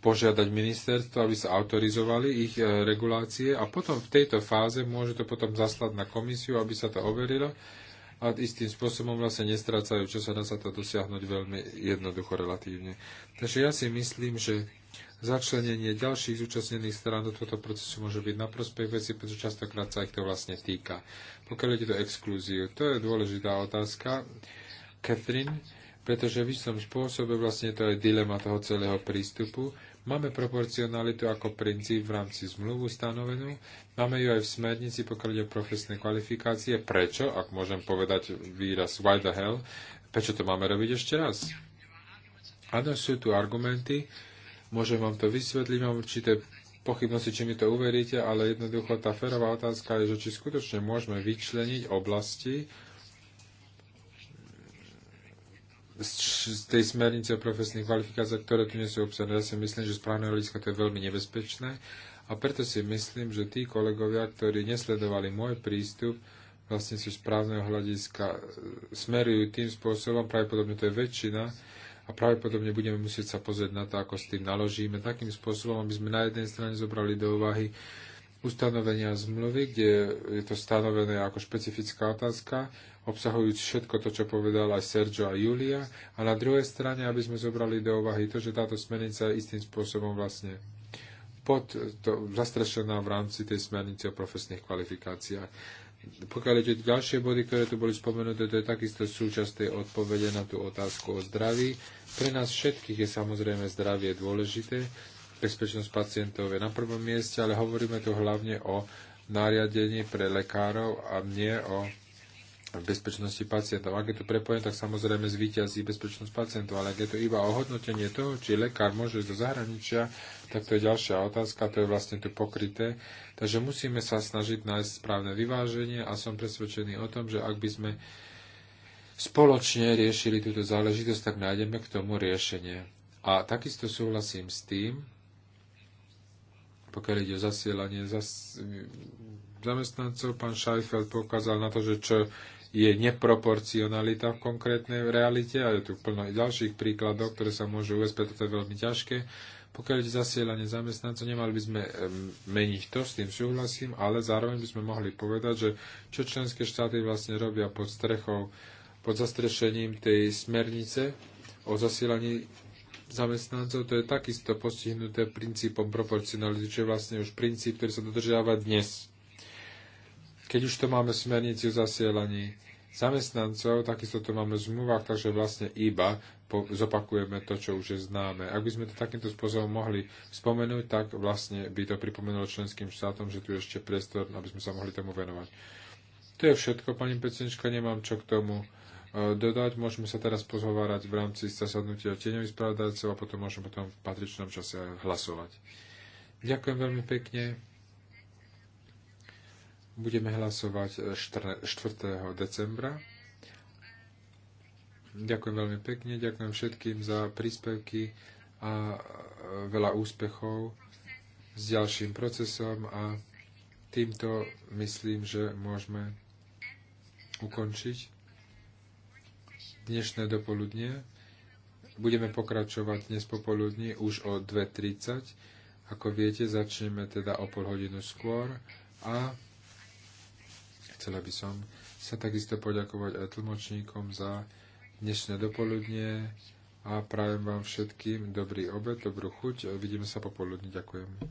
požiadať ministerstvo, aby sa autorizovali ich e, regulácie a potom v tejto fáze môže to potom zaslať na komisiu, aby sa to overilo a istým spôsobom vlastne nestrácajú, čo sa dá sa to dosiahnuť veľmi jednoducho relatívne. Takže ja si myslím, že začlenenie ďalších zúčastnených strán do tohto procesu môže byť na prospech veci, pretože častokrát sa ich to vlastne týka. Pokiaľ ide to exkluziu, to je dôležitá otázka. Catherine, pretože v istom spôsobe vlastne to je dilema toho celého prístupu. Máme proporcionalitu ako princíp v rámci zmluvu stanovenú. Máme ju aj v smernici, pokiaľ ide o profesné kvalifikácie. Prečo, ak môžem povedať výraz why the hell, prečo to máme robiť ešte raz? Áno, sú tu argumenty, môžem vám to vysvetliť, mám určité pochybnosti, či mi to uveríte, ale jednoducho tá ferová otázka je, že či skutočne môžeme vyčleniť oblasti, z tej smernice o profesných kvalifikáciách, ktoré tu nie sú obsahné. Ja si myslím, že z právneho hľadiska to je veľmi nebezpečné a preto si myslím, že tí kolegovia, ktorí nesledovali môj prístup, vlastne sú z právneho hľadiska e, smerujú tým spôsobom, pravdepodobne to je väčšina, a pravdepodobne budeme musieť sa pozrieť na to, ako s tým naložíme, takým spôsobom, aby sme na jednej strane zobrali do úvahy ustanovenia zmluvy, kde je to stanovené ako špecifická otázka, obsahujúc všetko to, čo povedal aj Sergio a Julia, a na druhej strane, aby sme zobrali do úvahy to, že táto smernica je istým spôsobom vlastne pod to, zastrešená v rámci tej smernice o profesných kvalifikáciách. Pokiaľ je ďalšie body, ktoré tu boli spomenuté, to je takisto súčasť tej odpovede na tú otázku o zdraví. Pre nás všetkých je samozrejme zdravie dôležité, bezpečnosť pacientov je na prvom mieste, ale hovoríme tu hlavne o nariadení pre lekárov a nie o bezpečnosti pacientov. Ak je to prepojené, tak samozrejme zvýťazí bezpečnosť pacientov, ale ak je to iba o hodnotenie toho, či lekár môže ísť do zahraničia, tak to je ďalšia otázka, to je vlastne tu pokryté. Takže musíme sa snažiť nájsť správne vyváženie a som presvedčený o tom, že ak by sme spoločne riešili túto záležitosť, tak nájdeme k tomu riešenie. A takisto súhlasím s tým, pokiaľ ide o zasielanie zas... zamestnancov, pán Scheifeld poukázal na to, že čo je neproporcionalita v konkrétnej realite a je tu plno i ďalších príkladov, ktoré sa môžu uvesť, to je veľmi ťažké. Pokiaľ je zasielanie zamestnancov, nemali by sme meniť to, s tým súhlasím, ale zároveň by sme mohli povedať, že čo členské štáty vlastne robia pod strechou, pod zastrešením tej smernice o zasielaní zamestnancov, to je takisto postihnuté princípom proporcionality, čo je vlastne už princíp, ktorý sa dodržiava dnes keď už to máme smernici o zasielaní zamestnancov, takisto to máme v zmluvách, takže vlastne iba zopakujeme to, čo už je známe. Ak by sme to takýmto spôsobom mohli spomenúť, tak vlastne by to pripomenulo členským štátom, že tu je ešte priestor, aby sme sa mohli tomu venovať. To je všetko, pani predsednička, nemám čo k tomu e, dodať. Môžeme sa teraz pozhovárať v rámci zasadnutia tieňových spravodajcov a potom môžeme potom v patričnom čase hlasovať. Ďakujem veľmi pekne. Budeme hlasovať 4. E, decembra. Ďakujem veľmi pekne, ďakujem všetkým za príspevky a e, veľa úspechov s ďalším procesom a týmto myslím, že môžeme ukončiť dnešné dopoludnie. Budeme pokračovať dnes popoludní už o 2.30. Ako viete, začneme teda o pol hodinu skôr a Chcela by som sa takisto poďakovať aj tlmočníkom za dnešné dopoludne a prajem vám všetkým dobrý obed, dobrú chuť. Vidíme sa popoludne. Ďakujem.